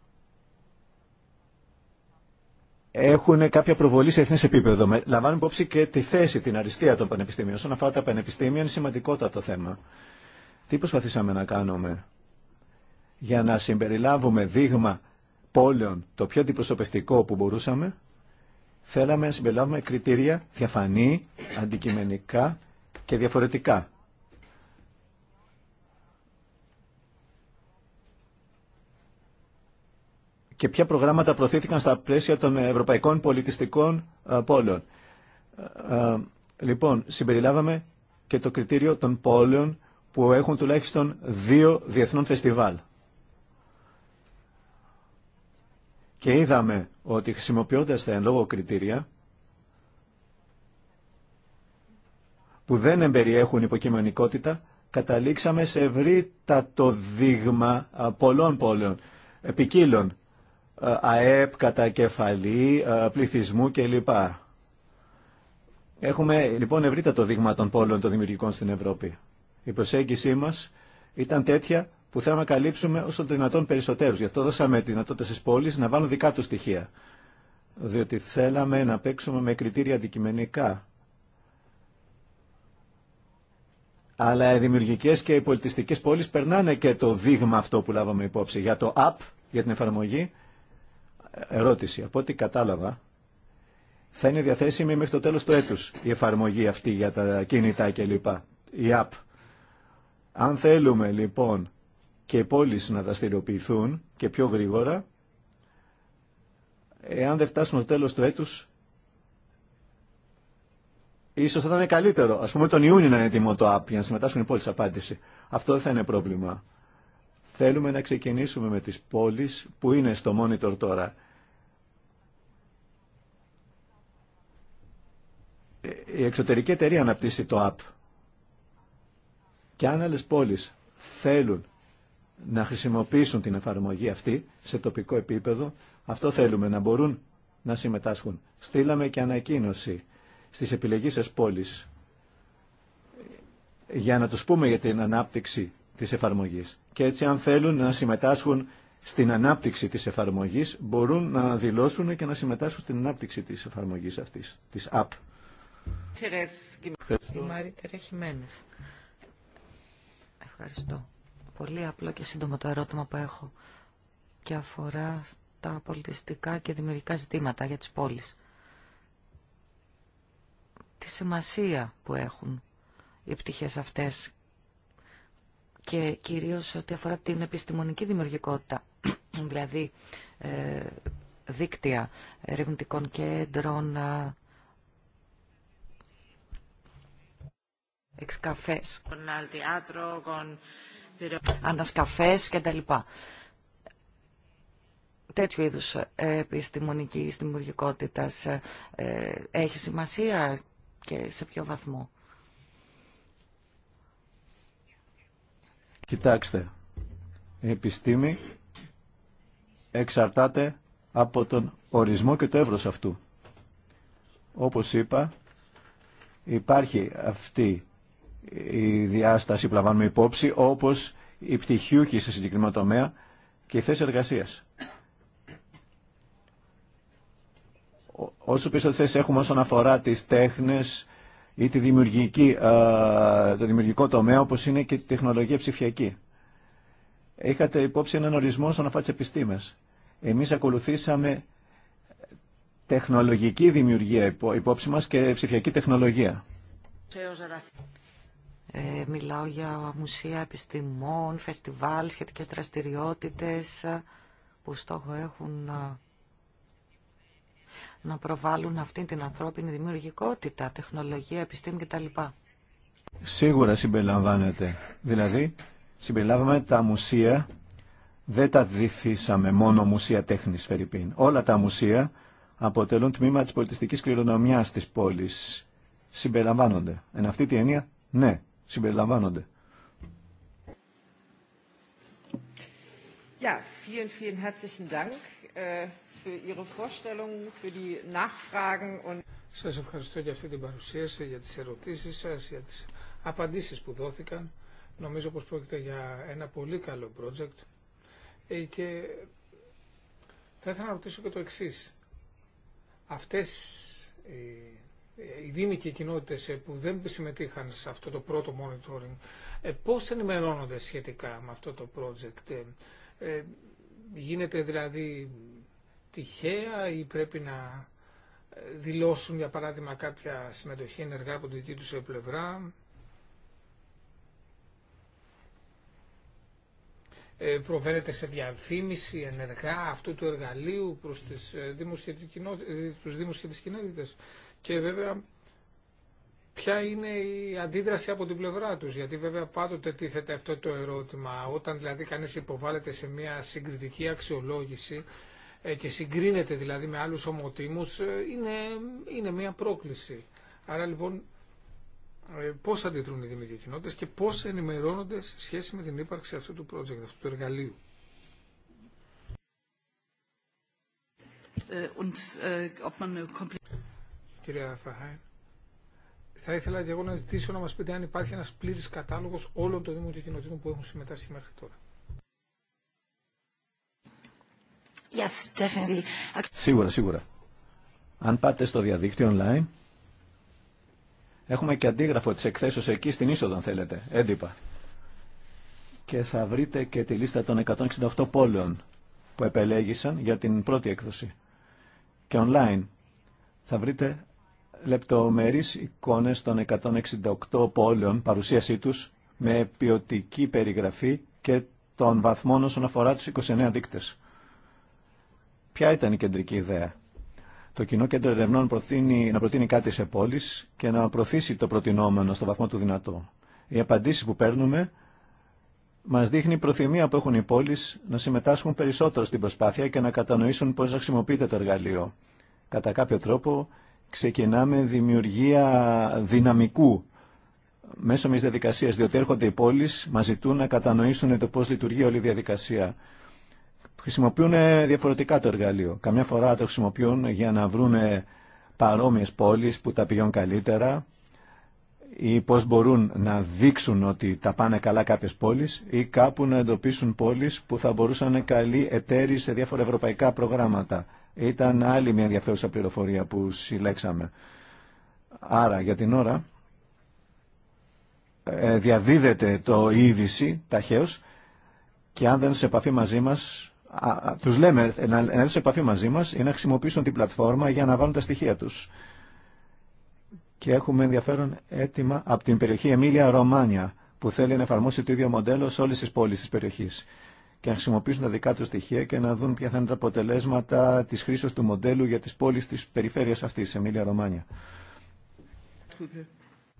έχουν κάποια προβολή σε εθνές επίπεδο. λαμβάνουμε υπόψη και τη θέση, την αριστεία των πανεπιστήμιων. Όσον αφορά τα πανεπιστήμια, είναι το θέμα. Τι προσπαθήσαμε να κάνουμε για να συμπεριλάβουμε δείγμα πόλεων το πιο αντιπροσωπευτικό που μπορούσαμε. Θέλαμε να συμπεριλάβουμε κριτήρια διαφανή, αντικειμενικά και διαφορετικά. και ποια προγράμματα προωθήθηκαν στα πλαίσια των ευρωπαϊκών πολιτιστικών ε, πόλεων. Ε, ε, λοιπόν, συμπεριλάβαμε και το κριτήριο των πόλεων που έχουν τουλάχιστον δύο διεθνών φεστιβάλ. Και είδαμε ότι χρησιμοποιώντας τα εν λόγω κριτήρια που δεν εμπεριέχουν υποκειμενικότητα, καταλήξαμε σε ευρύτατο δείγμα πολλών πόλεων, επικύλων, ε, ΑΕΠ, κατά κεφαλή, ε, πληθυσμού κλπ. Έχουμε λοιπόν ευρύτατο δείγμα των πόλεων των δημιουργικών στην Ευρώπη. Η προσέγγιση μα ήταν τέτοια που θέλαμε να καλύψουμε όσο το δυνατόν περισσότερου. Γι' αυτό δώσαμε τη δυνατότητα στι πόλει να βάλουν δικά του στοιχεία. Διότι θέλαμε να παίξουμε με κριτήρια αντικειμενικά. Αλλά οι δημιουργικέ και οι πολιτιστικές πόλεις περνάνε και το δείγμα αυτό που λάβαμε υπόψη. Για το app, για την εφαρμογή, ερώτηση. Από ό,τι κατάλαβα, θα είναι διαθέσιμη μέχρι το τέλος του έτους η εφαρμογή αυτή για τα κινητά κλπ. Η app. Αν θέλουμε λοιπόν και οι πόλεις να δραστηριοποιηθούν και πιο γρήγορα, εάν δεν φτάσουν στο τέλος του έτους, ίσως θα ήταν καλύτερο. Ας πούμε τον Ιούνιο να είναι έτοιμο το app για να συμμετάσχουν οι πόλεις απάντηση. Αυτό δεν θα είναι πρόβλημα. Θέλουμε να ξεκινήσουμε με τις πόλεις που είναι στο μόνιτορ τώρα. Η εξωτερική εταιρεία αναπτύσσει το app. Και αν άλλες πόλεις θέλουν να χρησιμοποιήσουν την εφαρμογή αυτή σε τοπικό επίπεδο, αυτό θέλουμε, να μπορούν να συμμετάσχουν. Στείλαμε και ανακοίνωση στις επιλεγήσεις πόλεις για να τους πούμε για την ανάπτυξη της εφαρμογής. Και έτσι αν θέλουν να συμμετάσχουν στην ανάπτυξη της εφαρμογής μπορούν να δηλώσουν και να συμμετάσχουν στην ανάπτυξη της εφαρμογής αυτής, της app. Ευχαριστώ. Πολύ απλό και σύντομο το ερώτημα που έχω και αφορά τα πολιτιστικά και δημιουργικά ζητήματα για τις πόλεις. Τη σημασία που έχουν οι πτυχές αυτές και κυρίως ό,τι αφορά την επιστημονική δημιουργικότητα, δηλαδή ε, δίκτυα ερευνητικών κέντρων, εξκαφές, ανασκαφές λοιπά. Τέτοιου είδους επιστημονικής δημιουργικότητας ε, έχει σημασία και σε ποιο βαθμό. Κοιτάξτε, η επιστήμη εξαρτάται από τον ορισμό και το εύρος αυτού. Όπως είπα, υπάρχει αυτή η διάσταση που λαμβάνουμε υπόψη, όπως η πτυχιούχη σε συγκεκριμένο τομέα και η θέση εργασίας. Όσο πίσω θέσεις έχουμε όσον αφορά τις τέχνες, ή δημιουργική, το δημιουργικό τομέα όπως είναι και η τεχνολογία ψηφιακή. Είχατε υπόψη έναν ορισμό όσον αφορά τις επιστήμες. Εμείς ακολουθήσαμε τεχνολογική δημιουργία υπόψη μας και ψηφιακή τεχνολογία. Ε, μιλάω για μουσεία επιστημών, φεστιβάλ, σχετικές δραστηριότητες που στόχο έχουν να προβάλλουν αυτή την ανθρώπινη δημιουργικότητα, τεχνολογία, επιστήμη κτλ. Σίγουρα συμπεριλαμβάνεται. Δηλαδή, συμπεριλάβαμε τα μουσεία, δεν τα διθήσαμε μόνο μουσεία τέχνης Φερρυπίν. Όλα τα μουσεία αποτελούν τμήμα της πολιτιστικής κληρονομιάς της πόλης. Συμπεριλαμβάνονται. Εν αυτή τη έννοια, ναι, συμπεριλαμβάνονται. Ja, vielen, äh, σας ευχαριστώ για αυτή την παρουσίαση, για τις ερωτήσεις σας, για τις απαντήσεις που δόθηκαν. Νομίζω πως πρόκειται για ένα πολύ καλό project ε, και θα ήθελα να ρωτήσω και το εξή. Αυτές οι δήμοι και οι κοινότητε ε, που δεν συμμετείχαν σε αυτό το πρώτο monitoring, ε, πώς ενημερώνονται σχετικά με αυτό το project. Γίνεται δηλαδή τυχαία ή πρέπει να ε, δηλώσουν για παράδειγμα κάποια συμμετοχή ενεργά από τη δική τους πλευρά. Ε, προβαίνεται σε διαφήμιση ενεργά αυτού του εργαλείου προς τις ε, δήμους τους δήμους και τις κοινότητες. Και βέβαια ποια είναι η αντίδραση από την πλευρά τους, γιατί βέβαια πάντοτε τίθεται αυτό το ερώτημα, όταν δηλαδή κανείς υποβάλλεται σε μια συγκριτική αξιολόγηση, ε, και συγκρίνεται δηλαδή με άλλους ομοτήμους ε, είναι, είναι μια πρόκληση. Άρα λοιπόν ε, πώς αντιδρούν οι δημιουργικοί και πώς ενημερώνονται σε σχέση με την ύπαρξη αυτού του project, αυτού του εργαλείου. Κυρία Φαχάιν, θα ήθελα και εγώ να ζητήσω να μας πείτε αν υπάρχει ένας πλήρης κατάλογος όλων των Δήμων που έχουν συμμετάσχει μέχρι τώρα. Yes, definitely. Σίγουρα, σίγουρα. Αν πάτε στο διαδίκτυο online, έχουμε και αντίγραφο της εκθέσεως εκεί στην είσοδο, αν θέλετε, έντυπα. Και θα βρείτε και τη λίστα των 168 πόλεων που επελέγησαν για την πρώτη έκδοση. Και online θα βρείτε λεπτομερείς εικόνες των 168 πόλεων, παρουσίασή τους, με ποιοτική περιγραφή και των βαθμών όσον αφορά τους 29 δείκτες. Ποια ήταν η κεντρική ιδέα. Το κοινό κέντρο ερευνών προτείνει, να προτείνει κάτι σε πόλεις και να προωθήσει το προτινόμενο στο βαθμό του δυνατό. Οι απαντήσεις που παίρνουμε μας δείχνει η προθυμία που έχουν οι πόλεις να συμμετάσχουν περισσότερο στην προσπάθεια και να κατανοήσουν πώς να χρησιμοποιείται το εργαλείο. Κατά κάποιο τρόπο ξεκινάμε δημιουργία δυναμικού μέσω μιας διαδικασίας, διότι έρχονται οι πόλεις, μας ζητούν να κατανοήσουν το πώς λειτουργεί όλη η διαδικασία χρησιμοποιούν ε, διαφορετικά το εργαλείο. Καμιά φορά το χρησιμοποιούν για να βρούνε παρόμοιες πόλεις που τα πηγαίνουν καλύτερα ή πώς μπορούν να δείξουν ότι τα πάνε καλά κάποιες πόλεις ή κάπου να εντοπίσουν πόλεις που θα μπορούσαν καλοί εταίροι σε διάφορα ευρωπαϊκά προγράμματα. Ήταν άλλη μια ενδιαφέρουσα πληροφορία που συλλέξαμε. Άρα για την ώρα ε, διαδίδεται το είδηση ταχαίως και αν δεν σε επαφή μαζί μας του τους λέμε να, έρθουν σε επαφή μαζί μας ή να χρησιμοποιήσουν την πλατφόρμα για να βάλουν τα στοιχεία τους. Και έχουμε ενδιαφέρον αίτημα από την περιοχή Εμίλια Ρωμάνια που θέλει να εφαρμόσει το ίδιο μοντέλο σε όλες τις πόλεις της περιοχής και να χρησιμοποιήσουν τα δικά του στοιχεία και να δουν ποια θα είναι τα αποτελέσματα της χρήση του μοντέλου για τις πόλεις της περιφέρειας αυτής, Εμίλια Ρωμάνια.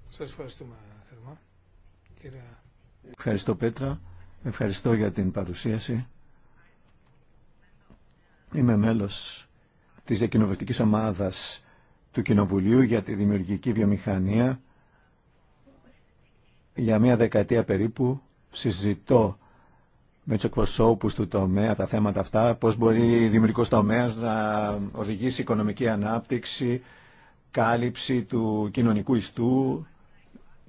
Σας ευχαριστούμε θερμά. Ευχαριστώ Πέτρα, ευχαριστώ για την παρουσίαση. Είμαι μέλος της διακοινοβουλευτικής ομάδας του Κοινοβουλίου για τη Δημιουργική Βιομηχανία. Για μία δεκαετία περίπου συζητώ με του εκπροσώπου του τομέα τα θέματα αυτά, πώς μπορεί η δημιουργικός τομέας να οδηγήσει οικονομική ανάπτυξη, κάλυψη του κοινωνικού ιστού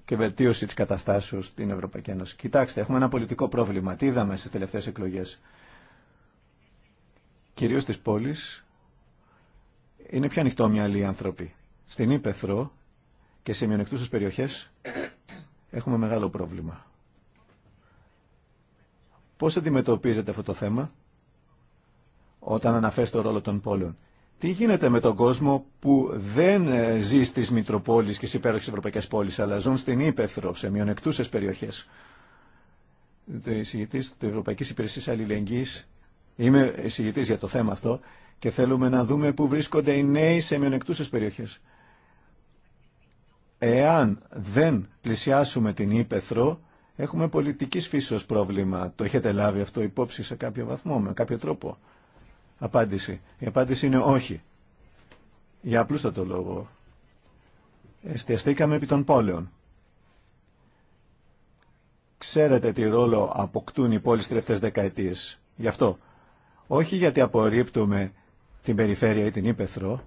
και βελτίωση της καταστάσεως στην Ευρωπαϊκή Ένωση. Κοιτάξτε, έχουμε ένα πολιτικό πρόβλημα. Τι είδαμε στις τελευταίες εκλογές κυρίως στις πόλεις, είναι πιο ανοιχτόμυαλοι άνθρωποι. Στην Ήπεθρο και σε μειονεκτούσες περιοχές έχουμε μεγάλο πρόβλημα. Πώς αντιμετωπίζετε αυτό το θέμα όταν αναφέρεστε το ρόλο των πόλεων. Τι γίνεται με τον κόσμο που δεν ε, ζει στις Μητροπόλεις και στις υπέροχες ευρωπαϊκές πόλεις, αλλά ζουν στην Ήπεθρο, σε μειονεκτούσες περιοχές. Το εισηγητής της Ευρωπαϊκής Υπηρεσίας Αλληλεγγύης Είμαι εισηγητής για το θέμα αυτό και θέλουμε να δούμε πού βρίσκονται οι νέοι σε μειονεκτούσες περιοχές. Εάν δεν πλησιάσουμε την Ήπεθρο, έχουμε πολιτικής φύσεως πρόβλημα. Το έχετε λάβει αυτό υπόψη σε κάποιο βαθμό, με κάποιο τρόπο. Απάντηση. Η απάντηση είναι όχι. Για απλούστατο λόγο. Εστιαστήκαμε επί των πόλεων. Ξέρετε τι ρόλο αποκτούν οι πόλεις τελευταίες δεκαετίες. Γι' αυτό όχι γιατί απορρίπτουμε την περιφέρεια ή την Ήπεθρο,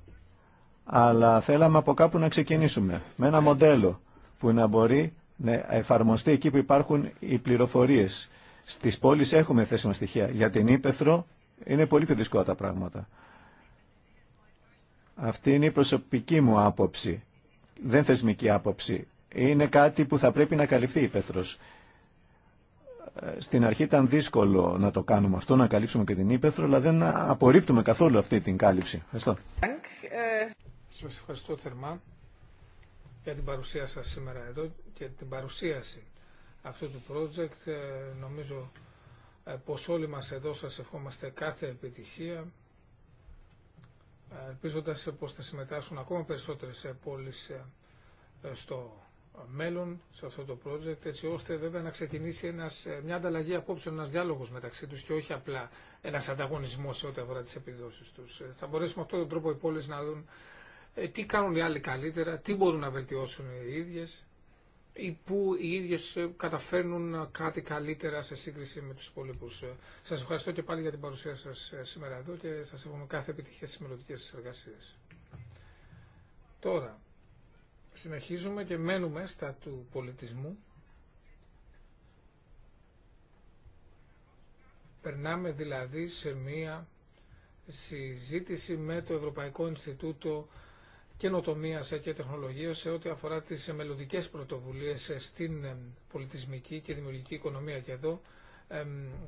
αλλά θέλαμε από κάπου να ξεκινήσουμε με ένα μοντέλο που να μπορεί να εφαρμοστεί εκεί που υπάρχουν οι πληροφορίες. Στις πόλεις έχουμε θέσιμα στοιχεία. Για την Ήπεθρο είναι πολύ πιο δύσκολα τα πράγματα. Αυτή είναι η προσωπική μου άποψη, δεν θεσμική άποψη. Είναι κάτι που θα πρέπει να καλυφθεί η στην αρχή ήταν δύσκολο να το κάνουμε αυτό, να καλύψουμε και την ύπεθρο, αλλά δεν απορρίπτουμε καθόλου αυτή την κάλυψη. Ευχαριστώ. Σας ευχαριστώ θερμά για την παρουσία σας σήμερα εδώ και την παρουσίαση αυτού του project. Ε, νομίζω ε, πως όλοι μας εδώ σας ευχόμαστε κάθε επιτυχία, ε, ελπίζοντας πως θα συμμετάσχουν ακόμα περισσότερες πόλεις στο μέλλον, σε αυτό το project, έτσι ώστε βέβαια να ξεκινήσει ένας, ε, μια ανταλλαγή απόψεων, ένα διάλογο μεταξύ του και όχι απλά ένα ανταγωνισμό σε ό,τι αφορά τι επιδόσει του. Ε, θα μπορέσουμε αυτόν τον τρόπο οι πόλεις να δουν ε, τι κάνουν οι άλλοι καλύτερα, τι μπορούν να βελτιώσουν οι ίδιε ή που οι ίδιε καταφέρνουν κάτι καλύτερα σε σύγκριση με του υπόλοιπου. Σα ευχαριστώ και πάλι για την παρουσία σα σήμερα εδώ και σα εύχομαι κάθε επιτυχία στι μελλοντικέ εργασίε. Τώρα, Συνεχίζουμε και μένουμε στα του πολιτισμού. Περνάμε δηλαδή σε μία συζήτηση με το Ευρωπαϊκό Ινστιτούτο Καινοτομία και Τεχνολογία σε ό,τι αφορά τι μελλοντικέ πρωτοβουλίε στην πολιτισμική και δημιουργική οικονομία. Και εδώ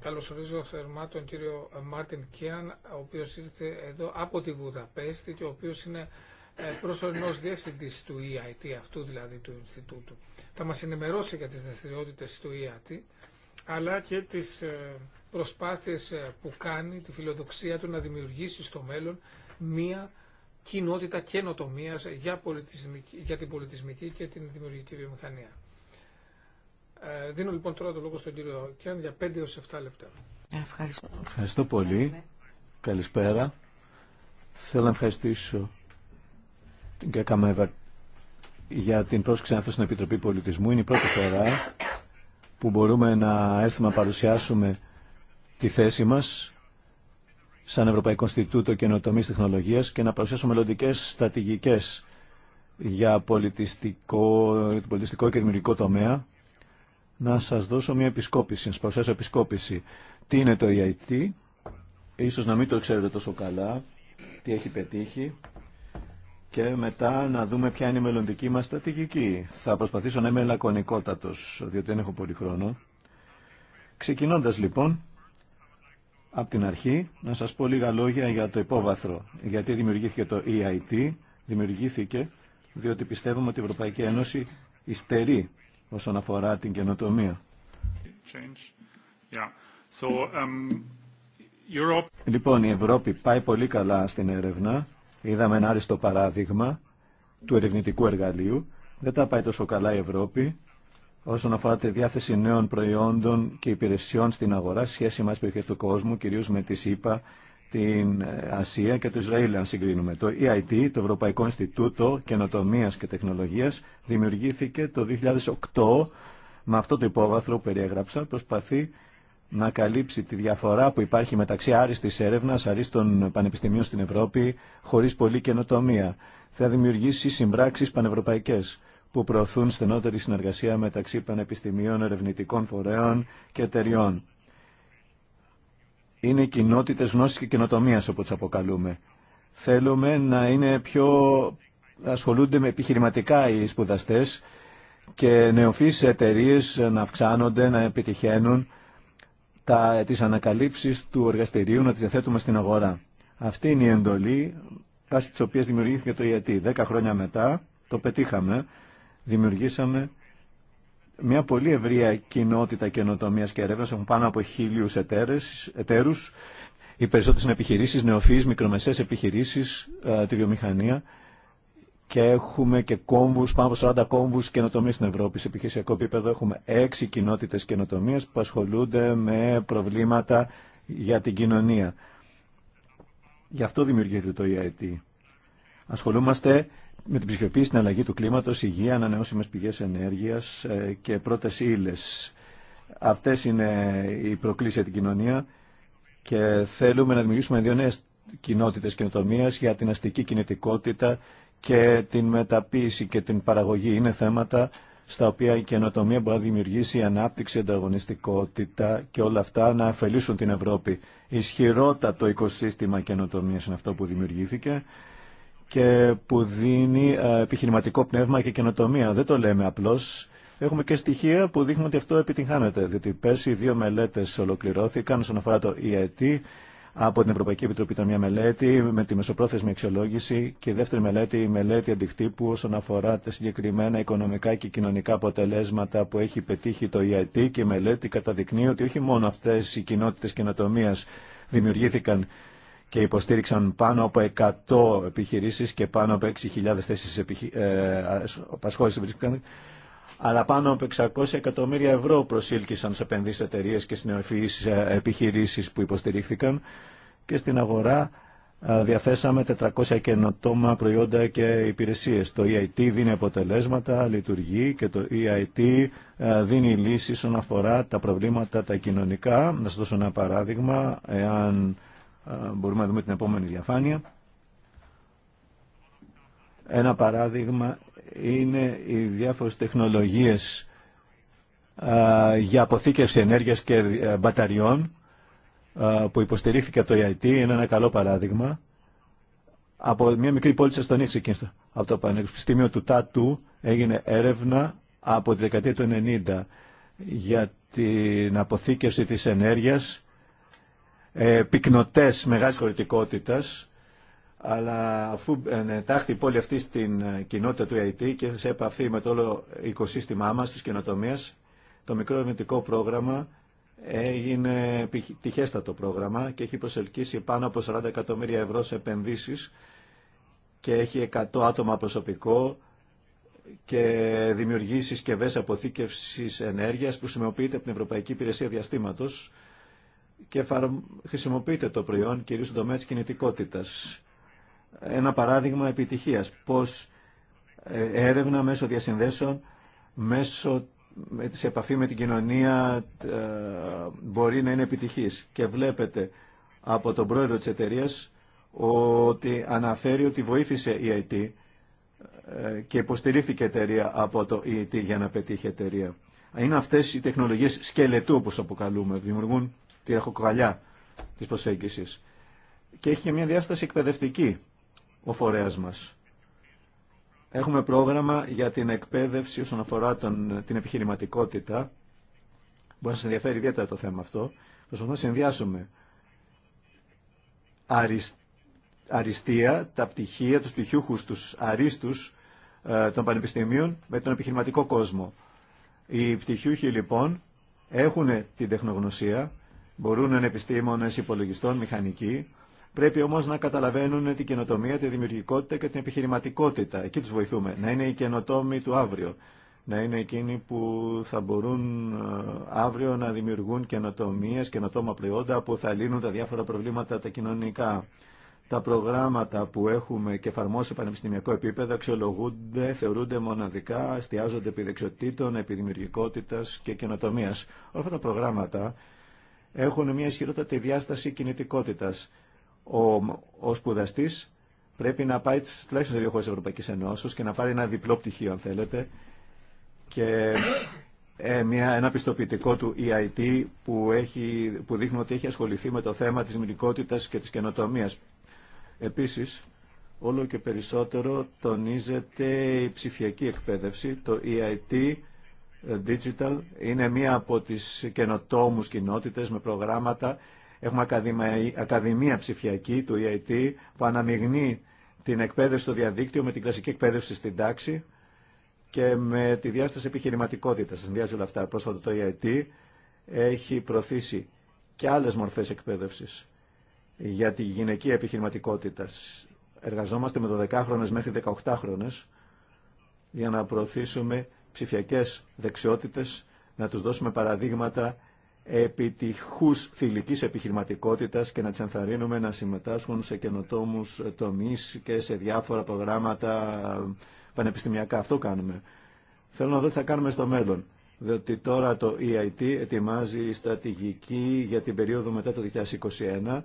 καλωσορίζω θερμά τον κύριο Μάρτιν Κιάν, ο οποίο ήρθε εδώ από τη Βουδαπέστη και ο οποίο είναι ε, προσωρινό διευθυντή του EIT, αυτού δηλαδή του Ινστιτούτου. Θα μα ενημερώσει για τι δραστηριότητες του EIT, αλλά και τις ε, προσπάθειες ε, που κάνει, τη φιλοδοξία του να δημιουργήσει στο μέλλον μία κοινότητα καινοτομία για, για την πολιτισμική και την δημιουργική βιομηχανία. Δίνω λοιπόν τώρα το λόγο στον κύριο Κιάν για 5 έως 7 λεπτά. Ευχαριστώ. Ευχαριστώ πολύ. Καλησπέρα. Θέλω να ευχαριστήσω την για την πρόσκληση να στην Επιτροπή Πολιτισμού. Είναι η πρώτη φορά που μπορούμε να έρθουμε να παρουσιάσουμε τη θέση μας σαν Ευρωπαϊκό Ινστιτούτο Καινοτομή Τεχνολογία και να παρουσιάσουμε μελλοντικέ στρατηγικέ για πολιτιστικό, πολιτιστικό και δημιουργικό τομέα. Να σα δώσω μια επισκόπηση, να σα παρουσιάσω επισκόπηση. Τι είναι το EIT, ίσω να μην το ξέρετε τόσο καλά, τι έχει πετύχει, και μετά να δούμε ποια είναι η μελλοντική μας στρατηγική. Θα προσπαθήσω να είμαι λακωνικότατος, διότι δεν έχω πολύ χρόνο. Ξεκινώντας λοιπόν, από την αρχή, να σας πω λίγα λόγια για το υπόβαθρο. Γιατί δημιουργήθηκε το EIT, δημιουργήθηκε διότι πιστεύουμε ότι η Ευρωπαϊκή Ένωση ιστερεί όσον αφορά την καινοτομία. Um, λοιπόν, η Ευρώπη πάει πολύ καλά στην έρευνα Είδαμε ένα άριστο παράδειγμα του ερευνητικού εργαλείου. Δεν τα πάει τόσο καλά η Ευρώπη όσον αφορά τη διάθεση νέων προϊόντων και υπηρεσιών στην αγορά, σχέση με περιοχέ του κόσμου, κυρίω με τη ΣΥΠΑ, την Ασία και το Ισραήλ, αν συγκρίνουμε. Το EIT, το Ευρωπαϊκό Ινστιτούτο Καινοτομία και Τεχνολογία, δημιουργήθηκε το 2008 με αυτό το υπόβαθρο που περιέγραψα. Προσπαθεί να καλύψει τη διαφορά που υπάρχει μεταξύ Άριστη έρευνα αρίστων πανεπιστημίων στην Ευρώπη, χωρί πολλή καινοτομία. Θα δημιουργήσει συμπράξει πανευρωπαϊκές που προωθούν στενότερη συνεργασία μεταξύ πανεπιστημίων, ερευνητικών φορέων και εταιριών. Είναι κοινότητε γνώση και καινοτομία όπω τι αποκαλούμε. Θέλουμε να είναι πιο ασχολούνται με επιχειρηματικά οι σπουδαστέ και νεοφύσει εταιρείε να αυξάνονται, να επιτυχαίνουν τα, τις ανακαλύψεις του εργαστηρίου να τις διαθέτουμε στην αγορά. Αυτή είναι η εντολή βάσει της οποίας δημιουργήθηκε το ΙΕΤ. E Δέκα χρόνια μετά το πετύχαμε, δημιουργήσαμε μια πολύ ευρία κοινότητα καινοτομίας και έρευνας, έχουν πάνω από χίλιους εταίρες, εταίρους, οι περισσότερες είναι επιχειρήσεις, νεοφύης, μικρομεσαίες επιχειρήσεις, ε, τη βιομηχανία και έχουμε και κόμβους, πάνω από 40 κόμβους καινοτομία στην Ευρώπη. Σε επιχειρησιακό επίπεδο έχουμε έξι κοινότητες καινοτομία που ασχολούνται με προβλήματα για την κοινωνία. Γι' αυτό δημιουργήθηκε το EIT. Ασχολούμαστε με την ψηφιοποίηση στην αλλαγή του κλίματος, υγεία, ανανεώσιμες πηγές ενέργειας ε, και πρώτες ύλες. Αυτές είναι οι προκλήσεις για την κοινωνία και θέλουμε να δημιουργήσουμε δύο νέες κοινότητες καινοτομία για την αστική κινητικότητα και την μεταποίηση και την παραγωγή. Είναι θέματα στα οποία η καινοτομία μπορεί να δημιουργήσει ανάπτυξη, ανταγωνιστικότητα και όλα αυτά να αφελήσουν την Ευρώπη. Ισχυρότατο οικοσύστημα καινοτομία είναι αυτό που δημιουργήθηκε και που δίνει επιχειρηματικό πνεύμα και καινοτομία. Δεν το λέμε απλώς. Έχουμε και στοιχεία που δείχνουν ότι αυτό επιτυγχάνεται, διότι πέρσι δύο μελέτες ολοκληρώθηκαν όσον αφορά το ΙΕΤ e από την Ευρωπαϊκή Επιτροπή ήταν μια μελέτη με τη μεσοπρόθεσμη αξιολόγηση και η δεύτερη μελέτη, η μελέτη αντικτύπου όσον αφορά τα συγκεκριμένα οικονομικά και κοινωνικά αποτελέσματα που έχει πετύχει το EIT και η μελέτη καταδεικνύει ότι όχι μόνο αυτές οι κοινότητες καινοτομία δημιουργήθηκαν και υποστήριξαν πάνω από 100 επιχειρήσεις και πάνω από 6.000 θέσεις ε, απασχόλησης αλλά πάνω από 600 εκατομμύρια ευρώ προσήλκησαν σε επενδύσεις εταιρείε και στις νεοφυείς ε, επιχειρήσεις που υποστηρίχθηκαν και στην αγορά ε, διαθέσαμε 400 καινοτόμα προϊόντα και υπηρεσίες. Το EIT δίνει αποτελέσματα, λειτουργεί και το EIT ε, δίνει λύσεις όσον αφορά τα προβλήματα τα κοινωνικά. Να σας δώσω ένα παράδειγμα, εάν μπορούμε να δούμε την επόμενη διαφάνεια. Ένα παράδειγμα είναι οι διάφορες τεχνολογίες για αποθήκευση ενέργειας και ε, μπαταριών που υποστηρίχθηκε από το EIT, ε είναι ένα καλό παράδειγμα. Από μια μικρή πόλη της Εστονίας ξεκίνησε. Από το Πανεπιστήμιο του ΤΑΤΟΥ έγινε έρευνα από τη δεκαετία του 90 για την αποθήκευση της ενέργειας, ε, πυκνοτές μεγάλης χωρητικότητας, αλλά αφού εντάχθη ναι, η πόλη αυτή στην ε, κοινότητα του ΑΕΤ και σε επαφή με το όλο οικοσύστημά μας της καινοτομίας, το μικρό ερευνητικό πρόγραμμα έγινε τυχέστατο πρόγραμμα και έχει προσελκύσει πάνω από 40 εκατομμύρια ευρώ σε επενδύσεις και έχει 100 άτομα προσωπικό και δημιουργεί συσκευές αποθήκευσης ενέργειας που χρησιμοποιείται από την Ευρωπαϊκή Υπηρεσία Διαστήματος και χρησιμοποιείται το προϊόν κυρίως στον τομέα της κινητικότητα ένα παράδειγμα επιτυχίας. Πώς ε, έρευνα μέσω διασυνδέσεων, μέσω της επαφή με την κοινωνία ε, μπορεί να είναι επιτυχής. Και βλέπετε από τον πρόεδρο της εταιρείας ότι αναφέρει ότι βοήθησε η IT ε, και υποστηρίχθηκε η εταιρεία από το e IT για να πετύχει η εταιρεία. Είναι αυτές οι τεχνολογίες σκελετού όπως αποκαλούμε, δημιουργούν τη ραχοκοκαλιά της προσέγγισης. Και έχει και μια διάσταση εκπαιδευτική ο μας. Έχουμε πρόγραμμα για την εκπαίδευση όσον αφορά τον, την επιχειρηματικότητα. Μπορεί να σας ενδιαφέρει ιδιαίτερα το θέμα αυτό. Προσπαθώ να συνδυάσουμε αριστεία, τα πτυχία, τους πτυχιούχους, τους αρίστους ε, των πανεπιστημίων με τον επιχειρηματικό κόσμο. Οι πτυχιούχοι λοιπόν έχουν την τεχνογνωσία, μπορούν να είναι επιστήμονες υπολογιστών, μηχανικοί, Πρέπει όμω να καταλαβαίνουν την καινοτομία, τη δημιουργικότητα και την επιχειρηματικότητα. Εκεί του βοηθούμε. Να είναι οι καινοτόμοι του αύριο. Να είναι εκείνοι που θα μπορούν ε, αύριο να δημιουργούν καινοτομίε, καινοτόμα προϊόντα που θα λύνουν τα διάφορα προβλήματα τα κοινωνικά. Τα προγράμματα που έχουμε και εφαρμόσει σε πανεπιστημιακό επίπεδο αξιολογούνται, θεωρούνται μοναδικά, εστιάζονται επί δεξιοτήτων, επί δημιουργικότητα και καινοτομία. Όλα αυτά τα προγράμματα έχουν μια ισχυρότατη διάσταση κινητικότητα ο, ο σπουδαστή πρέπει να πάει τουλάχιστον σε δύο χώρε τη Ευρωπαϊκή Ενώσεω και να πάρει ένα διπλό πτυχίο, αν θέλετε, και ε, μια, ένα πιστοποιητικό του EIT που, έχει, που δείχνει ότι έχει ασχοληθεί με το θέμα της μιλικότητας και της καινοτομίας. Επίσης, όλο και περισσότερο τονίζεται η ψηφιακή εκπαίδευση. Το EIT ε, Digital είναι μία από τις καινοτόμους κοινότητες με προγράμματα Έχουμε ακαδημία ψηφιακή του EIT που αναμειγνύει την εκπαίδευση στο διαδίκτυο με την κλασική εκπαίδευση στην τάξη και με τη διάσταση επιχειρηματικότητα. Συνδυάζει όλα αυτά. Πρόσφατα το EIT έχει προωθήσει και άλλε μορφέ εκπαίδευση για τη γυναική επιχειρηματικότητα. Εργαζόμαστε με 12χρονες μέχρι 18χρονες για να προωθήσουμε ψηφιακές δεξιότητες, να τους δώσουμε παραδείγματα επιτυχούς θηλυκής επιχειρηματικότητας και να τις ενθαρρύνουμε να συμμετάσχουν σε καινοτόμους τομείς και σε διάφορα προγράμματα πανεπιστημιακά. Αυτό κάνουμε. Θέλω να δω τι θα κάνουμε στο μέλλον. Διότι τώρα το EIT ετοιμάζει στρατηγική για την περίοδο μετά το 2021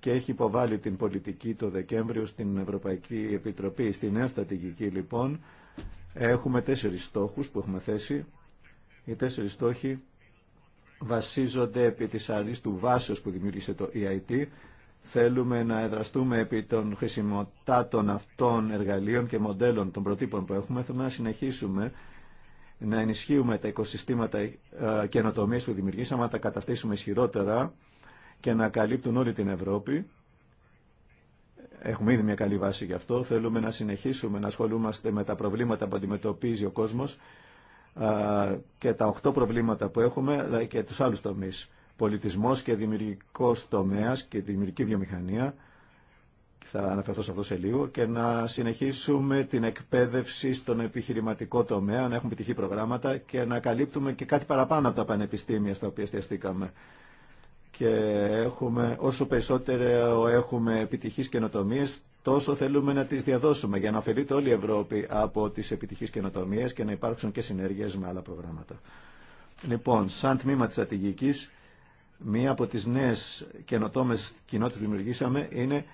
και έχει υποβάλει την πολιτική το Δεκέμβριο στην Ευρωπαϊκή Επιτροπή. Στη νέα στρατηγική λοιπόν έχουμε τέσσερις στόχους που έχουμε θέσει. Οι τέσσερις στόχοι βασίζονται επί της αρνής του βάσεως που δημιούργησε το EIT. Θέλουμε να εδραστούμε επί των χρησιμοτάτων αυτών εργαλείων και μοντέλων των προτύπων που έχουμε. Θέλουμε να συνεχίσουμε να ενισχύουμε τα οικοσυστήματα ε, καινοτομία που δημιουργήσαμε, να τα καταστήσουμε ισχυρότερα και να καλύπτουν όλη την Ευρώπη. Έχουμε ήδη μια καλή βάση γι' αυτό. Θέλουμε να συνεχίσουμε να ασχολούμαστε με τα προβλήματα που αντιμετωπίζει ο κόσμος και τα οχτώ προβλήματα που έχουμε, αλλά και τους άλλους τομείς. Πολιτισμός και δημιουργικός τομέας και δημιουργική βιομηχανία, θα αναφερθώ σε αυτό σε λίγο, και να συνεχίσουμε την εκπαίδευση στον επιχειρηματικό τομέα, να έχουμε επιτυχή προγράμματα και να καλύπτουμε και κάτι παραπάνω από τα πανεπιστήμια στα οποία εστιαστήκαμε και έχουμε, όσο περισσότερο έχουμε επιτυχείς καινοτομίες, τόσο θέλουμε να τις διαδώσουμε για να ωφελείται όλη η Ευρώπη από τις επιτυχείς καινοτομίες και να υπάρξουν και συνέργειες με άλλα προγράμματα. Λοιπόν, σαν τμήμα της στρατηγικής, μία από τις νέες καινοτόμες κοινότητες που δημιουργήσαμε είναι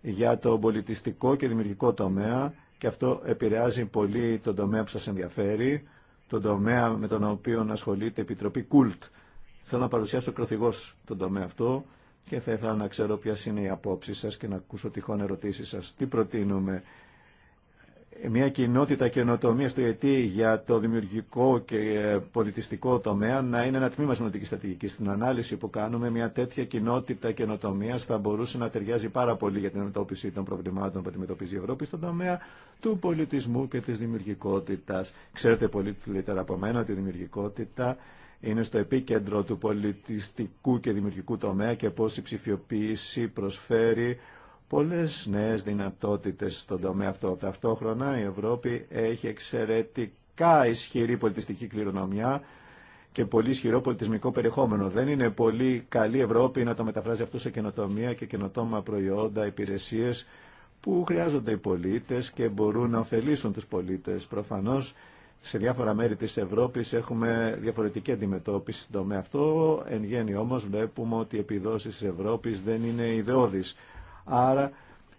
για το πολιτιστικό και δημιουργικό τομέα και αυτό επηρεάζει πολύ τον τομέα που σας ενδιαφέρει, τον τομέα με τον οποίο ασχολείται η Επιτροπή Κουλτ Θέλω να παρουσιάσω κροθυγό τον τομέα αυτό και θα ήθελα να ξέρω ποιε είναι οι απόψει σα και να ακούσω τυχόν ερωτήσει σα, Τι προτείνουμε. Μια κοινότητα καινοτομία του ετή για το δημιουργικό και ε, πολιτιστικό τομέα να είναι ένα τμήμα συνολική στρατηγική. Στην ανάλυση που κάνουμε, μια τέτοια κοινότητα καινοτομία θα μπορούσε να ταιριάζει πάρα πολύ για την αντιμετώπιση των προβλημάτων που αντιμετωπίζει η Ευρώπη στον τομέα του πολιτισμού και τη δημιουργικότητα. Ξέρετε πολύ καλύτερα από μένα ότι δημιουργικότητα είναι στο επίκεντρο του πολιτιστικού και δημιουργικού τομέα και πώς η ψηφιοποίηση προσφέρει πολλές νέες δυνατότητες στον τομέα αυτό. Ταυτόχρονα η Ευρώπη έχει εξαιρετικά ισχυρή πολιτιστική κληρονομιά και πολύ ισχυρό πολιτισμικό περιεχόμενο. Δεν είναι πολύ καλή Ευρώπη να το μεταφράζει αυτό σε καινοτομία και καινοτόμα προϊόντα, υπηρεσίες που χρειάζονται οι πολίτες και μπορούν να ωφελήσουν τους πολίτες. Προφανώς σε διάφορα μέρη της Ευρώπης έχουμε διαφορετική αντιμετώπιση στον τομέα αυτό. Εν γέννη όμως βλέπουμε ότι οι επιδόσεις της Ευρώπης δεν είναι ιδεώδεις. Άρα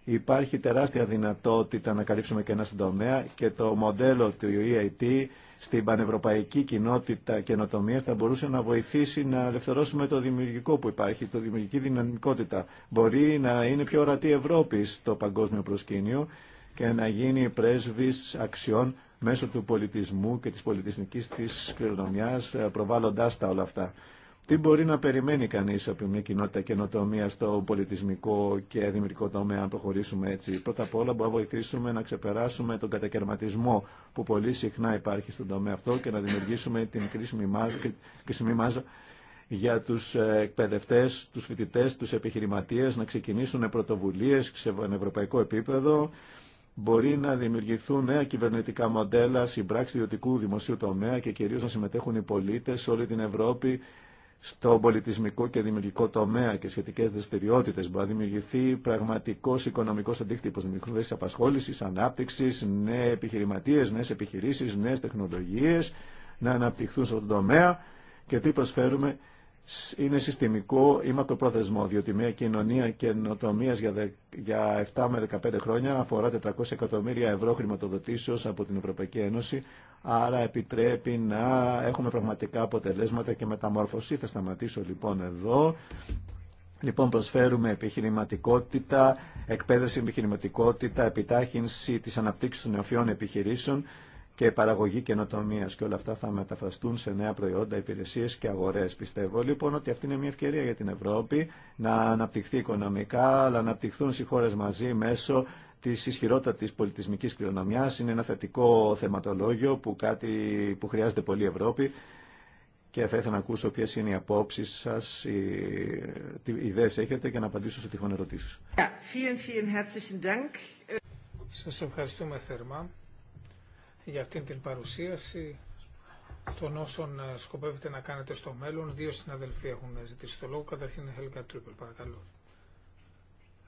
υπάρχει τεράστια δυνατότητα να καλύψουμε κενά στον τομέα και το μοντέλο του EIT στην πανευρωπαϊκή κοινότητα καινοτομία θα μπορούσε να βοηθήσει να ελευθερώσουμε το δημιουργικό που υπάρχει, το δημιουργική δυναμικότητα. Μπορεί να είναι πιο ορατή Ευρώπη στο παγκόσμιο προσκήνιο και να γίνει πρέσβης αξιών μέσω του πολιτισμού και της πολιτισμικής της κληρονομιάς ε, προβάλλοντάς τα όλα αυτά. Τι μπορεί να περιμένει κανείς από μια κοινότητα καινοτομία στο πολιτισμικό και δημιουργικό τομέα, αν προχωρήσουμε έτσι. Πρώτα απ' όλα μπορούμε να βοηθήσουμε να ξεπεράσουμε τον κατακαιρματισμό που πολύ συχνά υπάρχει στον τομέα αυτό και να δημιουργήσουμε την κρίσιμη μάζα, για τους ε, εκπαιδευτές, τους φοιτητές, τους επιχειρηματίες να ξεκινήσουν πρωτοβουλίες σε ευρωπαϊκό επίπεδο μπορεί να δημιουργηθούν νέα κυβερνητικά μοντέλα συμπράξη ιδιωτικού δημοσίου τομέα και κυρίω να συμμετέχουν οι πολίτε σε όλη την Ευρώπη στο πολιτισμικό και δημιουργικό τομέα και σχετικέ δραστηριότητε. Μπορεί να δημιουργηθεί πραγματικό οικονομικό αντίκτυπο, δημιουργηθούν θέσει απασχόληση, ανάπτυξη, νέε επιχειρηματίε, νέε επιχειρήσει, νέε τεχνολογίε να αναπτυχθούν στον τομέα και τι προσφέρουμε είναι συστημικό ή μακροπρόθεσμο, διότι μια κοινωνία καινοτομία για 7 με 15 χρόνια αφορά 400 εκατομμύρια ευρώ χρηματοδοτήσεω από την Ευρωπαϊκή Ένωση. Άρα επιτρέπει να έχουμε πραγματικά αποτελέσματα και μεταμόρφωση. Θα σταματήσω λοιπόν εδώ. Λοιπόν, προσφέρουμε επιχειρηματικότητα, εκπαίδευση επιχειρηματικότητα, επιτάχυνση της αναπτύξης των νεοφιών επιχειρήσεων και παραγωγή καινοτομία. Και όλα αυτά θα μεταφραστούν σε νέα προϊόντα, υπηρεσίε και αγορέ. Πιστεύω λοιπόν ότι αυτή είναι μια ευκαιρία για την Ευρώπη να αναπτυχθεί οικονομικά, αλλά να αναπτυχθούν οι χώρε μαζί μέσω τη τη πολιτισμική κληρονομιά. Είναι ένα θετικό θεματολόγιο που, κάτι που χρειάζεται πολύ η Ευρώπη. Και θα ήθελα να ακούσω ποιε είναι οι απόψει σα, τι ιδέε έχετε και να απαντήσω σε τυχόν ερωτήσει. Σα ευχαριστούμε θερμά για αυτήν την παρουσίαση των όσων ε, σκοπεύετε να κάνετε στο μέλλον. Δύο συναδελφοί έχουν ζητήσει το λόγο. Καταρχήν η Χέλικα Τρίπελ, παρακαλώ.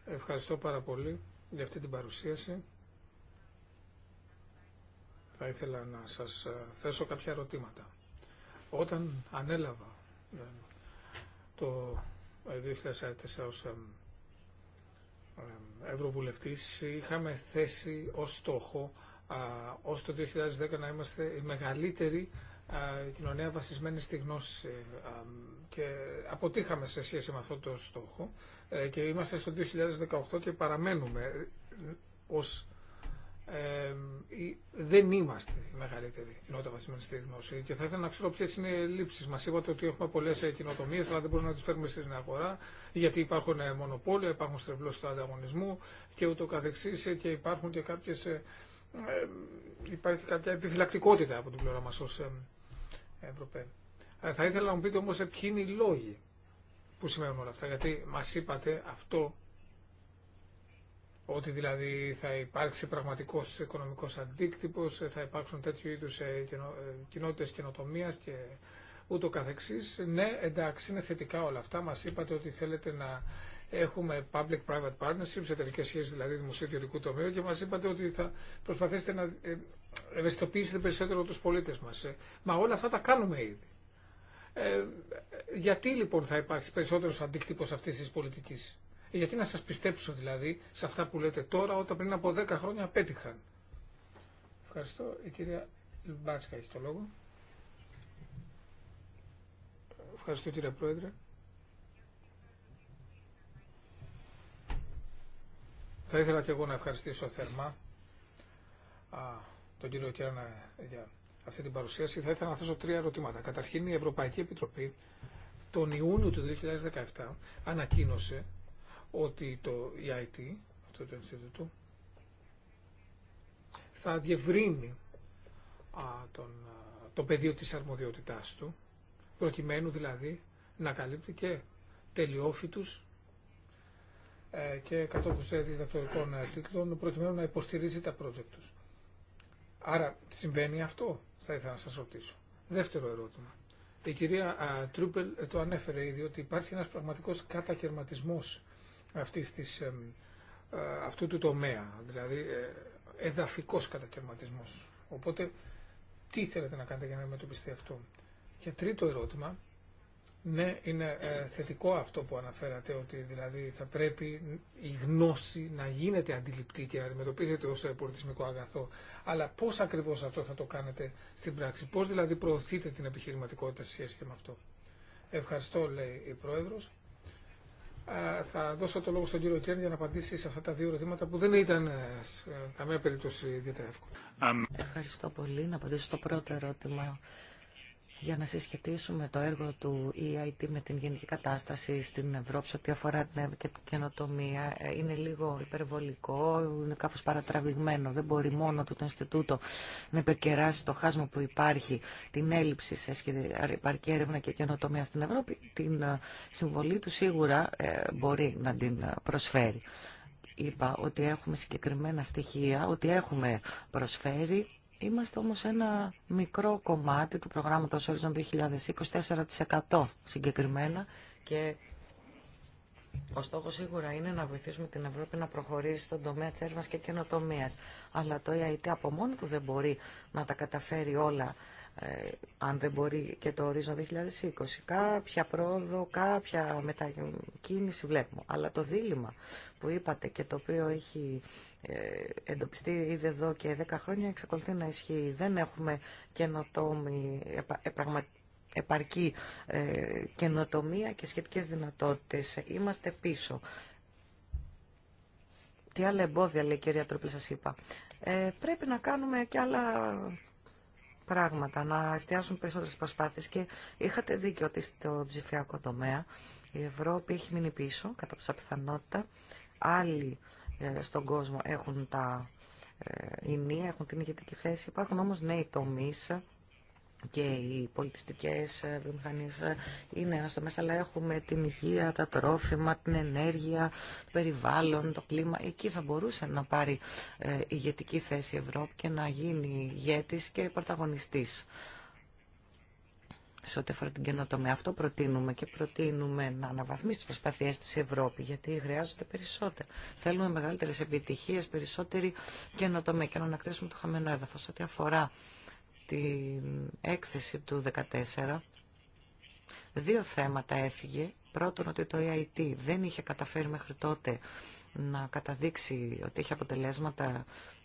Ευχαριστώ πάρα πολύ για αυτή την παρουσίαση. Θα ήθελα να σας ε, θέσω κάποια ερωτήματα. Όταν ανέλαβα ε, το 2004 ως Ευρωβουλευτής είχαμε θέσει ως στόχο ως το 2010 να είμαστε η μεγαλύτερη κοινωνία βασισμένη στη γνώση και αποτύχαμε σε σχέση με αυτό το στόχο ε, και είμαστε στο 2018 και παραμένουμε ε, ως ε, δεν είμαστε η μεγαλύτερη κοινότητα βασισμένη στη γνώση. Και θα ήθελα να ξέρω ποιε είναι οι λήψει. Μα είπατε ότι έχουμε πολλέ ε, κοινοτομίε, αλλά δεν μπορούμε να τι φέρουμε στην αγορά, γιατί υπάρχουν μονοπόλια, υπάρχουν στρεβλώσει του ανταγωνισμού και ούτω καθεξή. Και υπάρχουν και κάποιε ε, υπάρχει κάποια επιφυλακτικότητα από την πλευρά μας ως Ευρωπαίοι. Ε, θα ήθελα να μου πείτε όμως ε, ποιοι είναι οι λόγοι που σημαίνουν όλα αυτά. Γιατί μας είπατε αυτό ότι δηλαδή θα υπάρξει πραγματικός οικονομικός αντίκτυπος, θα υπάρξουν τέτοιου είδους κοινότητες καινοτομία και ούτω καθεξής. Ναι, εντάξει, είναι θετικά όλα αυτά. Μας είπατε ότι θέλετε να έχουμε public-private partnerships, εταιρικέ σχέσει δηλαδή δημοσίου ιδιωτικού τομέα και μα είπατε ότι θα προσπαθήσετε να ε, ευαισθητοποιήσετε περισσότερο του πολίτε μα. Ε. Μα όλα αυτά τα κάνουμε ήδη. Ε, γιατί λοιπόν θα υπάρξει περισσότερος αντίκτυπος αυτής της πολιτικής. Ε, γιατί να σας πιστέψω δηλαδή σε αυτά που λέτε τώρα όταν πριν από 10 χρόνια απέτυχαν. Ευχαριστώ. Η κυρία Λιμπάτσκα έχει το λόγο. Ευχαριστώ κύριε Πρόεδρε. Θα ήθελα και εγώ να ευχαριστήσω θερμά τον κύριο Κέρνα για αυτή την παρουσίαση. Θα ήθελα να θέσω τρία ερωτήματα. Καταρχήν, η Ευρωπαϊκή Επιτροπή τον Ιούνιο του 2017 ανακοίνωσε ότι το EIT, αυτό το Ινστιτούτο, θα διευρύνει τον, το πεδίο της αρμοδιότητάς του, προκειμένου δηλαδή να καλύπτει και τελειόφυτους ε, και κατόχους διδακτορικών ε, τίτλων προκειμένου να υποστηρίζει τα project τους. Άρα συμβαίνει αυτό, θα ήθελα να σας ρωτήσω. Δεύτερο ερώτημα. Η κυρία Τρούπελ ε, το ανέφερε ήδη ότι υπάρχει ένας πραγματικός κατακαιρματισμός αυτής της, αυτού του τομέα, δηλαδή εδαφικός κατακαιρματισμός. Οπότε τι θέλετε να κάνετε για να αντιμετωπιστεί αυτό. Και τρίτο ερώτημα, ναι, είναι ε, θετικό αυτό που αναφέρατε, ότι δηλαδή θα πρέπει η γνώση να γίνεται αντιληπτή και να αντιμετωπίζεται ως ε, πολιτισμικό αγαθό. Αλλά πώς ακριβώς αυτό θα το κάνετε στην πράξη, πώς δηλαδή προωθείτε την επιχειρηματικότητα σε σχέση με αυτό. Ευχαριστώ, λέει η Πρόεδρος. Θα δώσω το λόγο στον κύριο Κέρν για να απαντήσει σε αυτά τα δύο ερωτήματα που δεν ήταν σε ε, καμία περίπτωση ιδιαίτερα εύκολα. Ευχαριστώ πολύ. Να απαντήσω στο πρώτο ερώτημα για να συσχετίσουμε το έργο του EIT με την γενική κατάσταση στην Ευρώπη σε ό,τι αφορά την καινοτομία. Ε, είναι λίγο υπερβολικό, είναι κάπω παρατραβηγμένο. Δεν μπορεί μόνο το, Ινστιτούτο να υπερκεράσει το χάσμα που υπάρχει, την έλλειψη σε επαρκή έρευνα και καινοτομία στην Ευρώπη. Την ε, συμβολή του σίγουρα ε, μπορεί να την προσφέρει. Είπα ότι έχουμε συγκεκριμένα στοιχεία, ότι έχουμε προσφέρει Είμαστε όμως ένα μικρό κομμάτι του προγράμματος Horizon 2020, 4% συγκεκριμένα και ο στόχο σίγουρα είναι να βοηθήσουμε την Ευρώπη να προχωρήσει στον τομέα τη έρευνα και καινοτομία. Αλλά το EIT από μόνο του δεν μπορεί να τα καταφέρει όλα ε, αν δεν μπορεί και το ορίζον 2020. Κάποια πρόοδο, κάποια μετακίνηση βλέπουμε. Αλλά το δίλημα που είπατε και το οποίο έχει ε, εντοπιστεί ήδη εδώ και 10 χρόνια εξακολουθεί να ισχύει. Δεν έχουμε καινοτόμη, επαρκή ε, καινοτομία και σχετικές δυνατότητες. Είμαστε πίσω. Τι άλλα εμπόδια, λέει η κυρία Τρόπλη, σας είπα. πρέπει να κάνουμε και άλλα πράγματα, να εστιάσουν περισσότερες προσπάθειες και είχατε δίκιο ότι στο ψηφιακό τομέα η Ευρώπη έχει μείνει πίσω κατά πάσα πιθανότητα. Άλλοι ε, στον κόσμο έχουν τα ε, έχουν την ηγετική θέση. Υπάρχουν όμως νέοι τομείς και οι πολιτιστικές ε, βιομηχανίες ε, είναι ένα τομέα, αλλά έχουμε την υγεία, τα τρόφιμα, την ενέργεια, το περιβάλλον, το κλίμα. Εκεί θα μπορούσε να πάρει ε, ηγετική θέση η Ευρώπη και να γίνει ηγέτης και πρωταγωνιστής σε ό,τι αφορά την καινοτομία. Αυτό προτείνουμε και προτείνουμε να αναβαθμίσει τι προσπαθίε τη Ευρώπη, γιατί χρειάζονται περισσότερα. Θέλουμε μεγαλύτερε επιτυχίε, περισσότερη καινοτομία και να ανακτήσουμε το χαμένο έδαφο. Ό,τι αφορά στην έκθεση του 2014 δύο θέματα έφυγε. Πρώτον ότι το EIT ε δεν είχε καταφέρει μέχρι τότε να καταδείξει ότι είχε αποτελέσματα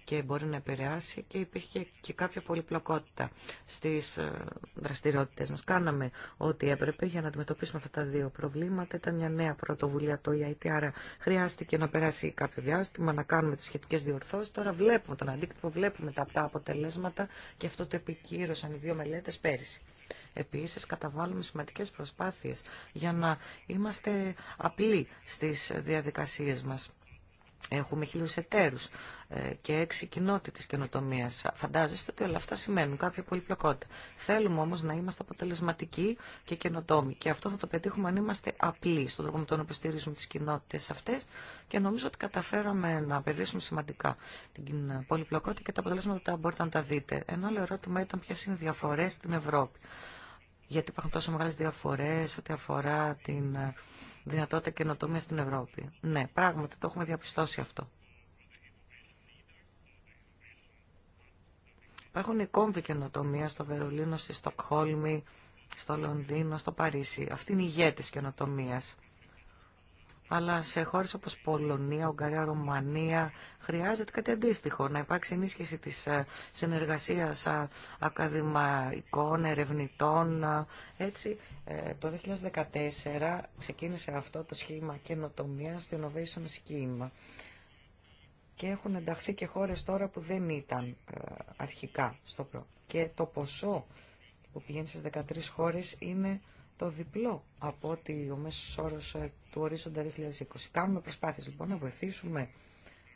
και μπορεί να επηρεάσει και υπήρχε και κάποια πολυπλοκότητα στις ε, δραστηριότητες μας. Κάναμε ό,τι έπρεπε για να αντιμετωπίσουμε αυτά τα δύο προβλήματα. Ήταν μια νέα πρωτοβουλία το EIT, άρα χρειάστηκε να περάσει κάποιο διάστημα, να κάνουμε τις σχετικές διορθώσεις. Τώρα βλέπουμε τον αντίκτυπο, βλέπουμε τα τα αποτελέσματα και αυτό το επικύρωσαν οι δύο μελέτες πέρυσι. Επίσης καταβάλουμε σημαντικές προσπάθειες για να είμαστε απλοί στις διαδικασίες μας. Έχουμε χίλιους εταίρους ε, και έξι κοινότητε καινοτομία. Φαντάζεστε ότι όλα αυτά σημαίνουν κάποια πολυπλοκότητα. Θέλουμε όμω να είμαστε αποτελεσματικοί και καινοτόμοι και αυτό θα το πετύχουμε αν είμαστε απλοί στον τρόπο με τον οποίο στηρίζουμε τις κοινότητε αυτές και νομίζω ότι καταφέραμε να περιορίσουμε σημαντικά την πολυπλοκότητα και τα αποτελέσματα τα μπορείτε να τα δείτε. Ένα άλλο ερώτημα ήταν ποιε είναι οι διαφορές στην Ευρώπη. Γιατί υπάρχουν τόσο μεγάλε διαφορέ ό,τι αφορά την δυνατότητα καινοτομία στην Ευρώπη. Ναι, πράγματι το έχουμε διαπιστώσει αυτό. Υπάρχουν οι κόμβοι καινοτομία στο Βερολίνο, στη Στοκχόλμη, στο Λονδίνο, στο Παρίσι. Αυτή είναι η ηγέτης καινοτομία αλλά σε χώρες όπως Πολωνία, Ουγγαρία, Ρουμανία χρειάζεται κάτι αντίστοιχο, να υπάρξει ενίσχυση της ε, συνεργασίας ε, ακαδημαϊκών, ερευνητών. Ε, έτσι, το 2014 ξεκίνησε αυτό το σχήμα καινοτομία το Innovation Scheme και έχουν ενταχθεί και χώρες τώρα που δεν ήταν αρχικά στο πρόγραμμα. Και το ποσό που πηγαίνει στις 13 χώρες είναι το διπλό από ότι ο μέσος όρος ε, του ορίζοντα 2020. Κάνουμε προσπάθειες λοιπόν να βοηθήσουμε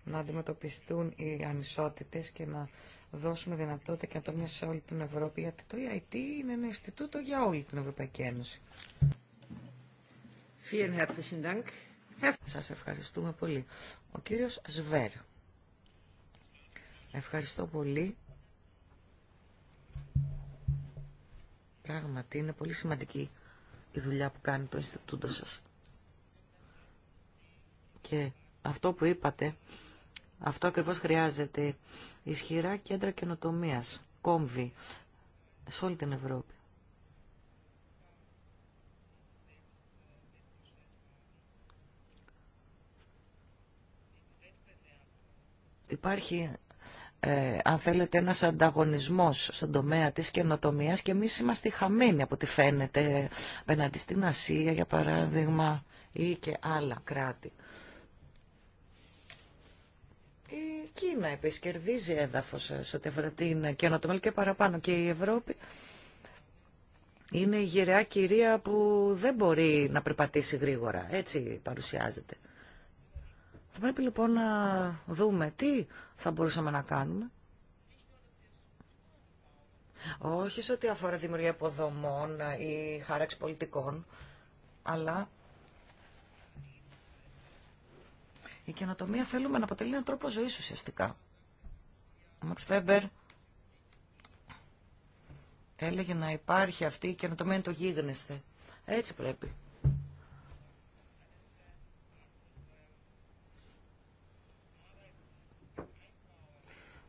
να αντιμετωπιστούν οι ανισότητες και να δώσουμε δυνατότητα και ατομία σε όλη την Ευρώπη, γιατί το EIT ε είναι ένα Ινστιτούτο για όλη την Ευρωπαϊκή Ένωση. Σας ευχαριστούμε πολύ. Ο κύριος Σβέρ. Ευχαριστώ πολύ. Πράγματι, είναι πολύ σημαντική η δουλειά που κάνει το Ινστιτούτο σας. Και αυτό που είπατε, αυτό ακριβώς χρειάζεται ισχυρά κέντρα καινοτομία, κόμβη, σε όλη την Ευρώπη. Υπάρχει ε, αν θέλετε, ένας ανταγωνισμός στον τομέα της καινοτομία και εμείς είμαστε χαμένοι από ό,τι φαίνεται απέναντι στην Ασία, για παράδειγμα, ή και άλλα κράτη. Η Κίνα επίσης κερδίζει έδαφος σε ό,τι αφορά την καινοτομία και αλλα κρατη η κινα επιση κερδιζει εδαφος σε οτι αφορα την καινοτομια και παραπανω και η Ευρώπη. Είναι η γυραιά κυρία που δεν μπορεί να περπατήσει γρήγορα. Έτσι παρουσιάζεται. Θα πρέπει λοιπόν να δούμε τι θα μπορούσαμε να κάνουμε. Όχι σε ό,τι αφορά δημιουργία υποδομών ή χάραξη πολιτικών, αλλά η καινοτομία θέλουμε να αποτελεί έναν τρόπο ζωής ουσιαστικά. Ο Μαξ Φέμπερ έλεγε να υπάρχει αυτή η καινοτομία το γίγνεσθε. Έτσι πρέπει.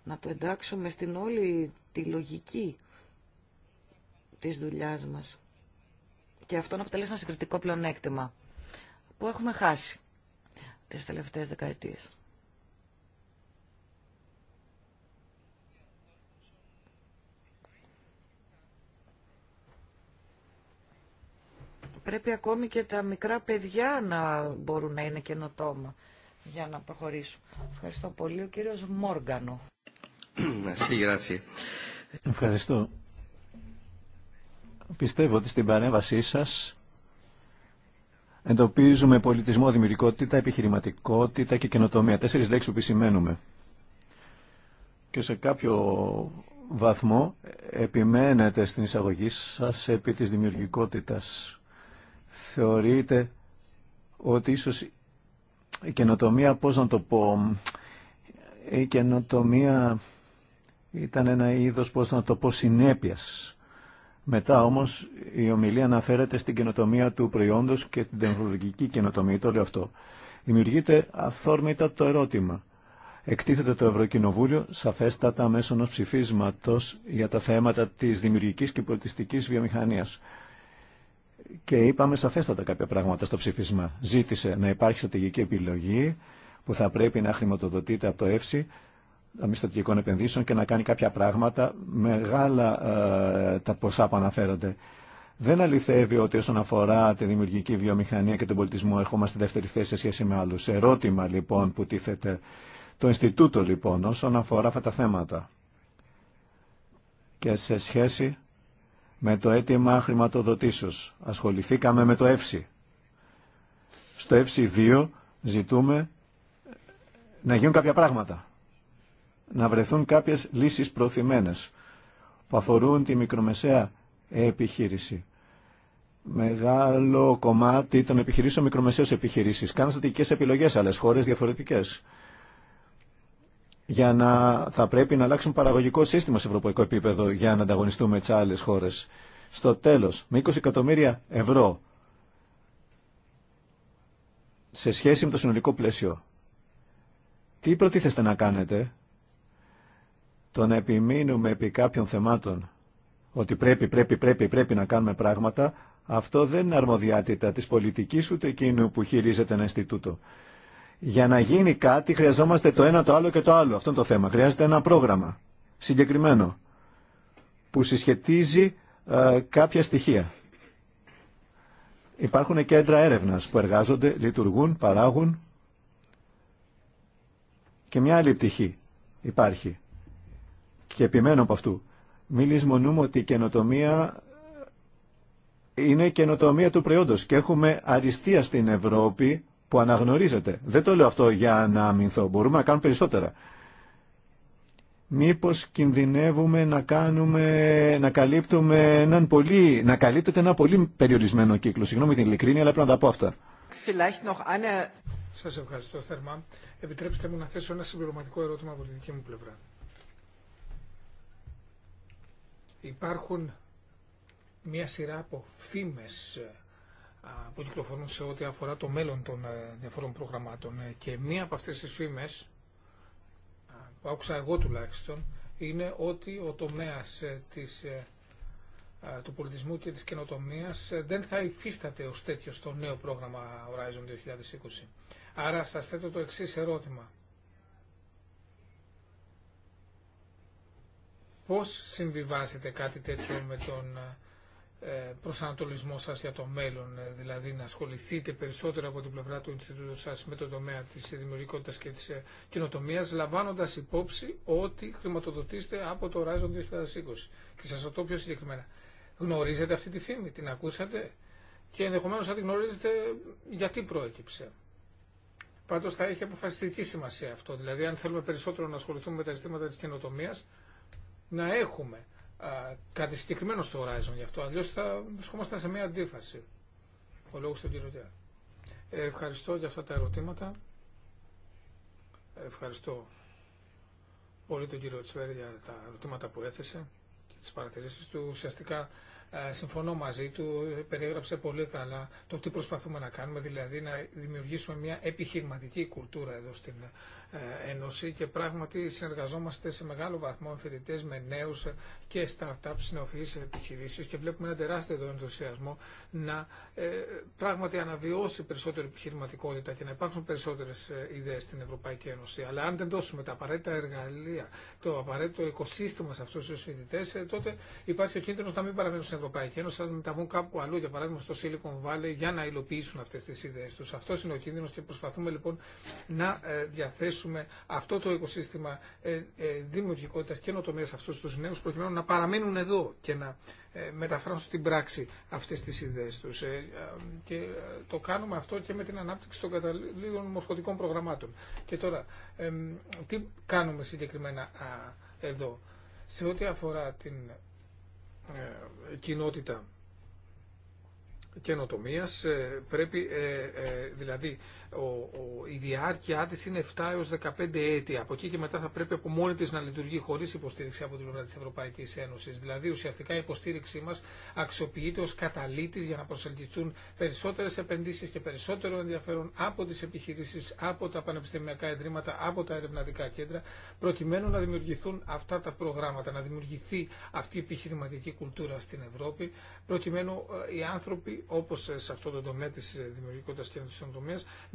να το εντάξουμε στην όλη τη λογική της δουλειάς μας. Και αυτό να αποτελέσει ένα συγκριτικό πλεονέκτημα που έχουμε χάσει τις τελευταίες δεκαετίες. Πρέπει ακόμη και τα μικρά παιδιά να μπορούν να είναι καινοτόμα για να προχωρήσουν. Ευχαριστώ πολύ. Ο κύριος Μόργανο. Ευχαριστώ. Πιστεύω ότι στην παρέμβασή σας εντοπίζουμε πολιτισμό, δημιουργικότητα, επιχειρηματικότητα και καινοτομία. Τέσσερις λέξεις που επισημαίνουμε. Και σε κάποιο βαθμό επιμένετε στην εισαγωγή σας επί της δημιουργικότητας. Θεωρείτε ότι ίσως η καινοτομία, πώς να το πω, η καινοτομία ήταν ένα είδος, πώς να το πω, συνέπειας. Μετά όμως η ομιλία αναφέρεται στην καινοτομία του προϊόντος και την τεχνολογική καινοτομία, το λέω αυτό. Δημιουργείται αυθόρμητα το ερώτημα. Εκτίθεται το Ευρωκοινοβούλιο σαφέστατα μέσω ενός ψηφίσματος για τα θέματα της δημιουργικής και πολιτιστικής βιομηχανίας. Και είπαμε σαφέστατα κάποια πράγματα στο ψήφισμα. Ζήτησε να υπάρχει στρατηγική επιλογή που θα πρέπει να χρηματοδοτείται από το ΕΦΣΥ αμυστατικών επενδύσεων και να κάνει κάποια πράγματα μεγάλα ε, τα ποσά που αναφέρονται. Δεν αληθεύει ότι όσον αφορά τη δημιουργική βιομηχανία και τον πολιτισμό έχουμε στη δεύτερη θέση σε σχέση με άλλους. Ερώτημα λοιπόν που τίθεται το Ινστιτούτο λοιπόν όσον αφορά αυτά τα θέματα και σε σχέση με το αίτημα χρηματοδοτήσεως. Ασχοληθήκαμε με το ΕΦΣΙ. Στο ΕΦΣΙ 2 ζητούμε να γίνουν κάποια πράγματα να βρεθούν κάποιες λύσεις προθυμένες που αφορούν τη μικρομεσαία επιχείρηση. Μεγάλο κομμάτι των επιχειρήσεων μικρομεσαίες επιχειρήσεις. Κάνουν στατικές επιλογές άλλες χώρες διαφορετικές. Για να θα πρέπει να αλλάξουν παραγωγικό σύστημα σε ευρωπαϊκό επίπεδο για να ανταγωνιστούμε τι άλλε χώρε Στο τέλο, με 20 εκατομμύρια ευρώ σε σχέση με το συνολικό πλαίσιο. Τι προτίθεστε να κάνετε το να επιμείνουμε επί κάποιων θεμάτων ότι πρέπει, πρέπει, πρέπει, πρέπει να κάνουμε πράγματα, αυτό δεν είναι αρμοδιάτητα της πολιτικής ούτε εκείνου που χειρίζεται ένα Ινστιτούτο. Για να γίνει κάτι χρειαζόμαστε το ένα, το άλλο και το άλλο. Αυτό είναι το θέμα. Χρειάζεται ένα πρόγραμμα συγκεκριμένο που συσχετίζει ε, κάποια στοιχεία. Υπάρχουν κέντρα έρευνας που εργάζονται, λειτουργούν, παράγουν και μια άλλη πτυχή υπάρχει και επιμένω από αυτού. Μην λησμονούμε ότι η καινοτομία είναι η καινοτομία του προϊόντος και έχουμε αριστεία στην Ευρώπη που αναγνωρίζεται. Δεν το λέω αυτό για να αμυνθώ. Μπορούμε να κάνουμε περισσότερα. Μήπως κινδυνεύουμε να κάνουμε, να καλύπτουμε έναν πολύ, να καλύπτεται ένα πολύ περιορισμένο κύκλο. Συγγνώμη την ειλικρίνη, αλλά πρέπει να τα πω αυτά. Σας ευχαριστώ θερμά. Επιτρέψτε μου να θέσω ένα συμπληρωματικό ερώτημα από τη δική μου πλευρά. υπάρχουν μια σειρά από φήμες ε, που κυκλοφορούν σε ό,τι αφορά το μέλλον των ε, διαφορών προγραμμάτων ε, και μία από αυτές τις φήμες που άκουσα εγώ τουλάχιστον είναι ότι ο τομέας της, του πολιτισμού και της καινοτομίας δεν θα υφίσταται ως τέτοιο στο νέο πρόγραμμα Horizon 2020. Άρα σας θέτω το εξής ερώτημα. πώς συμβιβάσετε κάτι τέτοιο με τον ε, προσανατολισμό σας για το μέλλον, ε, δηλαδή να ασχοληθείτε περισσότερο από την πλευρά του Ινστιτούτου σας με το τομέα της δημιουργικότητας και της ε, κοινοτομίας, λαμβάνοντας υπόψη ότι χρηματοδοτήσετε από το Horizon 2020. Και σας ρωτώ πιο συγκεκριμένα, γνωρίζετε αυτή τη φήμη, την ακούσατε και ενδεχομένως θα την γνωρίζετε γιατί προέκυψε. Πάντως θα έχει αποφασιστική σημασία αυτό, δηλαδή αν θέλουμε περισσότερο να ασχοληθούμε με τα ζητήματα της κοινοτομίας, να έχουμε κάτι συγκεκριμένο στο Horizon γι' αυτό. Αλλιώς θα βρισκόμαστε σε μια αντίφαση. Ο λόγος του κύριο Τιά. Ε, ευχαριστώ για αυτά τα ερωτήματα. Ευχαριστώ πολύ τον κύριο Τσβέρη για τα ερωτήματα που έθεσε και τις παρατηρήσεις του. Ουσιαστικά συμφωνώ μαζί του, περιέγραψε πολύ καλά το τι προσπαθούμε να κάνουμε, δηλαδή να δημιουργήσουμε μια επιχειρηματική κουλτούρα εδώ στην Ένωση ε, και πράγματι συνεργαζόμαστε σε μεγάλο βαθμό φοιτητέ με νέου και startups, νεοφυεί επιχειρήσει και βλέπουμε ένα τεράστιο ενθουσιασμό να ε, πράγματι αναβιώσει περισσότερη επιχειρηματικότητα και να υπάρξουν περισσότερε ε, ιδέε στην Ευρωπαϊκή Ένωση. Αλλά αν δεν δώσουμε τα απαραίτητα εργαλεία, το απαραίτητο οικοσύστημα σε αυτού του φοιτητέ, τότε υπάρχει ο κίνδυνο να μην παραμείνουν στην Ευρωπαϊκή Ένωση, αλλά να μεταβούν κάπου αλλού, για παράδειγμα στο Silicon Valley, για να υλοποιήσουν αυτέ τι ιδέε του. Αυτό είναι ο κίνδυνο και προσπαθούμε λοιπόν να διαθέσουμε αυτό το οικοσύστημα ε, ε, δημιουργικότητας και νοτομίας αυτούς του νέους προκειμένου να παραμείνουν εδώ και να ε, μεταφράσουν στην πράξη αυτές τις ιδέες τους. Και το κάνουμε αυτό και με την ανάπτυξη των καταλήγων μορφωτικών προγραμμάτων. Και τώρα, τι κάνουμε συγκεκριμένα εδώ. Σε ό,τι αφορά την κοινότητα καινοτομίας πρέπει δηλαδή ο, η διάρκεια τη είναι 7 έως 15 έτη. Από εκεί και μετά θα πρέπει από μόνη της να λειτουργεί χωρίς υποστήριξη από την πλευρά της Δηλαδή ουσιαστικά η υποστήριξή μας αξιοποιείται ως καταλήτης για να προσελκυθούν περισσότερες επενδύσεις και περισσότερο ενδιαφέρον από τις επιχειρήσεις, από τα πανεπιστημιακά ιδρύματα, από τα ερευνατικά κέντρα, προκειμένου να δημιουργηθούν αυτά τα προγράμματα, να δημιουργηθεί αυτή η επιχειρηματική κουλτούρα στην Ευρώπη, προκειμένου ε, οι άνθρωποι, όπως σε αυτό το τομέα της ε, δημιουργικότητας και της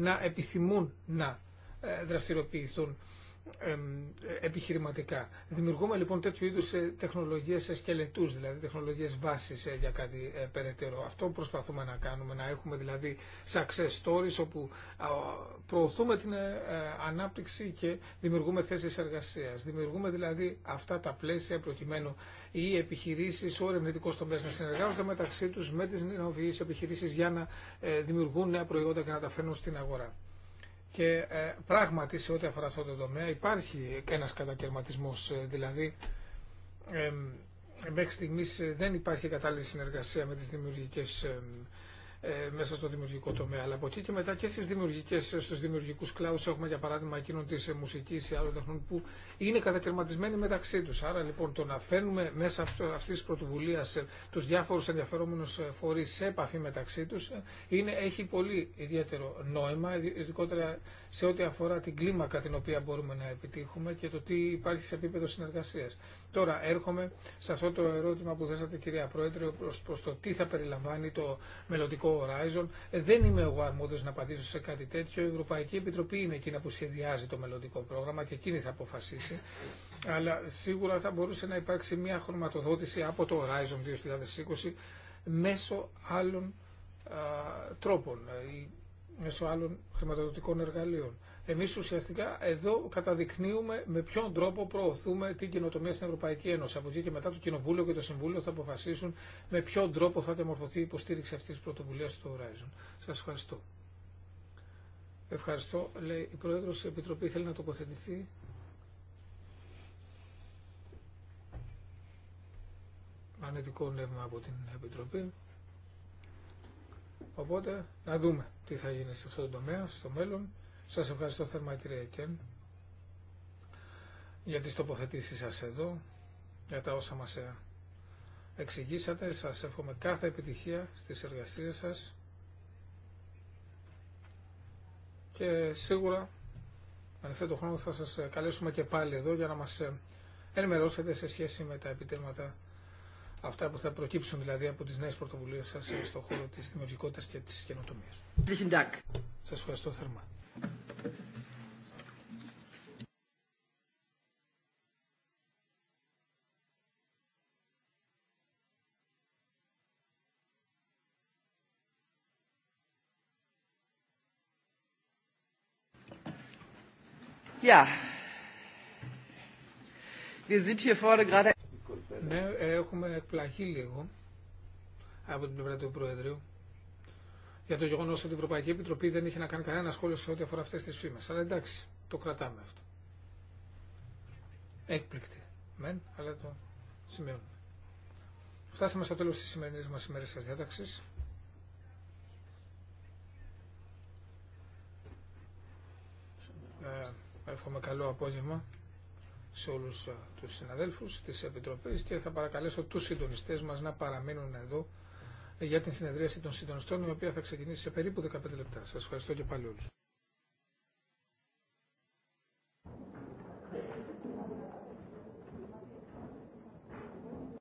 να επιθυμούν να ε, δραστηριοποιηθούν ε, επιχειρηματικά. Δημιουργούμε λοιπόν τέτοιου είδου ε, τεχνολογίε ε, σκελετού, δηλαδή τεχνολογίε βάση για κάτι περαιτέρω. Αυτό προσπαθούμε να κάνουμε, να έχουμε δηλαδή success stories όπου προωθούμε την ανάπτυξη και δημιουργούμε θέσει εργασία. Δημιουργούμε δηλαδή αυτά τα πλαίσια προκειμένου οι επιχειρήσει, ο ερευνητικό τομέα να συνεργάζονται μεταξύ του με τι νεοφυεί επιχειρήσει για να δημιουργούν νέα προϊόντα και να τα φέρνουν στην αγορά. Και ε, πράγματι σε ό,τι αφορά αυτό το τομέα υπάρχει ένας κατακαιρματισμός, ε, δηλαδή μέχρι στιγμής ε, δεν υπάρχει κατάλληλη συνεργασία με τις δημιουργικές ε, μέσα στο δημιουργικό τομέα. Αλλά από εκεί και μετά και στις δημιουργικού στους δημιουργικούς κλάδους έχουμε για παράδειγμα εκείνον της ε, μουσική ή άλλων τεχνών που είναι κατακαιρματισμένοι μεταξύ του. Άρα λοιπόν το να φέρνουμε μέσα αυτής της πρωτοβουλίας ε, τους διάφορους ενδιαφερόμενους φορεί σε επαφή μεταξύ του έχει πολύ ιδιαίτερο νόημα, ειδικότερα σε ό,τι αφορά την κλίμακα την οποία μπορούμε να επιτύχουμε και το τι υπάρχει σε επίπεδο συνεργασία. Τώρα έρχομαι σε αυτό το ερώτημα που θέσατε κυρία Πρόεδρε προ το τι θα περιλαμβάνει το μελλοντικό Horizon. Ε, δεν είμαι εγώ αρμόδιο να απαντήσω σε κάτι τέτοιο. Η Ευρωπαϊκή Επιτροπή είναι εκείνα που σχεδιάζει το μελλοντικό πρόγραμμα και εκείνη θα αποφασίσει. Αλλά σίγουρα θα μπορούσε να υπάρξει μια χρωματοδότηση από το Horizon 2020 μέσω άλλων τρόπων ε, ή μέσω άλλων χρηματοδοτικών εργαλείων. Εμείς ουσιαστικά εδώ καταδεικνύουμε με ποιον τρόπο προωθούμε την κοινοτομία στην Ευρωπαϊκή Ένωση. Από εκεί και μετά το Κοινοβούλιο και το Συμβούλιο θα αποφασίσουν με ποιον τρόπο θα διαμορφωθεί η υποστήριξη αυτής της πρωτοβουλίας στο Horizon. Σας ευχαριστώ. Ευχαριστώ. Λέει η Πρόεδρος, η Επιτροπή θέλει να τοποθετηθεί. Ανετικό νεύμα από την Επιτροπή. Οπότε να δούμε τι θα γίνει σε αυτό το τομέα, στο μέλλον. Σας ευχαριστώ θερμά κύριε Κέν, για τις τοποθετήσεις σας εδώ, για τα όσα μας ε, εξηγήσατε. Σας εύχομαι κάθε επιτυχία στις εργασίες σας και σίγουρα αν το χρόνο θα σας ε, καλέσουμε και πάλι εδώ για να μας ε, ενημερώσετε σε σχέση με τα επιτέλματα αυτά που θα προκύψουν δηλαδή από τις νέες πρωτοβουλίες σας στον χώρο της δημιουργικότητας και της καινοτομίας. Σας ευχαριστώ θερμά. Ja. Wir sind hier vorne gerade. Ναι, έχουμε εκπλαχεί λίγο από την πλευρά του Προεδρείου για το γεγονό ότι η Ευρωπαϊκή Επιτροπή δεν είχε να κάνει κανένα σχόλιο σε ό,τι αφορά αυτέ τι φήμε. Αλλά εντάξει, το κρατάμε αυτό. Έκπληκτη. Μεν, αλλά το σημειώνουμε. Φτάσαμε στο τέλο τη σημερινή μα σα διάταξη. Ε, εύχομαι καλό απόγευμα σε όλους ε, τους συναδέλφους της Επιτροπής και θα παρακαλέσω τους συντονιστές μας να παραμείνουν εδώ για την συνεδρίαση των συντονιστών, η οποία θα ξεκινήσει σε περίπου 15 λεπτά. Σας ευχαριστώ και πάλι όλους.